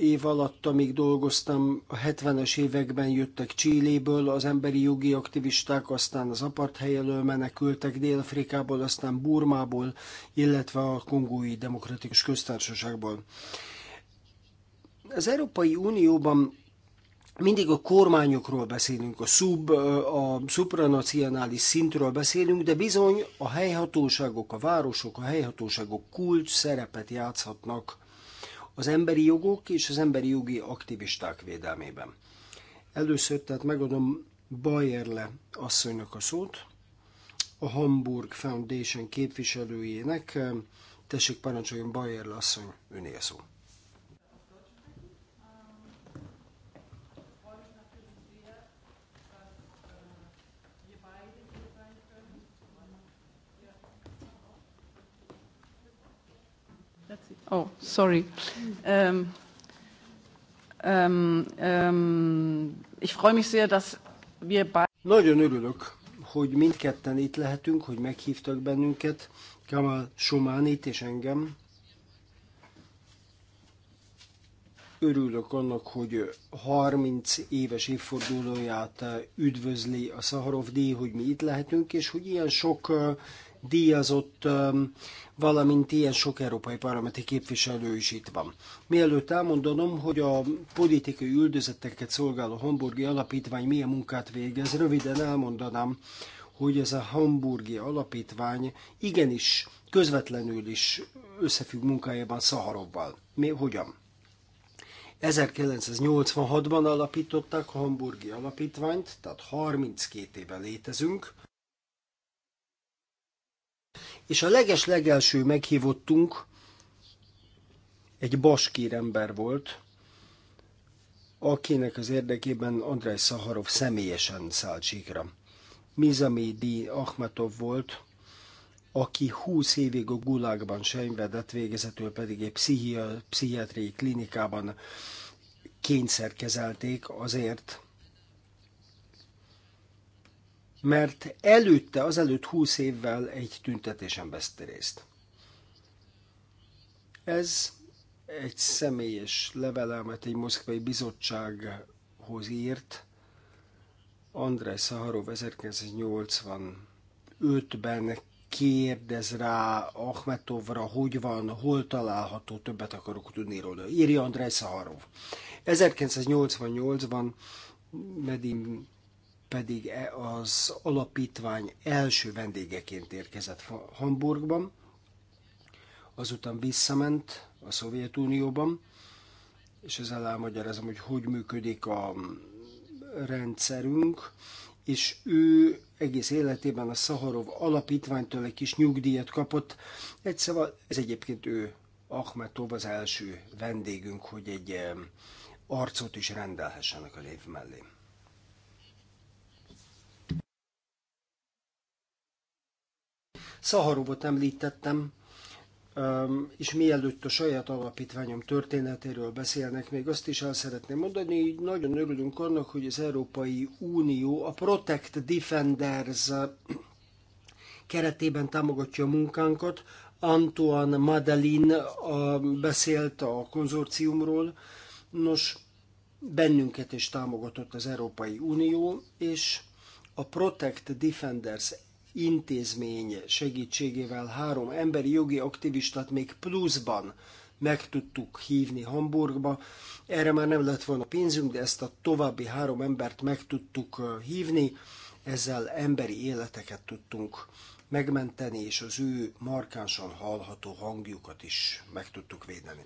S2: év alatt, amíg dolgoztam, a 70-es években jöttek Csilléből az emberi jogi aktivisták, aztán az apartheid elől menekültek Dél-Afrikából, aztán Burmából, illetve a Kongói Demokratikus Köztársaságból. Az Európai Unióban mindig a kormányokról beszélünk, a, szub, a szupranacionális szintről beszélünk, de bizony a helyhatóságok, a városok, a helyhatóságok kulcs szerepet játszhatnak az emberi jogok és az emberi jogi aktivisták védelmében. Először tehát megadom Bayerle asszonynak a szót, a Hamburg Foundation képviselőjének. Tessék, parancsoljon Bayerle asszony, önél szó.
S4: Oh, sorry. Ähm, ähm, ähm, ich freue mich sehr,
S2: dass wir beide... Nagyon örülök, hogy mindketten itt lehetünk, hogy meghívtak bennünket, Kamal Sománit és engem. Örülök annak, hogy 30 éves évfordulóját üdvözli a Szaharov díj, hogy mi itt lehetünk, és hogy ilyen sok díjazott, valamint ilyen sok európai parlamenti képviselő is itt van. Mielőtt elmondanom, hogy a politikai üldözetteket szolgáló hamburgi alapítvány milyen munkát végez, röviden elmondanám, hogy ez a hamburgi alapítvány igenis közvetlenül is összefügg munkájában Szaharovval. Mi, hogyan? 1986-ban alapították a Hamburgi Alapítványt, tehát 32 éve létezünk, és a leges legelső meghívottunk egy baskír ember volt, akinek az érdekében Andrei Szaharov személyesen szállt síkra. Mizami D. Ahmatov volt, aki 20 évig a gulágban sejnvedett, végezetül pedig egy pszichia, pszichiátriai klinikában kényszerkezelték azért, mert előtte, azelőtt húsz évvel egy tüntetésen veszte részt. Ez egy személyes levelemet egy moszkvai bizottsághoz írt, Andrei Szaharov 1985-ben kérdez rá Ahmetovra, hogy van, hol található, többet akarok tudni róla. Írja Andrei Szaharov. 1988-ban Medim pedig e az alapítvány első vendégeként érkezett Hamburgban, azután visszament a Szovjetunióban, és ezzel elmagyarázom, hogy hogy működik a rendszerünk, és ő egész életében a Szaharov alapítványtól egy kis nyugdíjat kapott. Egy szóval ez egyébként ő, Ahmetov az első vendégünk, hogy egy arcot is rendelhessenek a lév mellé. Szaharovot említettem, és mielőtt a saját alapítványom történetéről beszélnek, még azt is el szeretném mondani, hogy nagyon örülünk annak, hogy az Európai Unió a Protect Defenders keretében támogatja a munkánkat. Antoine Madelin beszélt a konzorciumról. Nos, bennünket is támogatott az Európai Unió, és a Protect Defenders intézmény segítségével három emberi jogi aktivistát még pluszban meg tudtuk hívni Hamburgba. Erre már nem lett volna pénzünk, de ezt a további három embert meg tudtuk hívni, ezzel emberi életeket tudtunk megmenteni, és az ő markánsan hallható hangjukat is meg tudtuk védeni.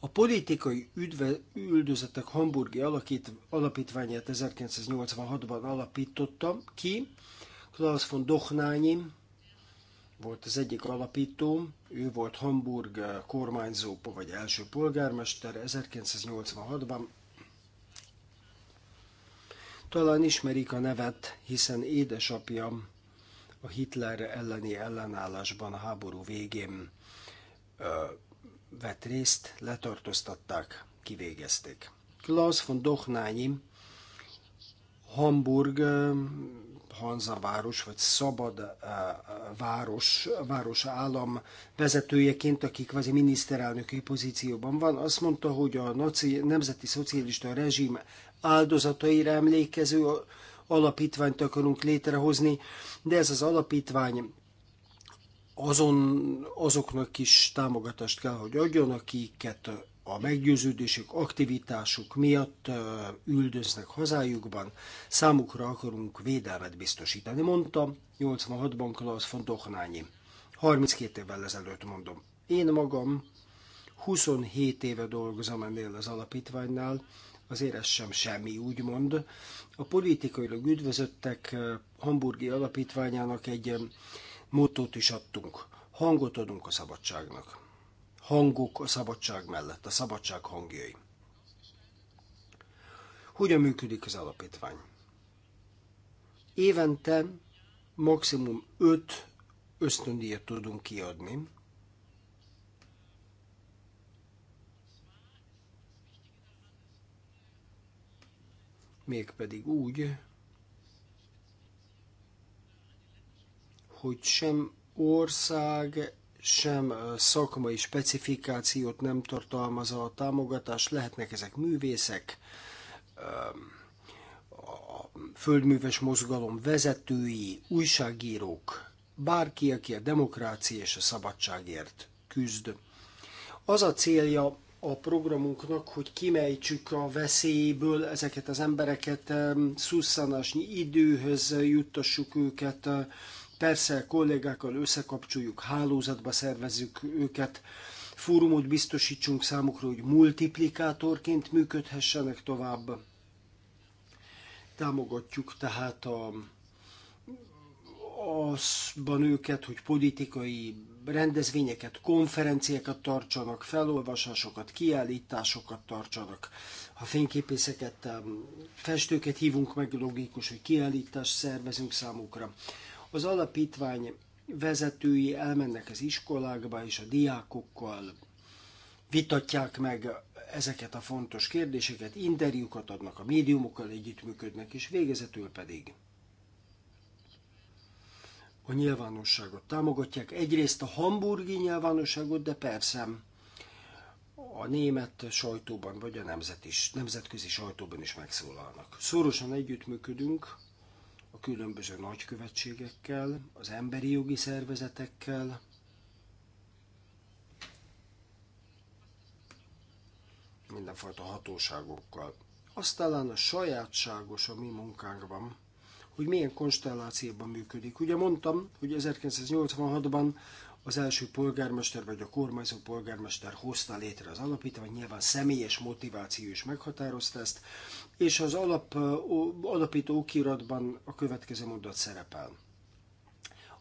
S2: A politikai üdve, üldözetek Hamburgi alapítványát 1986-ban alapította ki, Klaus von Dohnányi volt az egyik alapító, ő volt Hamburg kormányzó vagy első polgármester 1986-ban. Talán ismerik a nevet, hiszen édesapja a Hitler elleni ellenállásban a háború végén ö, vett részt, letartóztatták, kivégezték. Klaus von Dohnányi Hamburg Hanza város, vagy Szabad eh, város, város állam vezetőjeként, aki kvázi miniszterelnöki pozícióban van, azt mondta, hogy a naci, nemzeti szocialista rezsim áldozataira emlékező alapítványt akarunk létrehozni, de ez az alapítvány azon, azoknak is támogatást kell, hogy adjon, akiket a meggyőződésük, aktivitásuk miatt üldöznek hazájukban, számukra akarunk védelmet biztosítani, mondta 86-ban Klaus von Dohnányi. 32 évvel ezelőtt mondom. Én magam 27 éve dolgozom ennél az alapítványnál, azért ez sem semmi, úgymond. A politikailag üdvözöttek Hamburgi Alapítványának egy motót is adtunk. Hangot adunk a szabadságnak hangok a szabadság mellett, a szabadság hangjai. Hogyan működik az alapítvány? Évente maximum 5 ösztöndíjat tudunk kiadni. Mégpedig úgy, hogy sem ország, sem szakmai specifikációt nem tartalmaz a támogatás, lehetnek ezek művészek, a földműves mozgalom vezetői, újságírók, bárki, aki a demokrácia és a szabadságért küzd. Az a célja a programunknak, hogy kimejtsük a veszélyből ezeket az embereket, szusszanásnyi időhöz juttassuk őket, Persze kollégákkal összekapcsoljuk, hálózatba szervezzük őket, fórumot biztosítsunk számukra, hogy multiplikátorként működhessenek tovább. Támogatjuk tehát a, azban őket, hogy politikai rendezvényeket, konferenciákat tartsanak, felolvasásokat, kiállításokat tartsanak. Ha fényképészeket, festőket hívunk meg, logikus, hogy kiállítást szervezünk számukra. Az alapítvány vezetői elmennek az iskolákba, és a diákokkal vitatják meg ezeket a fontos kérdéseket, interjúkat adnak, a médiumokkal együttműködnek, és végezetül pedig a nyilvánosságot támogatják. Egyrészt a hamburgi nyilvánosságot, de persze a német sajtóban, vagy a nemzet is, nemzetközi sajtóban is megszólalnak. Szorosan együttműködünk a különböző nagykövetségekkel, az emberi jogi szervezetekkel, mindenfajta hatóságokkal. Azt talán a sajátságos a mi munkánkban, hogy milyen konstellációban működik. Ugye mondtam, hogy 1986-ban az első polgármester vagy a kormányzó polgármester hozta létre az alapítványt, nyilván személyes motiváció is meghatározta ezt, és az alap, alapító okiratban a következő mondat szerepel.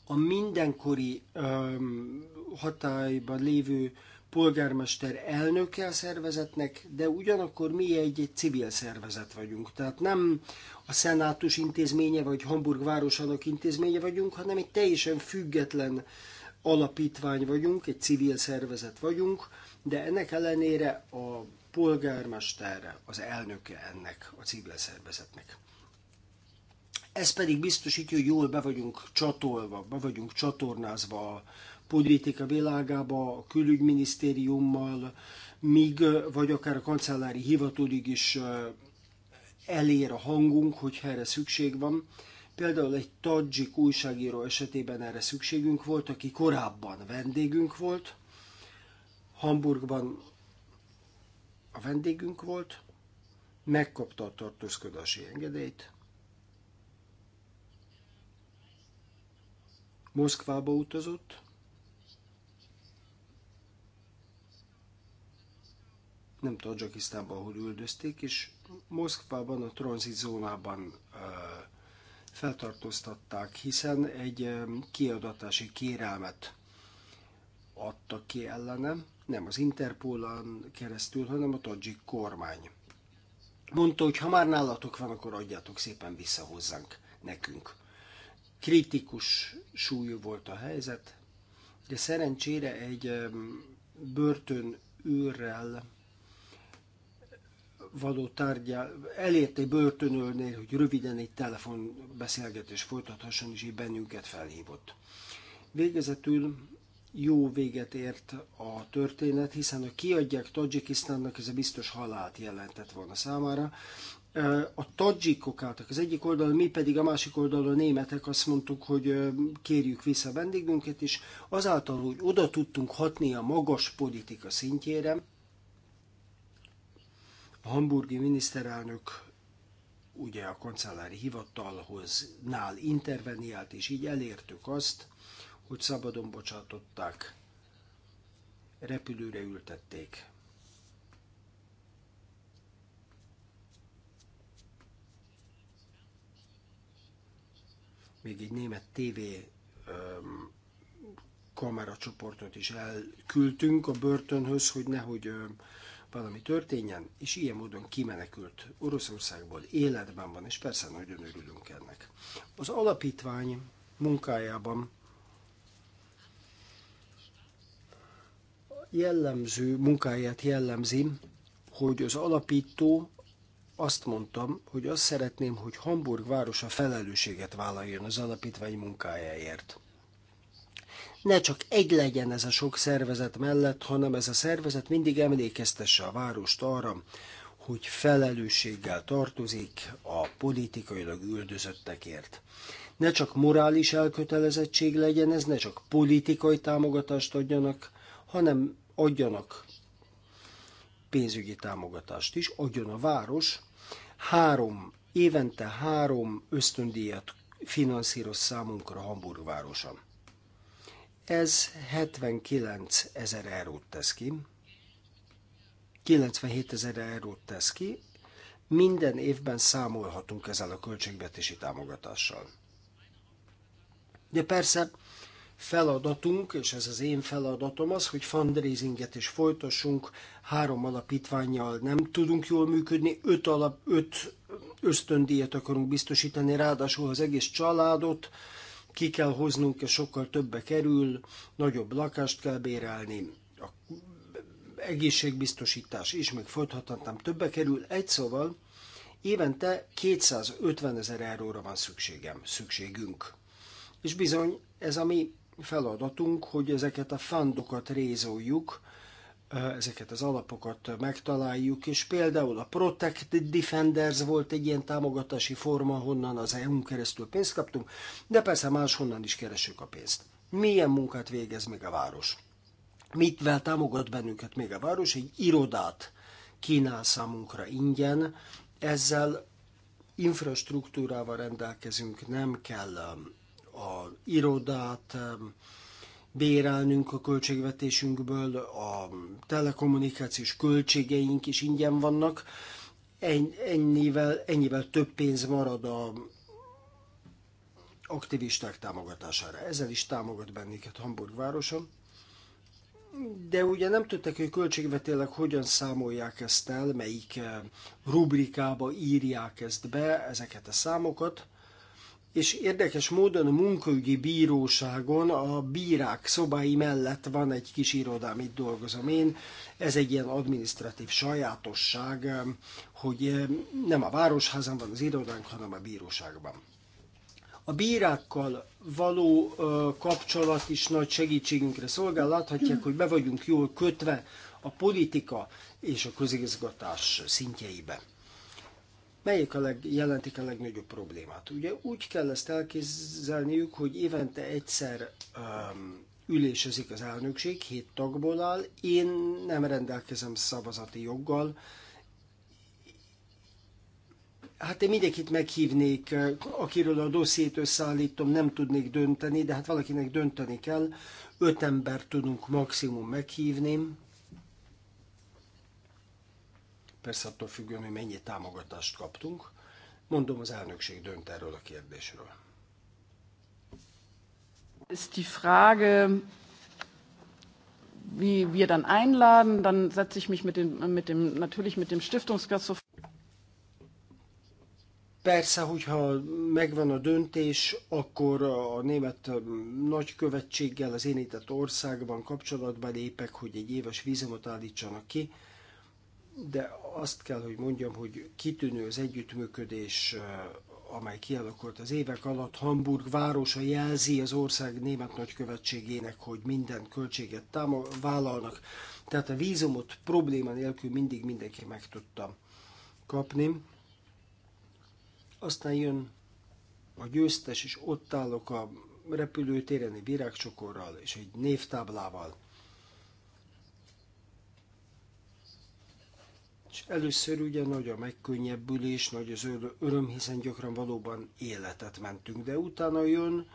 S2: A mindenkori öm, hatályban lévő polgármester elnöke a szervezetnek, de ugyanakkor mi egy civil szervezet vagyunk. Tehát nem a szenátus intézménye vagy Hamburg városának intézménye vagyunk, hanem egy teljesen független alapítvány vagyunk, egy civil szervezet vagyunk, de ennek ellenére a polgármester az elnöke ennek a civil szervezetnek. Ez pedig biztosítja, hogy jól be vagyunk csatolva, be vagyunk csatornázva a politika világába, a külügyminisztériummal, míg, vagy akár a kancellári hivatalig is elér a hangunk, hogyha erre szükség van. Például egy tadzsik újságíró esetében erre szükségünk volt, aki korábban vendégünk volt, Hamburgban a vendégünk volt, megkapta a tartózkodási engedélyt, Moszkvába utazott, nem Tajikisztánban, ahol üldözték, és Moszkvában, a tranzitzónában uh, feltartóztatták, hiszen egy kiadatási kérelmet adtak ki ellenem, nem az Interpolon keresztül, hanem a tadzsik kormány. Mondta, hogy ha már nálatok van, akkor adjátok szépen vissza hozzánk, nekünk. Kritikus súlyú volt a helyzet, de szerencsére egy börtönőrrel való tárgyá, egy börtönölnél, hogy röviden egy telefonbeszélgetés folytathasson, és így bennünket felhívott. Végezetül jó véget ért a történet, hiszen ha kiadják Tajikisztánnak, ez a biztos halált jelentett volna számára. A tadzsikok álltak az egyik oldalon, mi pedig a másik oldalon a németek azt mondtuk, hogy kérjük vissza vendégünket, és azáltal, hogy oda tudtunk hatni a magas politika szintjére, a hamburgi miniszterelnök ugye a kancellári hivatalhoz nál interveniált, és így elértük azt, hogy szabadon bocsátották, repülőre ültették. Még egy német TV öm, kameracsoportot is elküldtünk a börtönhöz, hogy nehogy öm, valami történjen, és ilyen módon kimenekült Oroszországból, életben van, és persze nagyon örülünk ennek. Az alapítvány munkájában jellemző, munkáját jellemzi, hogy az alapító azt mondtam, hogy azt szeretném, hogy Hamburg városa felelősséget vállaljon az alapítvány munkájáért ne csak egy legyen ez a sok szervezet mellett, hanem ez a szervezet mindig emlékeztesse a várost arra, hogy felelősséggel tartozik a politikailag üldözöttekért. Ne csak morális elkötelezettség legyen ez, ne csak politikai támogatást adjanak, hanem adjanak pénzügyi támogatást is, adjon a város. Három, évente három ösztöndíjat finanszíroz számunkra Hamburg városa. Ez 79 ezer eurót tesz ki. 97 ezer eurót tesz ki. Minden évben számolhatunk ezzel a költségvetési támogatással. De persze feladatunk, és ez az én feladatom az, hogy fundraisinget is folytassunk, három alapítványjal nem tudunk jól működni, öt, alap, öt ösztöndíjat akarunk biztosítani, ráadásul az egész családot, ki kell hoznunk, és sokkal többe kerül, nagyobb lakást kell bérelni, a egészségbiztosítás is, még folytathatnám, többe kerül. Egy szóval, évente 250 ezer euróra van szükségem, szükségünk. És bizony, ez a mi feladatunk, hogy ezeket a fandokat rézoljuk, ezeket az alapokat megtaláljuk, és például a Protect Defenders volt egy ilyen támogatási forma, honnan az EU-n keresztül pénzt kaptunk, de persze máshonnan is keresünk a pénzt. Milyen munkát végez még a város? Mitvel támogat bennünket még a város? Egy irodát kínál számunkra ingyen, ezzel infrastruktúrával rendelkezünk, nem kell a irodát, bérelnünk a költségvetésünkből, a telekommunikációs költségeink is ingyen vannak, ennyivel, ennyivel több pénz marad a aktivisták támogatására. Ezzel is támogat bennünket Hamburg városa. De ugye nem tudták, hogy költségvetélek hogyan számolják ezt el, melyik eh, rubrikába írják ezt be, ezeket a számokat és érdekes módon a munkaügyi bíróságon a bírák szobái mellett van egy kis irodám, itt dolgozom én. Ez egy ilyen administratív sajátosság, hogy nem a városházan van az irodánk, hanem a bíróságban. A bírákkal való kapcsolat is nagy segítségünkre szolgál. Láthatják, hogy be vagyunk jól kötve a politika és a közigazgatás szintjeibe. Melyik a leg, jelentik a legnagyobb problémát. Ugye úgy kell ezt elképzelniük, hogy évente egyszer um, ülésezik az elnökség, hét tagból áll, én nem rendelkezem szavazati joggal, Hát én mindenkit meghívnék, uh, akiről a dossziét összeállítom, nem tudnék dönteni, de hát valakinek dönteni kell. Öt embert tudunk maximum meghívni persze attól függően, hogy mennyi támogatást kaptunk. Mondom, az elnökség dönt erről a kérdésről.
S4: Ist die Frage, wie wir dann einladen, dann setze ich mich mit dem, mit dem, natürlich mit dem Stiftungsgast Persze,
S2: hogyha megvan a döntés, akkor a német um, nagykövetséggel az érintett országban kapcsolatba lépek, hogy egy éves vízumot állítsanak ki, de azt kell, hogy mondjam, hogy kitűnő az együttműködés, amely kialakult az évek alatt. Hamburg városa jelzi az ország német nagykövetségének, hogy minden költséget támog, vállalnak. Tehát a vízumot probléma nélkül mindig mindenki meg tudta kapni. Aztán jön a győztes, és ott állok a repülőtéren egy virágcsokorral és egy névtáblával És Először ugye nagy a megkönnyebbülés, nagy az öröm, hiszen gyakran valóban életet mentünk, de utána jön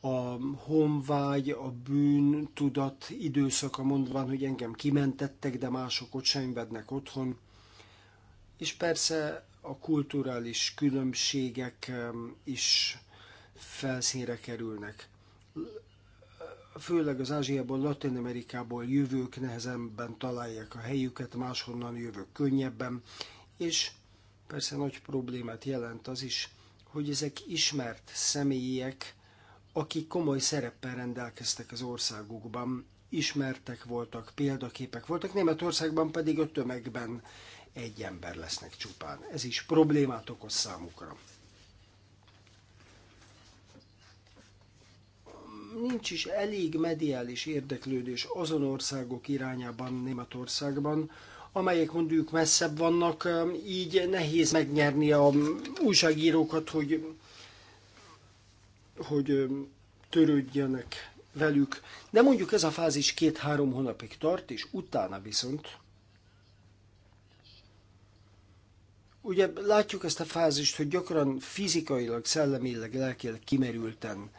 S2: a honvágy, a bűn tudat időszaka mondván, hogy engem kimentettek, de mások ott senyvednek otthon. És persze a kulturális különbségek is felszínre kerülnek főleg az Ázsiából, Latin Amerikából jövők nehezenben találják a helyüket, máshonnan jövők könnyebben, és persze nagy problémát jelent az is, hogy ezek ismert személyek, akik komoly szereppel rendelkeztek az országukban, ismertek voltak, példaképek voltak, Németországban pedig a tömegben egy ember lesznek csupán. Ez is problémát okoz számukra. nincs is elég mediális érdeklődés azon országok irányában Németországban, amelyek mondjuk messzebb vannak, um, így nehéz megnyerni a újságírókat, hogy, hogy um, törődjenek velük. De mondjuk ez a fázis két-három hónapig tart, és utána viszont ugye látjuk ezt a fázist, hogy gyakran fizikailag, szellemileg, lelkileg kimerülten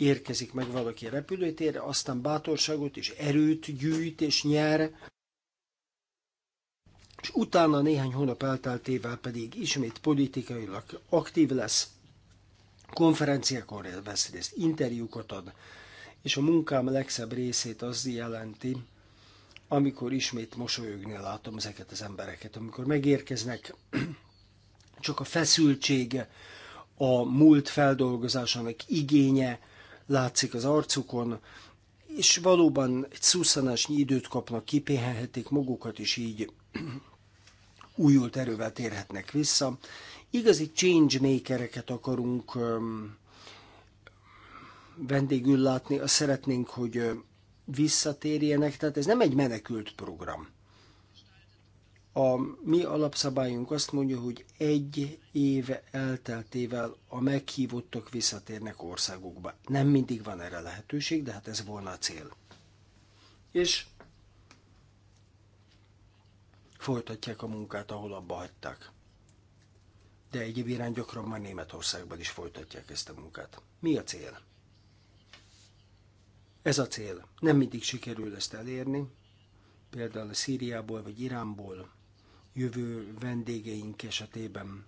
S2: érkezik meg valaki a repülőtérre, aztán bátorságot és erőt gyűjt és nyer, és utána néhány hónap elteltével pedig ismét politikailag aktív lesz, konferenciákon vesz részt, interjúkat ad, és a munkám legszebb részét az jelenti, amikor ismét mosolyogni látom ezeket az embereket, amikor megérkeznek, csak a feszültség, a múlt feldolgozásának igénye, látszik az arcukon, és valóban egy szuszanásnyi időt kapnak, kipéhenhetik magukat, és így <clears throat> újult erővel térhetnek vissza. Igazi makereket akarunk vendégül látni, azt szeretnénk, hogy visszatérjenek, tehát ez nem egy menekült program. A mi alapszabályunk azt mondja, hogy egy éve elteltével a meghívottak visszatérnek országukba. Nem mindig van erre lehetőség, de hát ez volna a cél. És folytatják a munkát, ahol abba hagyták. De egyéb irány gyakran már Németországban is folytatják ezt a munkát. Mi a cél? Ez a cél. Nem mindig sikerül ezt elérni, például Szíriából vagy Iránból jövő vendégeink esetében.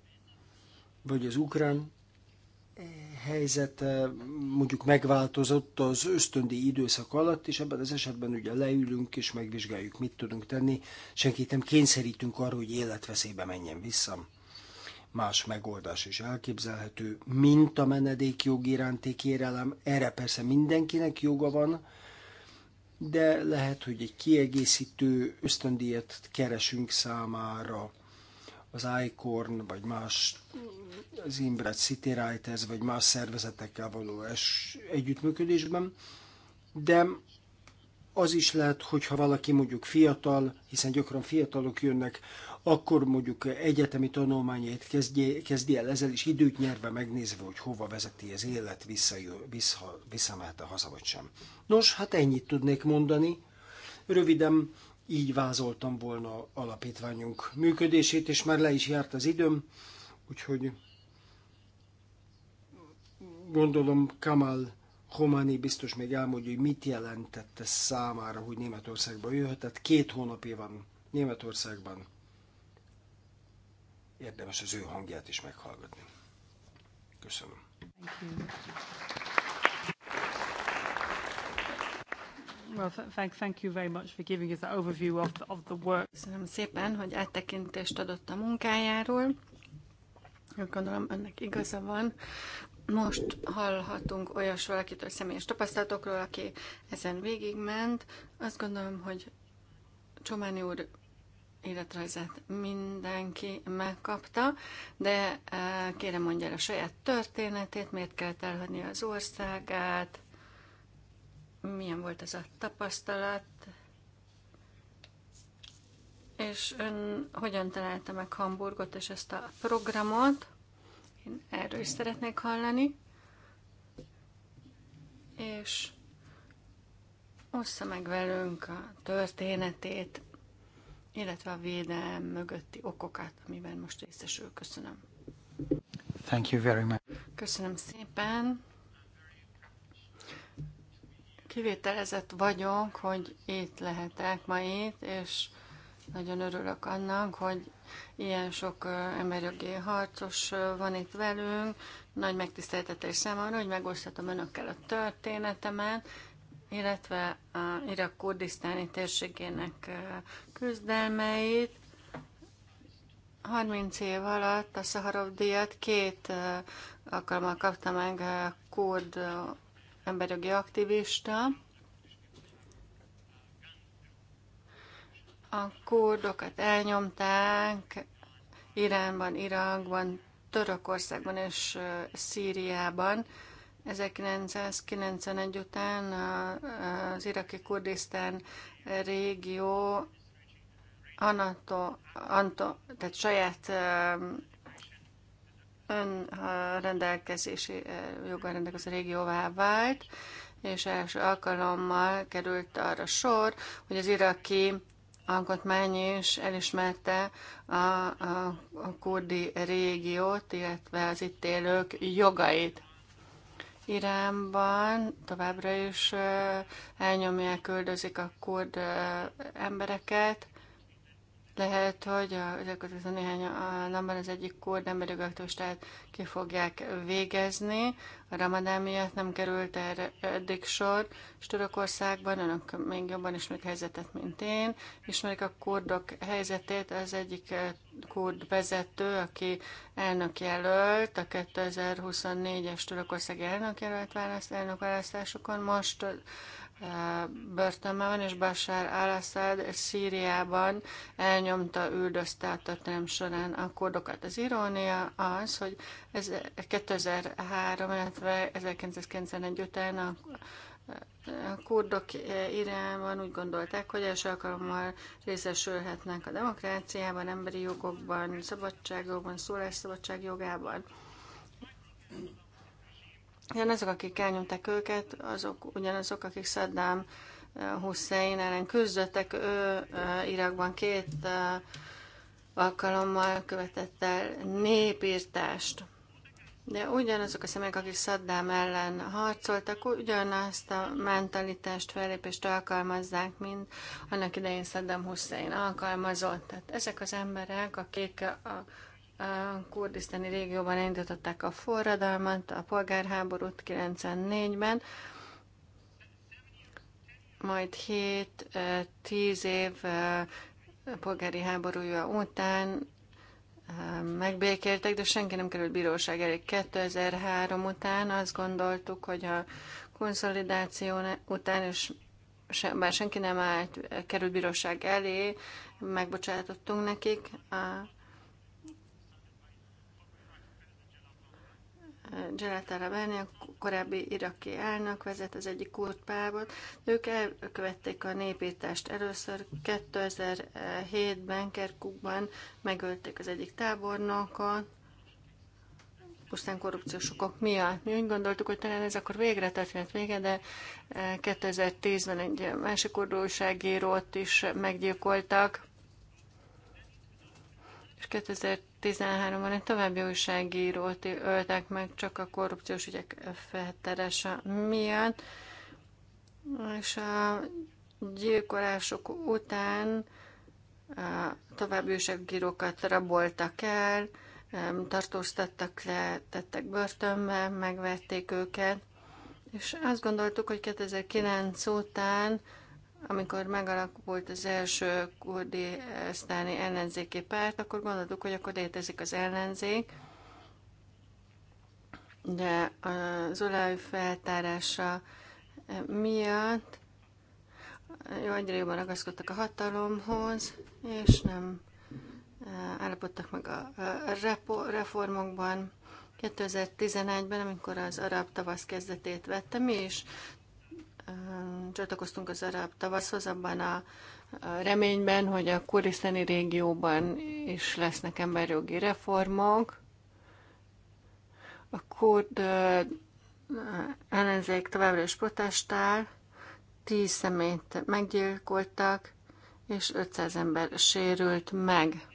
S2: Vagy az ukrán eh, helyzet eh, mondjuk megváltozott az ösztöndi időszak alatt, és ebben az esetben ugye leülünk és megvizsgáljuk, mit tudunk tenni. Senkit nem kényszerítünk arra, hogy életveszélybe menjen vissza. Más megoldás is elképzelhető, mint a menedékjog iránti kérelem. Erre persze mindenkinek joga van, de lehet, hogy egy kiegészítő ösztöndíjat keresünk számára az ICORN, vagy más az Imbret City Writers, vagy más szervezetekkel való es, együttműködésben, de az is lehet, hogyha valaki mondjuk fiatal, hiszen gyakran fiatalok jönnek, akkor mondjuk egyetemi tanulmányait kezdje, kezdje el ezzel, és időt nyerve megnézve, hogy hova vezeti az élet, visszajö, vissza, visszamehet a haza vagy sem. Nos, hát ennyit tudnék mondani. Röviden így vázoltam volna alapítványunk működését, és már le is járt az időm, úgyhogy gondolom Kamal Homani biztos még elmondja, hogy mit jelentette számára, hogy Németországba jöhetett. Két hónapja van Németországban érdemes az ő hangját is meghallgatni.
S3: Köszönöm.
S1: Well, thank, thank you very much for giving us that overview of the, of the work. Köszönöm
S4: szépen, hogy áttekintést adott a munkájáról. Gondolom, önnek igaza van. Most hallhatunk olyas valakitől személyes tapasztalatokról, aki ezen végigment. Azt gondolom, hogy Csománi úr életrajzát mindenki megkapta, de e, kérem mondja el a saját történetét, miért kellett elhagyni az országát, milyen volt ez a tapasztalat, és ön hogyan találta meg Hamburgot és ezt a programot? Én erről is szeretnék hallani. És ossza meg velünk a történetét, illetve a védelem mögötti okokat, amiben most részesül. Köszönöm.
S3: Thank you
S2: very much.
S4: Köszönöm szépen. Kivételezett vagyok, hogy itt lehetek ma itt, és nagyon örülök annak, hogy ilyen sok emberjogi harcos van itt velünk. Nagy megtiszteltetés számomra, hogy megosztatom önökkel a történetemet, illetve a Irak-Kurdisztáni térségének küzdelmeit. 30 év alatt a Szaharov díjat két alkalommal kapta meg a kurd emberjogi aktivista. A kurdokat elnyomták Iránban, Irakban, Törökországban és Szíriában 1991 után az iraki Kurdisztán régió Anato, Anto, tehát saját um, önrendelkezési uh, joggal rendelkező régióvá vált, és első alkalommal került arra sor, hogy az iraki alkotmány is elismerte a, a, a kurdi régiót, illetve az itt élők jogait. Iránban továbbra is elnyomják, köldözik a kurd embereket, lehet, hogy a elkövetkező néhány napban az egyik kurd emberi tehát ki fogják végezni. A ramadán miatt nem került erre eddig sor, és Törökországban önök még jobban ismerik helyzetet, mint én. Ismerik a kurdok helyzetét, az egyik eh, kurd vezető, aki elnök jelölt, a 2024-es Törökország elnök jelölt választ, elnök választásokon most eh, börtönben van, és Bashar al-Assad Szíriában elnyomta, üldözte a történelem során a kurdokat. Az irónia az, hogy ez 2003, illetve 1991 után a a kurdok Iránban úgy gondolták, hogy első alkalommal részesülhetnek a demokráciában, emberi jogokban, szabadságokban, szólásszabadság jogában. Ugyanazok, akik elnyomták őket, azok ugyanazok, akik Saddam eh, Hussein ellen küzdöttek, ő eh, Irakban két eh, alkalommal követett el népírtást. De ugyanazok a személyek, akik Saddam ellen harcoltak, ugyanazt a mentalitást, felépést alkalmazzák, mint annak idején Saddam Hussein alkalmazott. Tehát ezek az emberek, akik a a kurdisztáni régióban indították a forradalmat, a polgárháborút 94-ben, majd 7-10 év polgári háborúja után megbékéltek, de senki nem került bíróság elé. 2003 után azt gondoltuk, hogy a konszolidáció után, és bár senki nem állt, került bíróság elé, megbocsátottunk nekik. A Jalal Talabani, a korábbi iraki elnök vezet az egyik kurtpábot. Ők elkövették a népítást először 2007-ben Kerkukban megölték az egyik tábornokot, pusztán korrupciós okok miatt. Mi úgy gondoltuk, hogy talán ez akkor végre történt vége, de 2010-ben eh, egy másik újdonságírót is meggyilkoltak, és 2010 2013-ban egy további újságírót öltek meg csak a korrupciós ügyek feltárása miatt, és a gyilkolások után a további újságírókat raboltak el, tartóztattak le, tettek börtönbe, megverték őket, és azt gondoltuk, hogy 2009 után amikor megalakult az első kurdisztáni ellenzéki párt, akkor gondoltuk, hogy akkor létezik az ellenzék, de az olaj feltárása miatt egyre jobban ragaszkodtak a hatalomhoz, és nem eh, állapodtak meg a reformokban. 2011-ben, amikor az arab tavasz kezdetét vette, mi is csatlakoztunk az arab tavaszhoz, abban a reményben, hogy a kurisztáni régióban is lesznek emberjogi reformok. A kurd ellenzék továbbra is protestál, tíz személyt meggyilkoltak, és 500 ember sérült meg.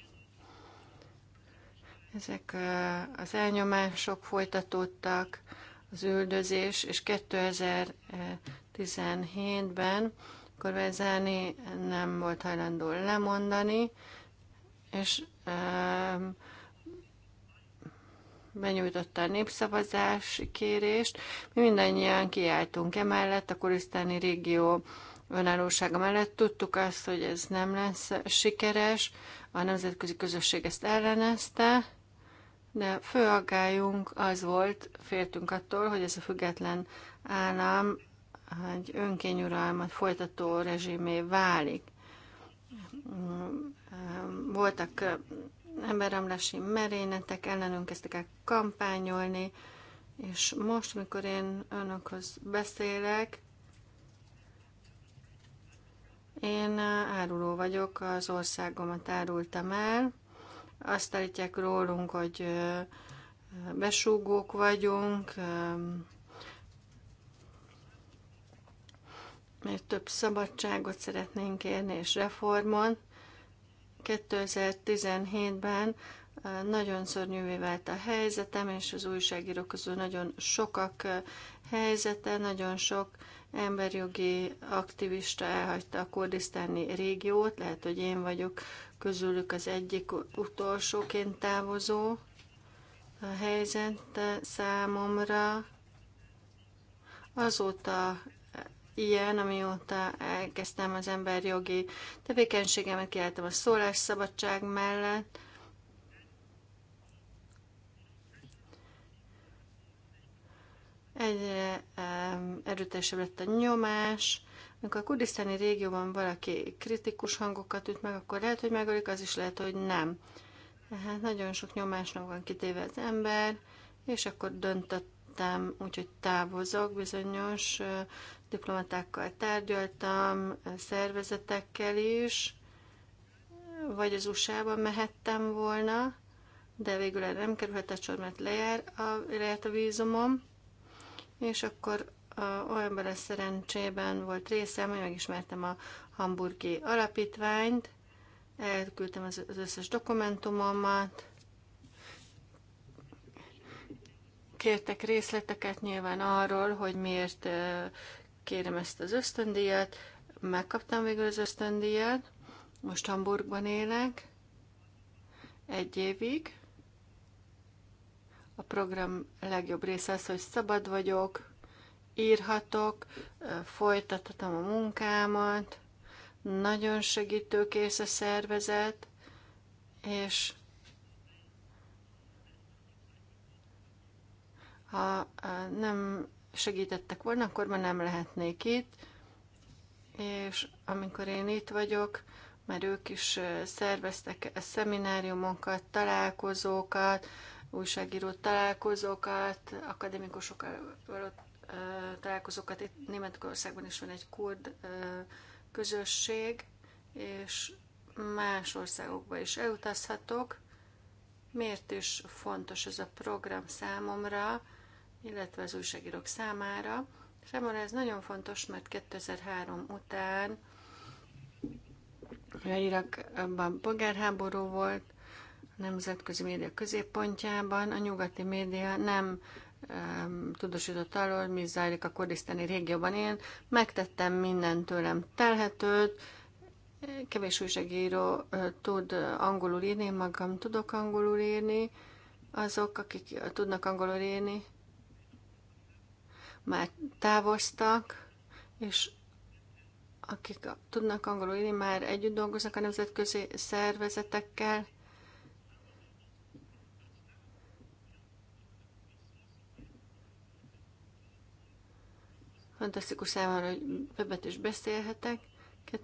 S4: Ezek az elnyomások folytatódtak, az üldözés, és 2000 2017-ben, akkor nem volt hajlandó lemondani, és benyújtotta a népszavazási kérést. Mi mindannyian kiálltunk emellett, a kurisztáni régió önállósága mellett. Tudtuk azt, hogy ez nem lesz sikeres, a nemzetközi közösség ezt ellenezte, de fő aggályunk az volt, féltünk attól, hogy ez a független állam egy önkényuralmat folytató rezsimé válik. Voltak emberemlesi merényletek, ellenünk kezdtek el kampányolni, és most, mikor én önökhöz beszélek, én áruló vagyok, az országomat árultam el. Azt állítják rólunk, hogy besúgók vagyunk, mert több szabadságot szeretnénk érni, és reformon. 2017-ben nagyon szörnyűvé vált a helyzetem, és az újságírók közül nagyon sokak helyzete, nagyon sok emberjogi aktivista elhagyta a kurdisztáni régiót, lehet, hogy én vagyok közülük az egyik utolsóként távozó. A helyzet számomra azóta ilyen, amióta elkezdtem az emberjogi tevékenységemet, kiálltam a szólásszabadság mellett. Egyre erőteljesebb lett a nyomás, amikor a kurdisztáni régióban valaki kritikus hangokat üt meg, akkor lehet, hogy megölik, az is lehet, hogy nem. Tehát nagyon sok nyomásnak van kitéve az ember, és akkor döntöttem, úgyhogy távozok bizonyos diplomatákkal tárgyaltam, szervezetekkel is, vagy az USA-ba mehettem volna, de végül erre nem kerülhetett sor, mert lejár a, lejárt a vízumom, és akkor olyan a szerencsében volt részem, hogy megismertem a hamburgi alapítványt, elküldtem az, az összes dokumentumomat, kértek részleteket nyilván arról, hogy miért kérem ezt az ösztöndíjat, megkaptam végül az ösztöndíjat, most Hamburgban élek, egy évig. A program legjobb része az, hogy szabad vagyok, írhatok, folytathatom a munkámat, nagyon segítőkész a szervezet, és ha nem segítettek volna, akkor már nem lehetnék itt. És amikor én itt vagyok, mert ők is szerveztek szemináriumokat, találkozókat, újságíró találkozókat, akadémikusokkal való találkozókat. Itt Németországban is van egy kurd közösség, és más országokba is elutazhatok. Miért is fontos ez a program számomra? illetve az újságírók számára. Számomra ez nagyon fontos, mert 2003 után a Irakban polgárháború volt, a nemzetközi média középpontjában, a nyugati média nem tudósított arról, mi zajlik a kurdisztáni régióban. Én megtettem minden tőlem telhetőt, kevés újságíró tud angolul írni, magam tudok angolul írni, azok, akik tudnak angolul írni, már távoztak, és akik tudnak angolul írni, már együtt dolgoznak a nemzetközi szervezetekkel. Fantasztikus számomra, hogy többet is beszélhetek.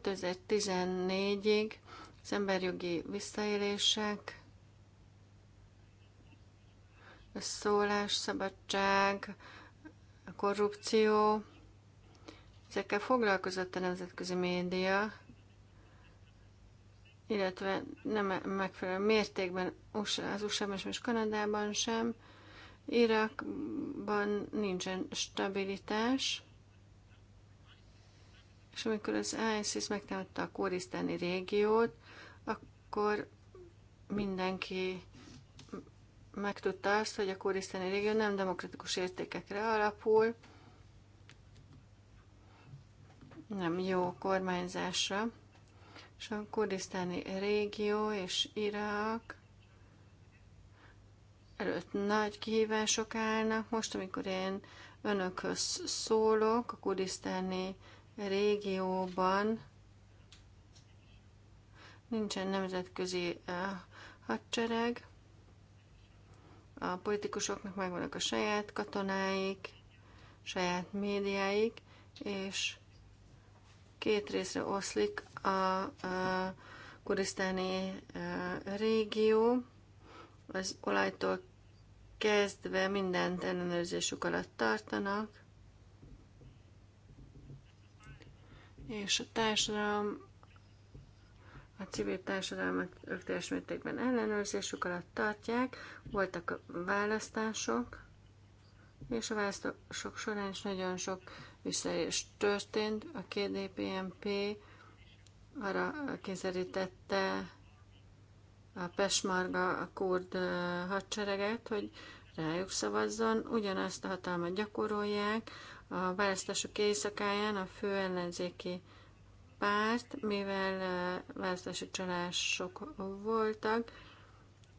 S4: 2014-ig az emberjogi visszaélések, a szólásszabadság, korrupció, ezekkel foglalkozott a nemzetközi média, illetve nem megfelelő mértékben az USA-ban és Kanadában sem. Irakban nincsen stabilitás, és amikor az ISIS megtámadta a kurisztáni régiót, akkor mindenki megtudta azt, hogy a kurdisztáni régió nem demokratikus értékekre alapul, nem jó kormányzásra, és a kurdisztáni régió és Irak előtt nagy kihívások állnak. Most, amikor én önökhöz szólok, a kurdisztáni régióban nincsen nemzetközi eh, hadsereg, a politikusoknak megvannak a saját katonáik, saját médiáik, és két részre oszlik a, a kurisztáni régió, az olajtól kezdve mindent ellenőrzésük alatt tartanak, és a társadalom a civil társadalmat ők teljes mértékben ellenőrzésük alatt tartják, voltak választások, és a választások során is nagyon sok visszaélés történt. A KDPMP arra kényszerítette a Pesmarga, a kurd hadsereget, hogy rájuk szavazzon, ugyanazt a hatalmat gyakorolják. A választások éjszakáján a fő ellenzéki párt, mivel választási csalások voltak,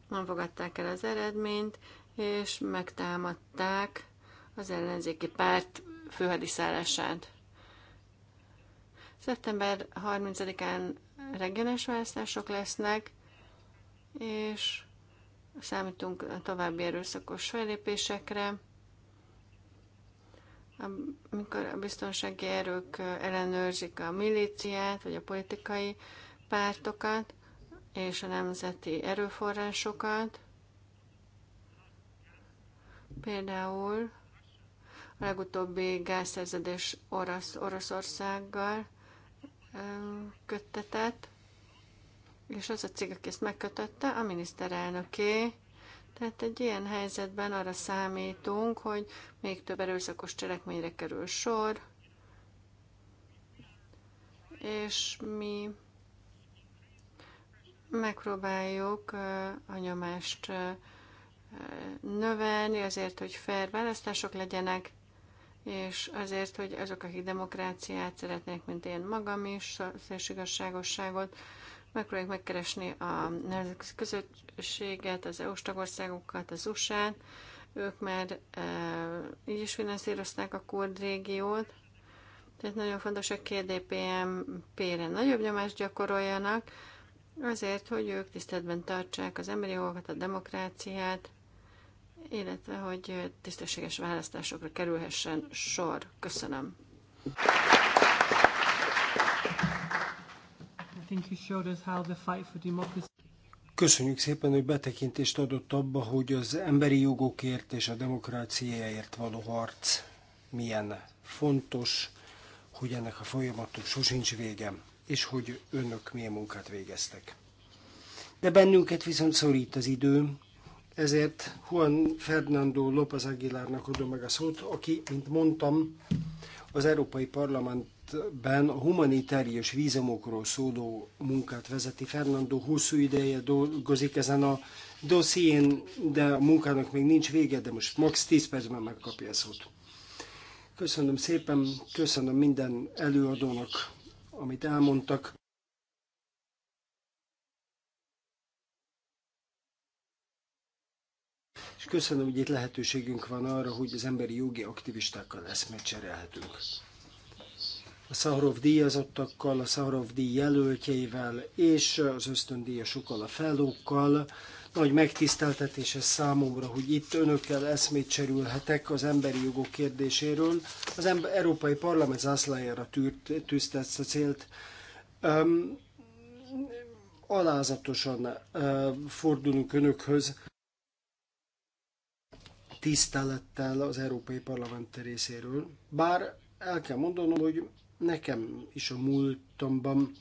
S4: nem fogadták el az eredményt, és megtámadták az ellenzéki párt főhadiszállását. Szeptember 30-án reggeles választások lesznek, és számítunk a további erőszakos fellépésekre amikor a biztonsági erők ellenőrzik a milíciát, vagy a politikai pártokat, és a nemzeti erőforrásokat. Például a legutóbbi gázszerződés Orosz, Oroszországgal köttetett, és az a cég, aki ezt megkötötte, a miniszterelnöké, tehát egy ilyen helyzetben arra számítunk, hogy még több erőszakos cselekményre kerül sor, és mi megpróbáljuk a nyomást növelni azért, hogy fair választások legyenek, és azért, hogy azok, akik demokráciát szeretnék, mint én magam is, szélségosságosságot, Megpróbáljuk megkeresni a nemzetközi közösséget, az EU-s tagországokat, az usa -t. Ők már e, így is finanszírozták a kurd régiót. Tehát nagyon fontos a KDPMP-re nagyobb nyomást gyakoroljanak, azért, hogy ők tiszteletben tartsák az emberi jogokat, a demokráciát, illetve hogy tisztességes választásokra kerülhessen sor. Köszönöm.
S2: Köszönjük szépen, hogy betekintést adott abba, hogy az emberi jogokért és a demokráciáért való harc milyen fontos, hogy ennek a folyamatnak sosincs vége, és hogy önök milyen munkát végeztek. De bennünket viszont szorít az idő, ezért Juan Fernando López Aguilarnak adom meg a szót, aki, mint mondtam, az Európai Parlament 2017-ben a humanitárius vízumokról szóló munkát vezeti. Fernando hosszú ideje dolgozik ezen a dosszién, de a munkának még nincs vége, de most max. 10 percben megkapja a szót. Köszönöm szépen, köszönöm minden előadónak, amit elmondtak. és köszönöm, hogy itt lehetőségünk van arra, hogy az emberi jogi aktivistákkal eszmét cserélhetünk a Szahorov díjazottakkal, a Szahorov díj jelöltjeivel és az ösztöndíjasokkal, a fellókkal. Nagy megtiszteltetés ez számomra, hogy itt önökkel eszmét cserülhetek az emberi jogok kérdéséről. Az Európai Parlament zászlájára tűzte ezt a célt. Um, alázatosan uh, fordulunk önökhöz tisztelettel az Európai Parlament részéről. Bár el kell mondanom, hogy Nekem is a múltamban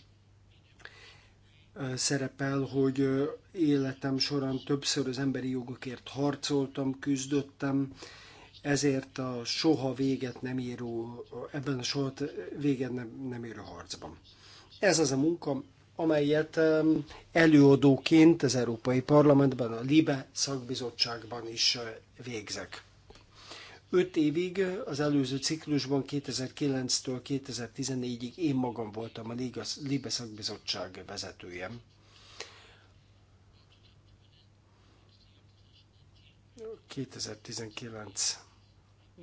S2: szerepel, hogy életem során többször az emberi jogokért harcoltam, küzdöttem, ezért a soha véget nem író, ebben a soha véget nem, nem író harcban. Ez az a munka, amelyet előadóként az Európai Parlamentben, a LIBE szakbizottságban is végzek. Öt évig, az előző ciklusban 2009-től 2014-ig én magam voltam a Libe szakbizottság vezetője.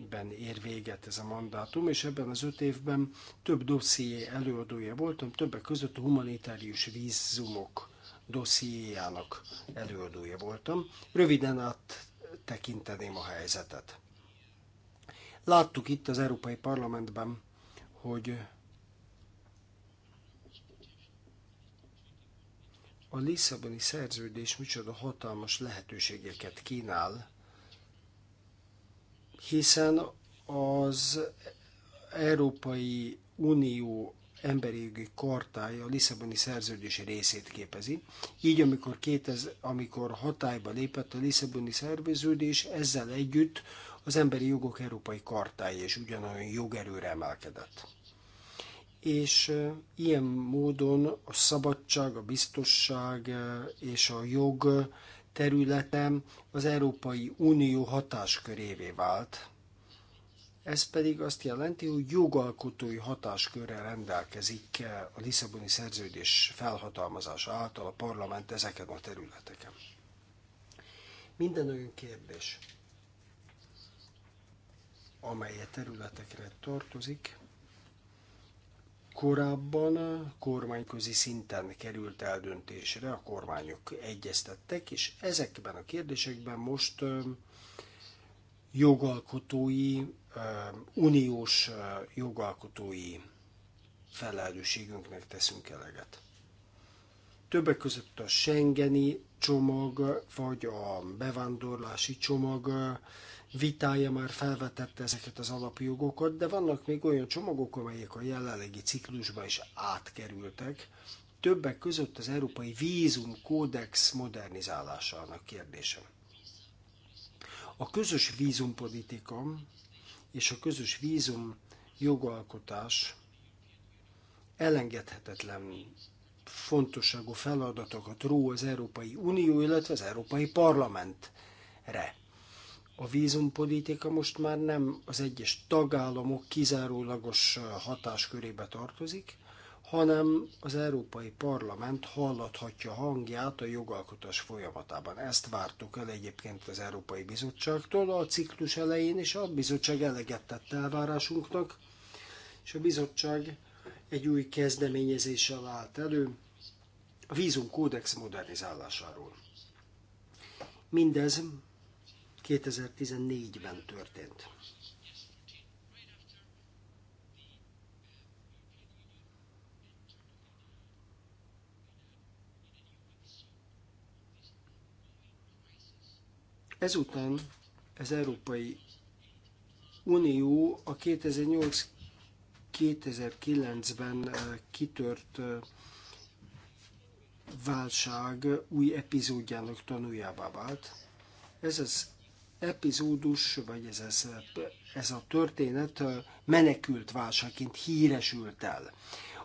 S2: ben ér véget ez a mandátum, és ebben az öt évben több dosszié előadója voltam, többek között a humanitárius vízumok dossziéjának előadója voltam. Röviden áttekinteném a helyzetet. Láttuk itt az Európai Parlamentben, hogy a Lisszaboni szerződés micsoda hatalmas lehetőségeket kínál, hiszen az Európai Unió emberi jogi kartája a Lisszaboni szerződés részét képezi. Így, amikor, 2000, amikor hatályba lépett a Lisszaboni szerződés, ezzel együtt az emberi jogok európai kartája és ugyanolyan jogerőre emelkedett. És ilyen módon a szabadság, a biztosság és a jog területen az Európai Unió hatáskörévé vált. Ez pedig azt jelenti, hogy jogalkotói hatáskörrel rendelkezik a Lisszaboni szerződés felhatalmazása által a parlament ezeken a területeken. Minden olyan kérdés, amely a területekre tartozik, korábban kormányközi szinten került eldöntésre, a kormányok egyeztettek, és ezekben a kérdésekben most jogalkotói, uniós jogalkotói felelősségünknek teszünk eleget. Többek között a Schengeni csomag, vagy a bevándorlási csomag vitája már felvetette ezeket az alapjogokat, de vannak még olyan csomagok, amelyek a jelenlegi ciklusba is átkerültek, többek között az Európai Vízum Kódex modernizálásának kérdése. A közös vízumpolitika és a közös vízum jogalkotás elengedhetetlen fontosságú feladatokat ró az Európai Unió, illetve az Európai Parlamentre. A vízumpolitika most már nem az egyes tagállamok kizárólagos hatáskörébe tartozik, hanem az Európai Parlament hallathatja hangját a jogalkotás folyamatában. Ezt vártuk el egyébként az Európai Bizottságtól a ciklus elején, és a bizottság eleget tett elvárásunknak, és a bizottság egy új kezdeményezéssel állt elő a vízumkódex modernizálásáról. Mindez 2014-ben történt. Ezután az Európai Unió a 2008-2009-ben eh, kitört eh, válság új epizódjának tanuljává vált. Ez az epizódus, vagy ez, ez, ez a történet menekült válságként híresült el.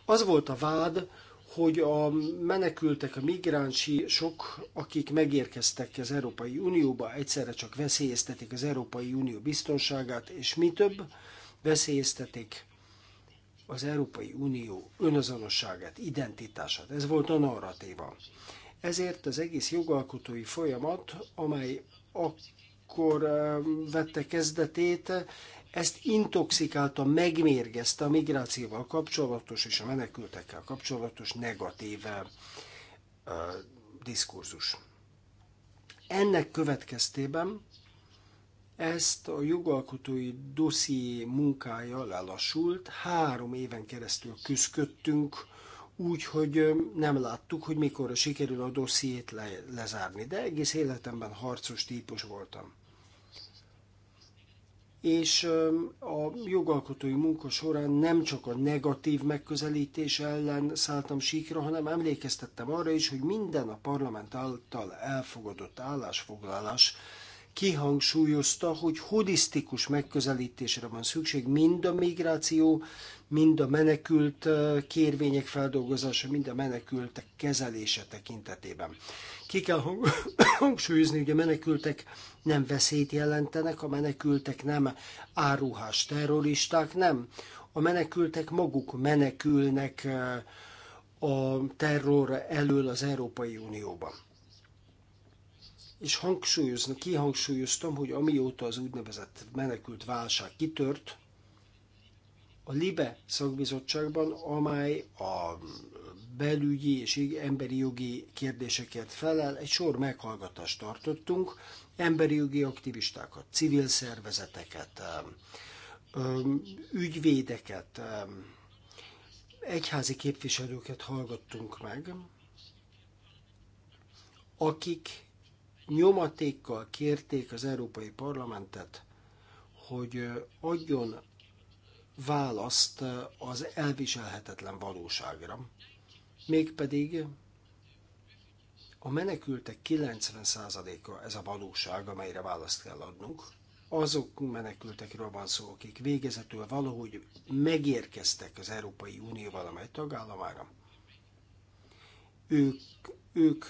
S2: Az volt a vád, hogy a menekültek, a migránsi sok, akik megérkeztek az Európai Unióba, egyszerre csak veszélyeztetik az Európai Unió biztonságát, és mi több, veszélyeztetik az Európai Unió önazonosságát, identitását. Ez volt a narratíva. Ezért az egész jogalkotói folyamat, amely a akkor vette kezdetét, ezt intoxikálta, megmérgezte a migrációval kapcsolatos és a menekültekkel kapcsolatos negatív diskurzus. Ennek következtében ezt a jogalkotói doszi munkája lelassult, három éven keresztül küzdködtünk úgy, hogy nem láttuk, hogy mikor sikerül a dossziét le, lezárni, de egész életemben harcos típus voltam. És a jogalkotói munka során nem csak a negatív megközelítés ellen szálltam síkra, hanem emlékeztettem arra is, hogy minden a parlament által elfogadott állásfoglalás kihangsúlyozta, hogy holisztikus megközelítésre van szükség mind a migráció, mind a menekült kérvények feldolgozása, mind a menekültek kezelése tekintetében. Ki kell <coughs> hangsúlyozni, hogy a menekültek nem veszélyt jelentenek, a menekültek nem áruhás terroristák, nem. A menekültek maguk menekülnek a terror elől az Európai Unióban. És hangsúlyozni, kihangsúlyoztam, hogy amióta az úgynevezett menekült válság kitört, a LIBE szakbizottságban, amely a belügyi és emberi jogi kérdésekért felel, egy sor meghallgatást tartottunk, emberi jogi aktivistákat, civil szervezeteket, um, um, ügyvédeket, um, egyházi képviselőket hallgattunk meg, akik nyomatékkal kérték az Európai Parlamentet, hogy uh, adjon választ az elviselhetetlen valóságra. Mégpedig a menekültek 90%-a ez a valóság, amelyre választ kell adnunk. Azok menekültekről van szó, akik végezetül valahogy megérkeztek az Európai Unió valamely tagállamára. Ők, ők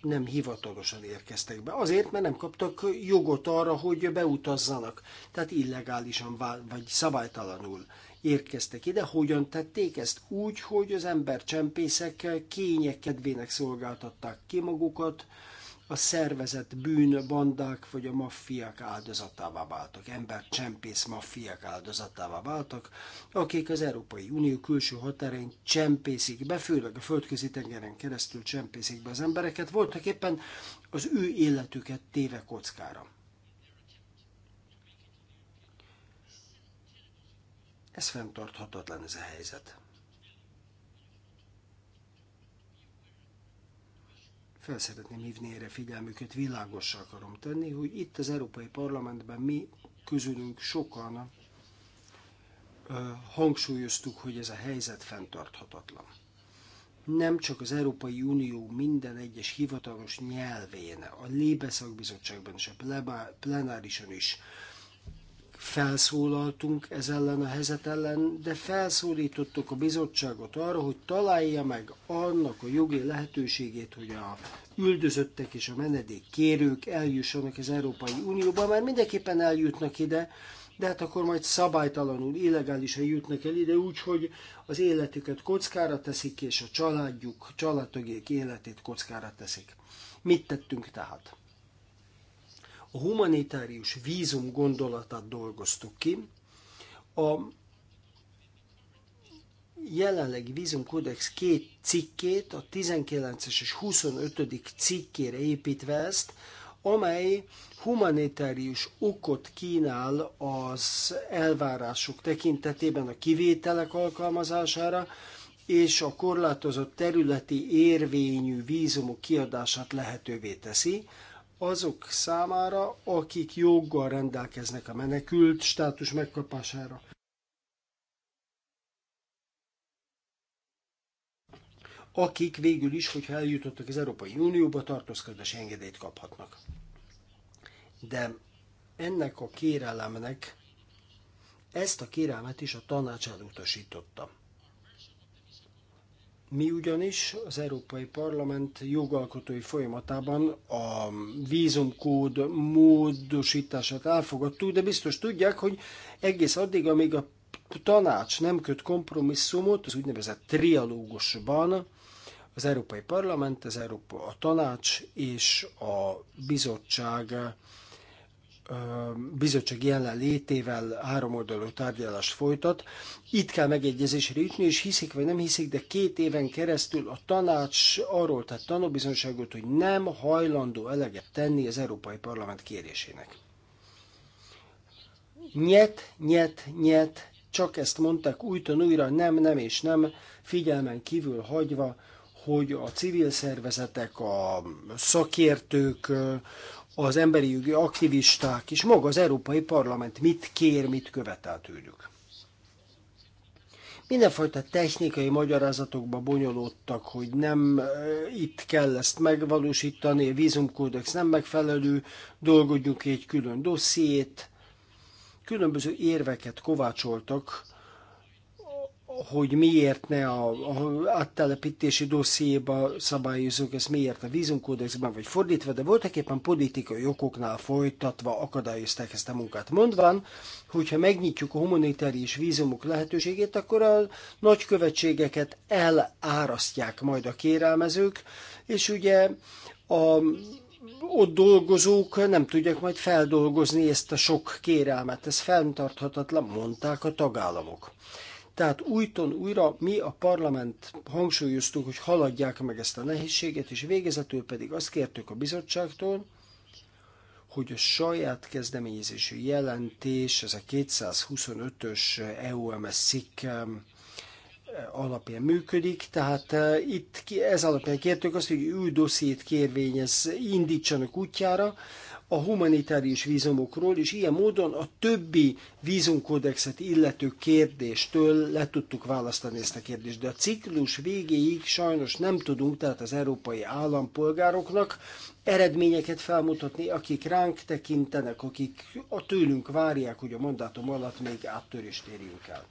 S2: nem hivatalosan érkeztek be. Azért, mert nem kaptak jogot arra, hogy beutazzanak. Tehát illegálisan vagy szabálytalanul érkeztek ide. Hogyan tették ezt? Úgy, hogy az ember csempészek kények kedvének szolgáltatták ki magukat, a szervezett bűn, bandák vagy a maffiák áldozatává váltak, embercsempész maffiák áldozatává váltak, akik az Európai Unió külső határain csempészik be, főleg a földközi tengeren keresztül csempészik be az embereket, voltak éppen az ő életüket téve kockára. Ez fenntarthatatlan ez a helyzet. fel szeretném hívni erre figyelmüket, világossá akarom tenni, hogy itt az Európai Parlamentben mi közülünk sokan hangsúlyoztuk, hogy ez a helyzet fenntarthatatlan. Nem csak az Európai Unió minden egyes hivatalos nyelvén, a Lébeszakbizottságban és a plenárison is felszólaltunk ez ellen a helyzet ellen, de felszólítottuk a bizottságot arra, hogy találja meg annak a jogi lehetőségét, hogy a üldözöttek és a menedék kérők eljussanak az Európai Unióba, mert mindenképpen eljutnak ide, de hát akkor majd szabálytalanul, illegálisan jutnak el ide, úgyhogy az életüket kockára teszik, és a családjuk, családtagék életét kockára teszik. Mit tettünk tehát? a humanitárius vízum gondolatát dolgoztuk ki. A jelenlegi vízumkódex két cikkét, a 19-es és 25. cikkére építve ezt, amely humanitárius okot kínál az elvárások tekintetében a kivételek alkalmazására, és a korlátozott területi érvényű vízumok kiadását lehetővé teszi azok számára, akik joggal rendelkeznek a menekült státus megkapására. akik végül is, hogyha eljutottak az Európai Unióba, tartózkodási engedélyt kaphatnak. De ennek a kérelemnek ezt a kérelmet is a tanács elutasította. Mi ugyanis az Európai Parlament jogalkotói folyamatában a vízumkód módosítását elfogadtuk, de biztos tudják, hogy egész addig, amíg a tanács nem köt kompromisszumot, az úgynevezett trialógusban, az Európai Parlament, az Európa, a tanács és a bizottság bizottság jelenlétével háromoldalú tárgyalást folytat. Itt kell megegyezésre jutni, és hiszik vagy nem hiszik, de két éven keresztül a tanács arról tett tanúbizonságot, hogy nem hajlandó eleget tenni az Európai Parlament kérésének. Nyet, nyet, nyet, csak ezt mondták újton újra, nem, nem és nem, figyelmen kívül hagyva, hogy a civil szervezetek, a szakértők, az emberi jogi aktivisták és maga az Európai Parlament mit kér, mit követel tőlük. Mindenfajta technikai magyarázatokba bonyolódtak, hogy nem e, itt kell ezt megvalósítani, a vízumkódex nem megfelelő, dolgodjunk egy külön dossziét. Különböző érveket kovácsoltak, hogy miért ne a, a áttelepítési dossziéba szabályozunk, ezt miért a vízunkódexben, vagy fordítva, de voltak éppen politikai okoknál folytatva akadályozták ezt a munkát. Mondván, hogyha megnyitjuk a humanitárius vízumok lehetőségét, akkor a nagykövetségeket elárasztják majd a kérelmezők, és ugye a ott dolgozók nem tudják majd feldolgozni ezt a sok kérelmet. Ez fenntarthatatlan, mondták a tagállamok. Tehát újton újra mi a parlament hangsúlyoztuk, hogy haladják meg ezt a nehézséget, és végezetül pedig azt kértük a bizottságtól, hogy a saját kezdeményezésű jelentés, ez a 225-ös EUMS szik alapján működik, tehát eh, itt ez alapján kértük azt, hogy új dossziét kérvényez, indítsanak útjára, a humanitárius vízumokról, és ilyen módon a többi vízumkódexet illető kérdéstől le tudtuk választani ezt a kérdést. De a ciklus végéig sajnos nem tudunk, tehát az európai állampolgároknak eredményeket felmutatni, akik ránk tekintenek, akik a tőlünk várják, hogy a mandátum alatt még áttörést érjünk el.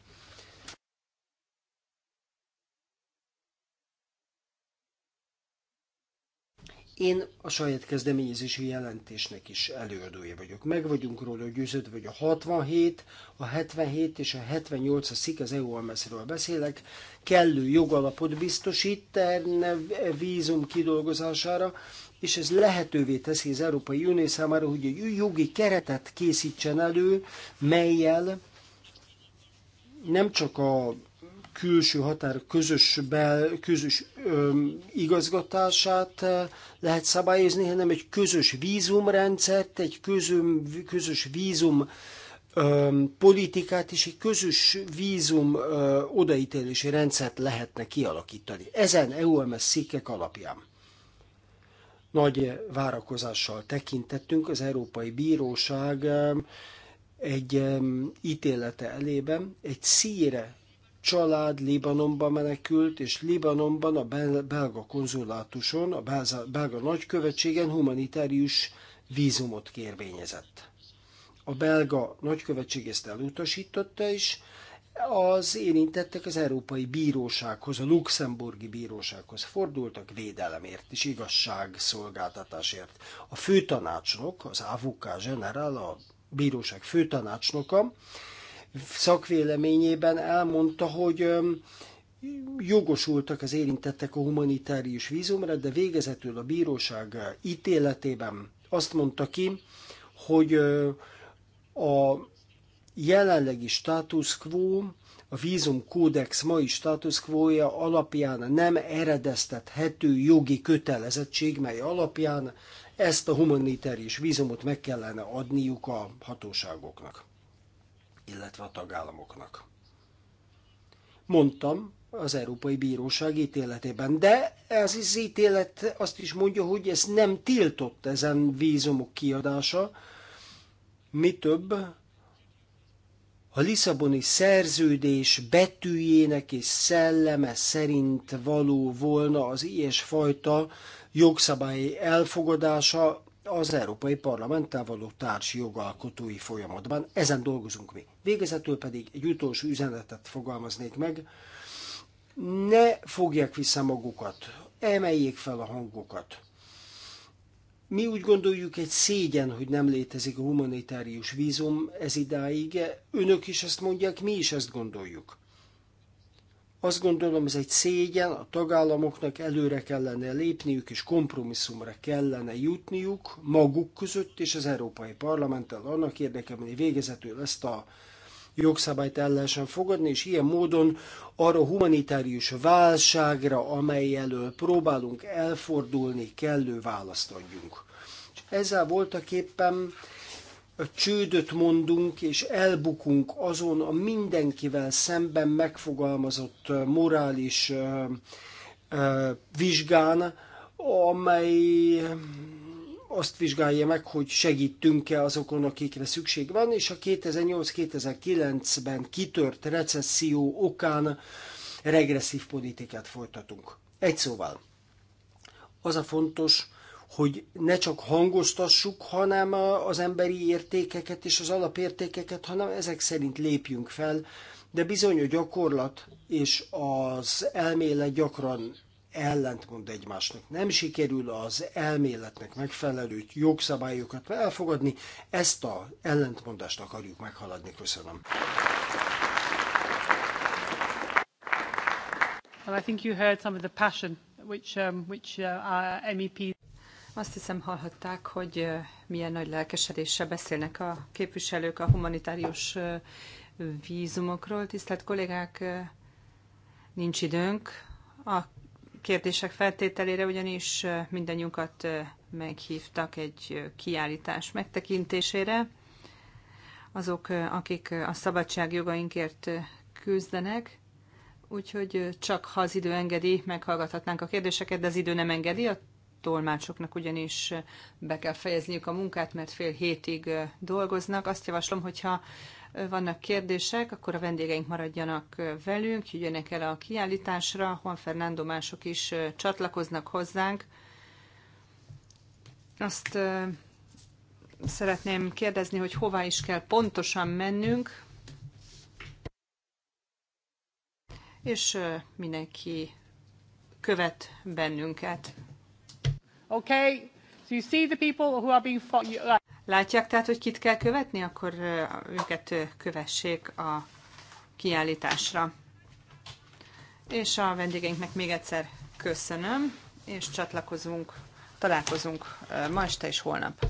S2: Én a saját kezdeményezési jelentésnek is előadója vagyok. Meg vagyunk róla győződve, hogy a 67, a 77 és a 78 a szik az EU ről beszélek, kellő jogalapot biztosít terne vízum kidolgozására, és ez lehetővé teszi az Európai Unió számára, hogy egy jogi keretet készítsen elő, melyel nem csak a külső határ közös, bel, közös ö, igazgatását lehet szabályozni, hanem egy közös vízumrendszert, egy közöm, közös vízum ö, politikát és egy közös vízum ö, odaítélési rendszert lehetne kialakítani. Ezen EUMS szikkek alapján. Nagy várakozással tekintettünk az Európai Bíróság egy ítélete elében egy szíre család Libanonba menekült, és Libanonban a belga konzulátuson, a belga nagykövetségen humanitárius vízumot kérvényezett. A belga nagykövetség ezt elutasította, és az érintettek az Európai Bírósághoz, a Luxemburgi Bírósághoz fordultak védelemért és igazságszolgáltatásért. A főtanácsnok, az AVK generál, a bíróság főtanácsnoka szakvéleményében elmondta, hogy jogosultak az érintettek a humanitárius vízumra, de végezetül a bíróság ítéletében azt mondta ki, hogy a jelenlegi status quo, a vízum kódex mai status alapján nem eredeztethető jogi kötelezettség, mely alapján ezt a humanitárius vízumot meg kellene adniuk a hatóságoknak illetve a tagállamoknak. Mondtam az Európai Bíróság ítéletében, de ez az ítélet azt is mondja, hogy ez nem tiltott ezen vízumok kiadása, mi több, a Lisszaboni szerződés betűjének és szelleme szerint való volna az ilyesfajta jogszabályi elfogadása, az Európai Parlamenttel való társ jogalkotói folyamatban. Ezen dolgozunk mi. Végezetül pedig egy utolsó üzenetet fogalmaznék meg. Ne fogják vissza magukat, emeljék fel a hangokat. Mi úgy gondoljuk egy szégyen, hogy nem létezik a humanitárius vízum ez idáig. Önök is ezt mondják, mi is ezt gondoljuk. Azt gondolom, ez egy szégyen, a tagállamoknak előre kellene lépniük, és kompromisszumra kellene jutniuk maguk között és az Európai Parlamenttel annak érdekében, hogy végezetül ezt a jogszabályt el lehessen fogadni, és ilyen módon arra a humanitárius válságra, amely elől próbálunk elfordulni, kellő választ adjunk. És ezzel voltak éppen csődöt mondunk és elbukunk azon a mindenkivel szemben megfogalmazott morális vizsgán, amely azt vizsgálja meg, hogy segítünk-e azokon, akikre szükség van, és a 2008-2009-ben kitört recesszió okán regresszív politikát folytatunk. Egy szóval, az a fontos, hogy ne csak hangoztassuk, hanem az emberi értékeket és az alapértékeket, hanem ezek szerint lépjünk fel, de bizony a gyakorlat és az elmélet gyakran ellentmond egymásnak. Nem sikerül az elméletnek megfelelő jogszabályokat elfogadni, ezt a ellentmondást akarjuk meghaladni. Köszönöm.
S1: And I think you heard some of the passion which, um, which uh, our MEP azt hiszem hallhatták, hogy milyen nagy lelkesedéssel beszélnek a képviselők a humanitárius vízumokról. Tisztelt kollégák, nincs időnk a kérdések feltételére, ugyanis mindannyiunkat meghívtak egy kiállítás megtekintésére. Azok, akik a szabadság jogainkért küzdenek, úgyhogy csak ha az idő engedi, meghallgathatnánk a kérdéseket, de az idő nem engedi, a tolmácsoknak ugyanis be kell fejezniük a munkát, mert fél hétig dolgoznak. Azt javaslom, hogyha vannak kérdések, akkor a vendégeink maradjanak velünk, jöjjenek el a kiállításra, Juan Fernando mások is csatlakoznak hozzánk. Azt szeretném kérdezni, hogy hová is kell pontosan mennünk, és mindenki követ bennünket. Okay? So you see the people who are being followed. Uh, Látják tehát, hogy kit kell követni, akkor uh, őket uh, kövessék a kiállításra. És a vendégeinknek még egyszer köszönöm, és csatlakozunk, találkozunk ma este és holnap.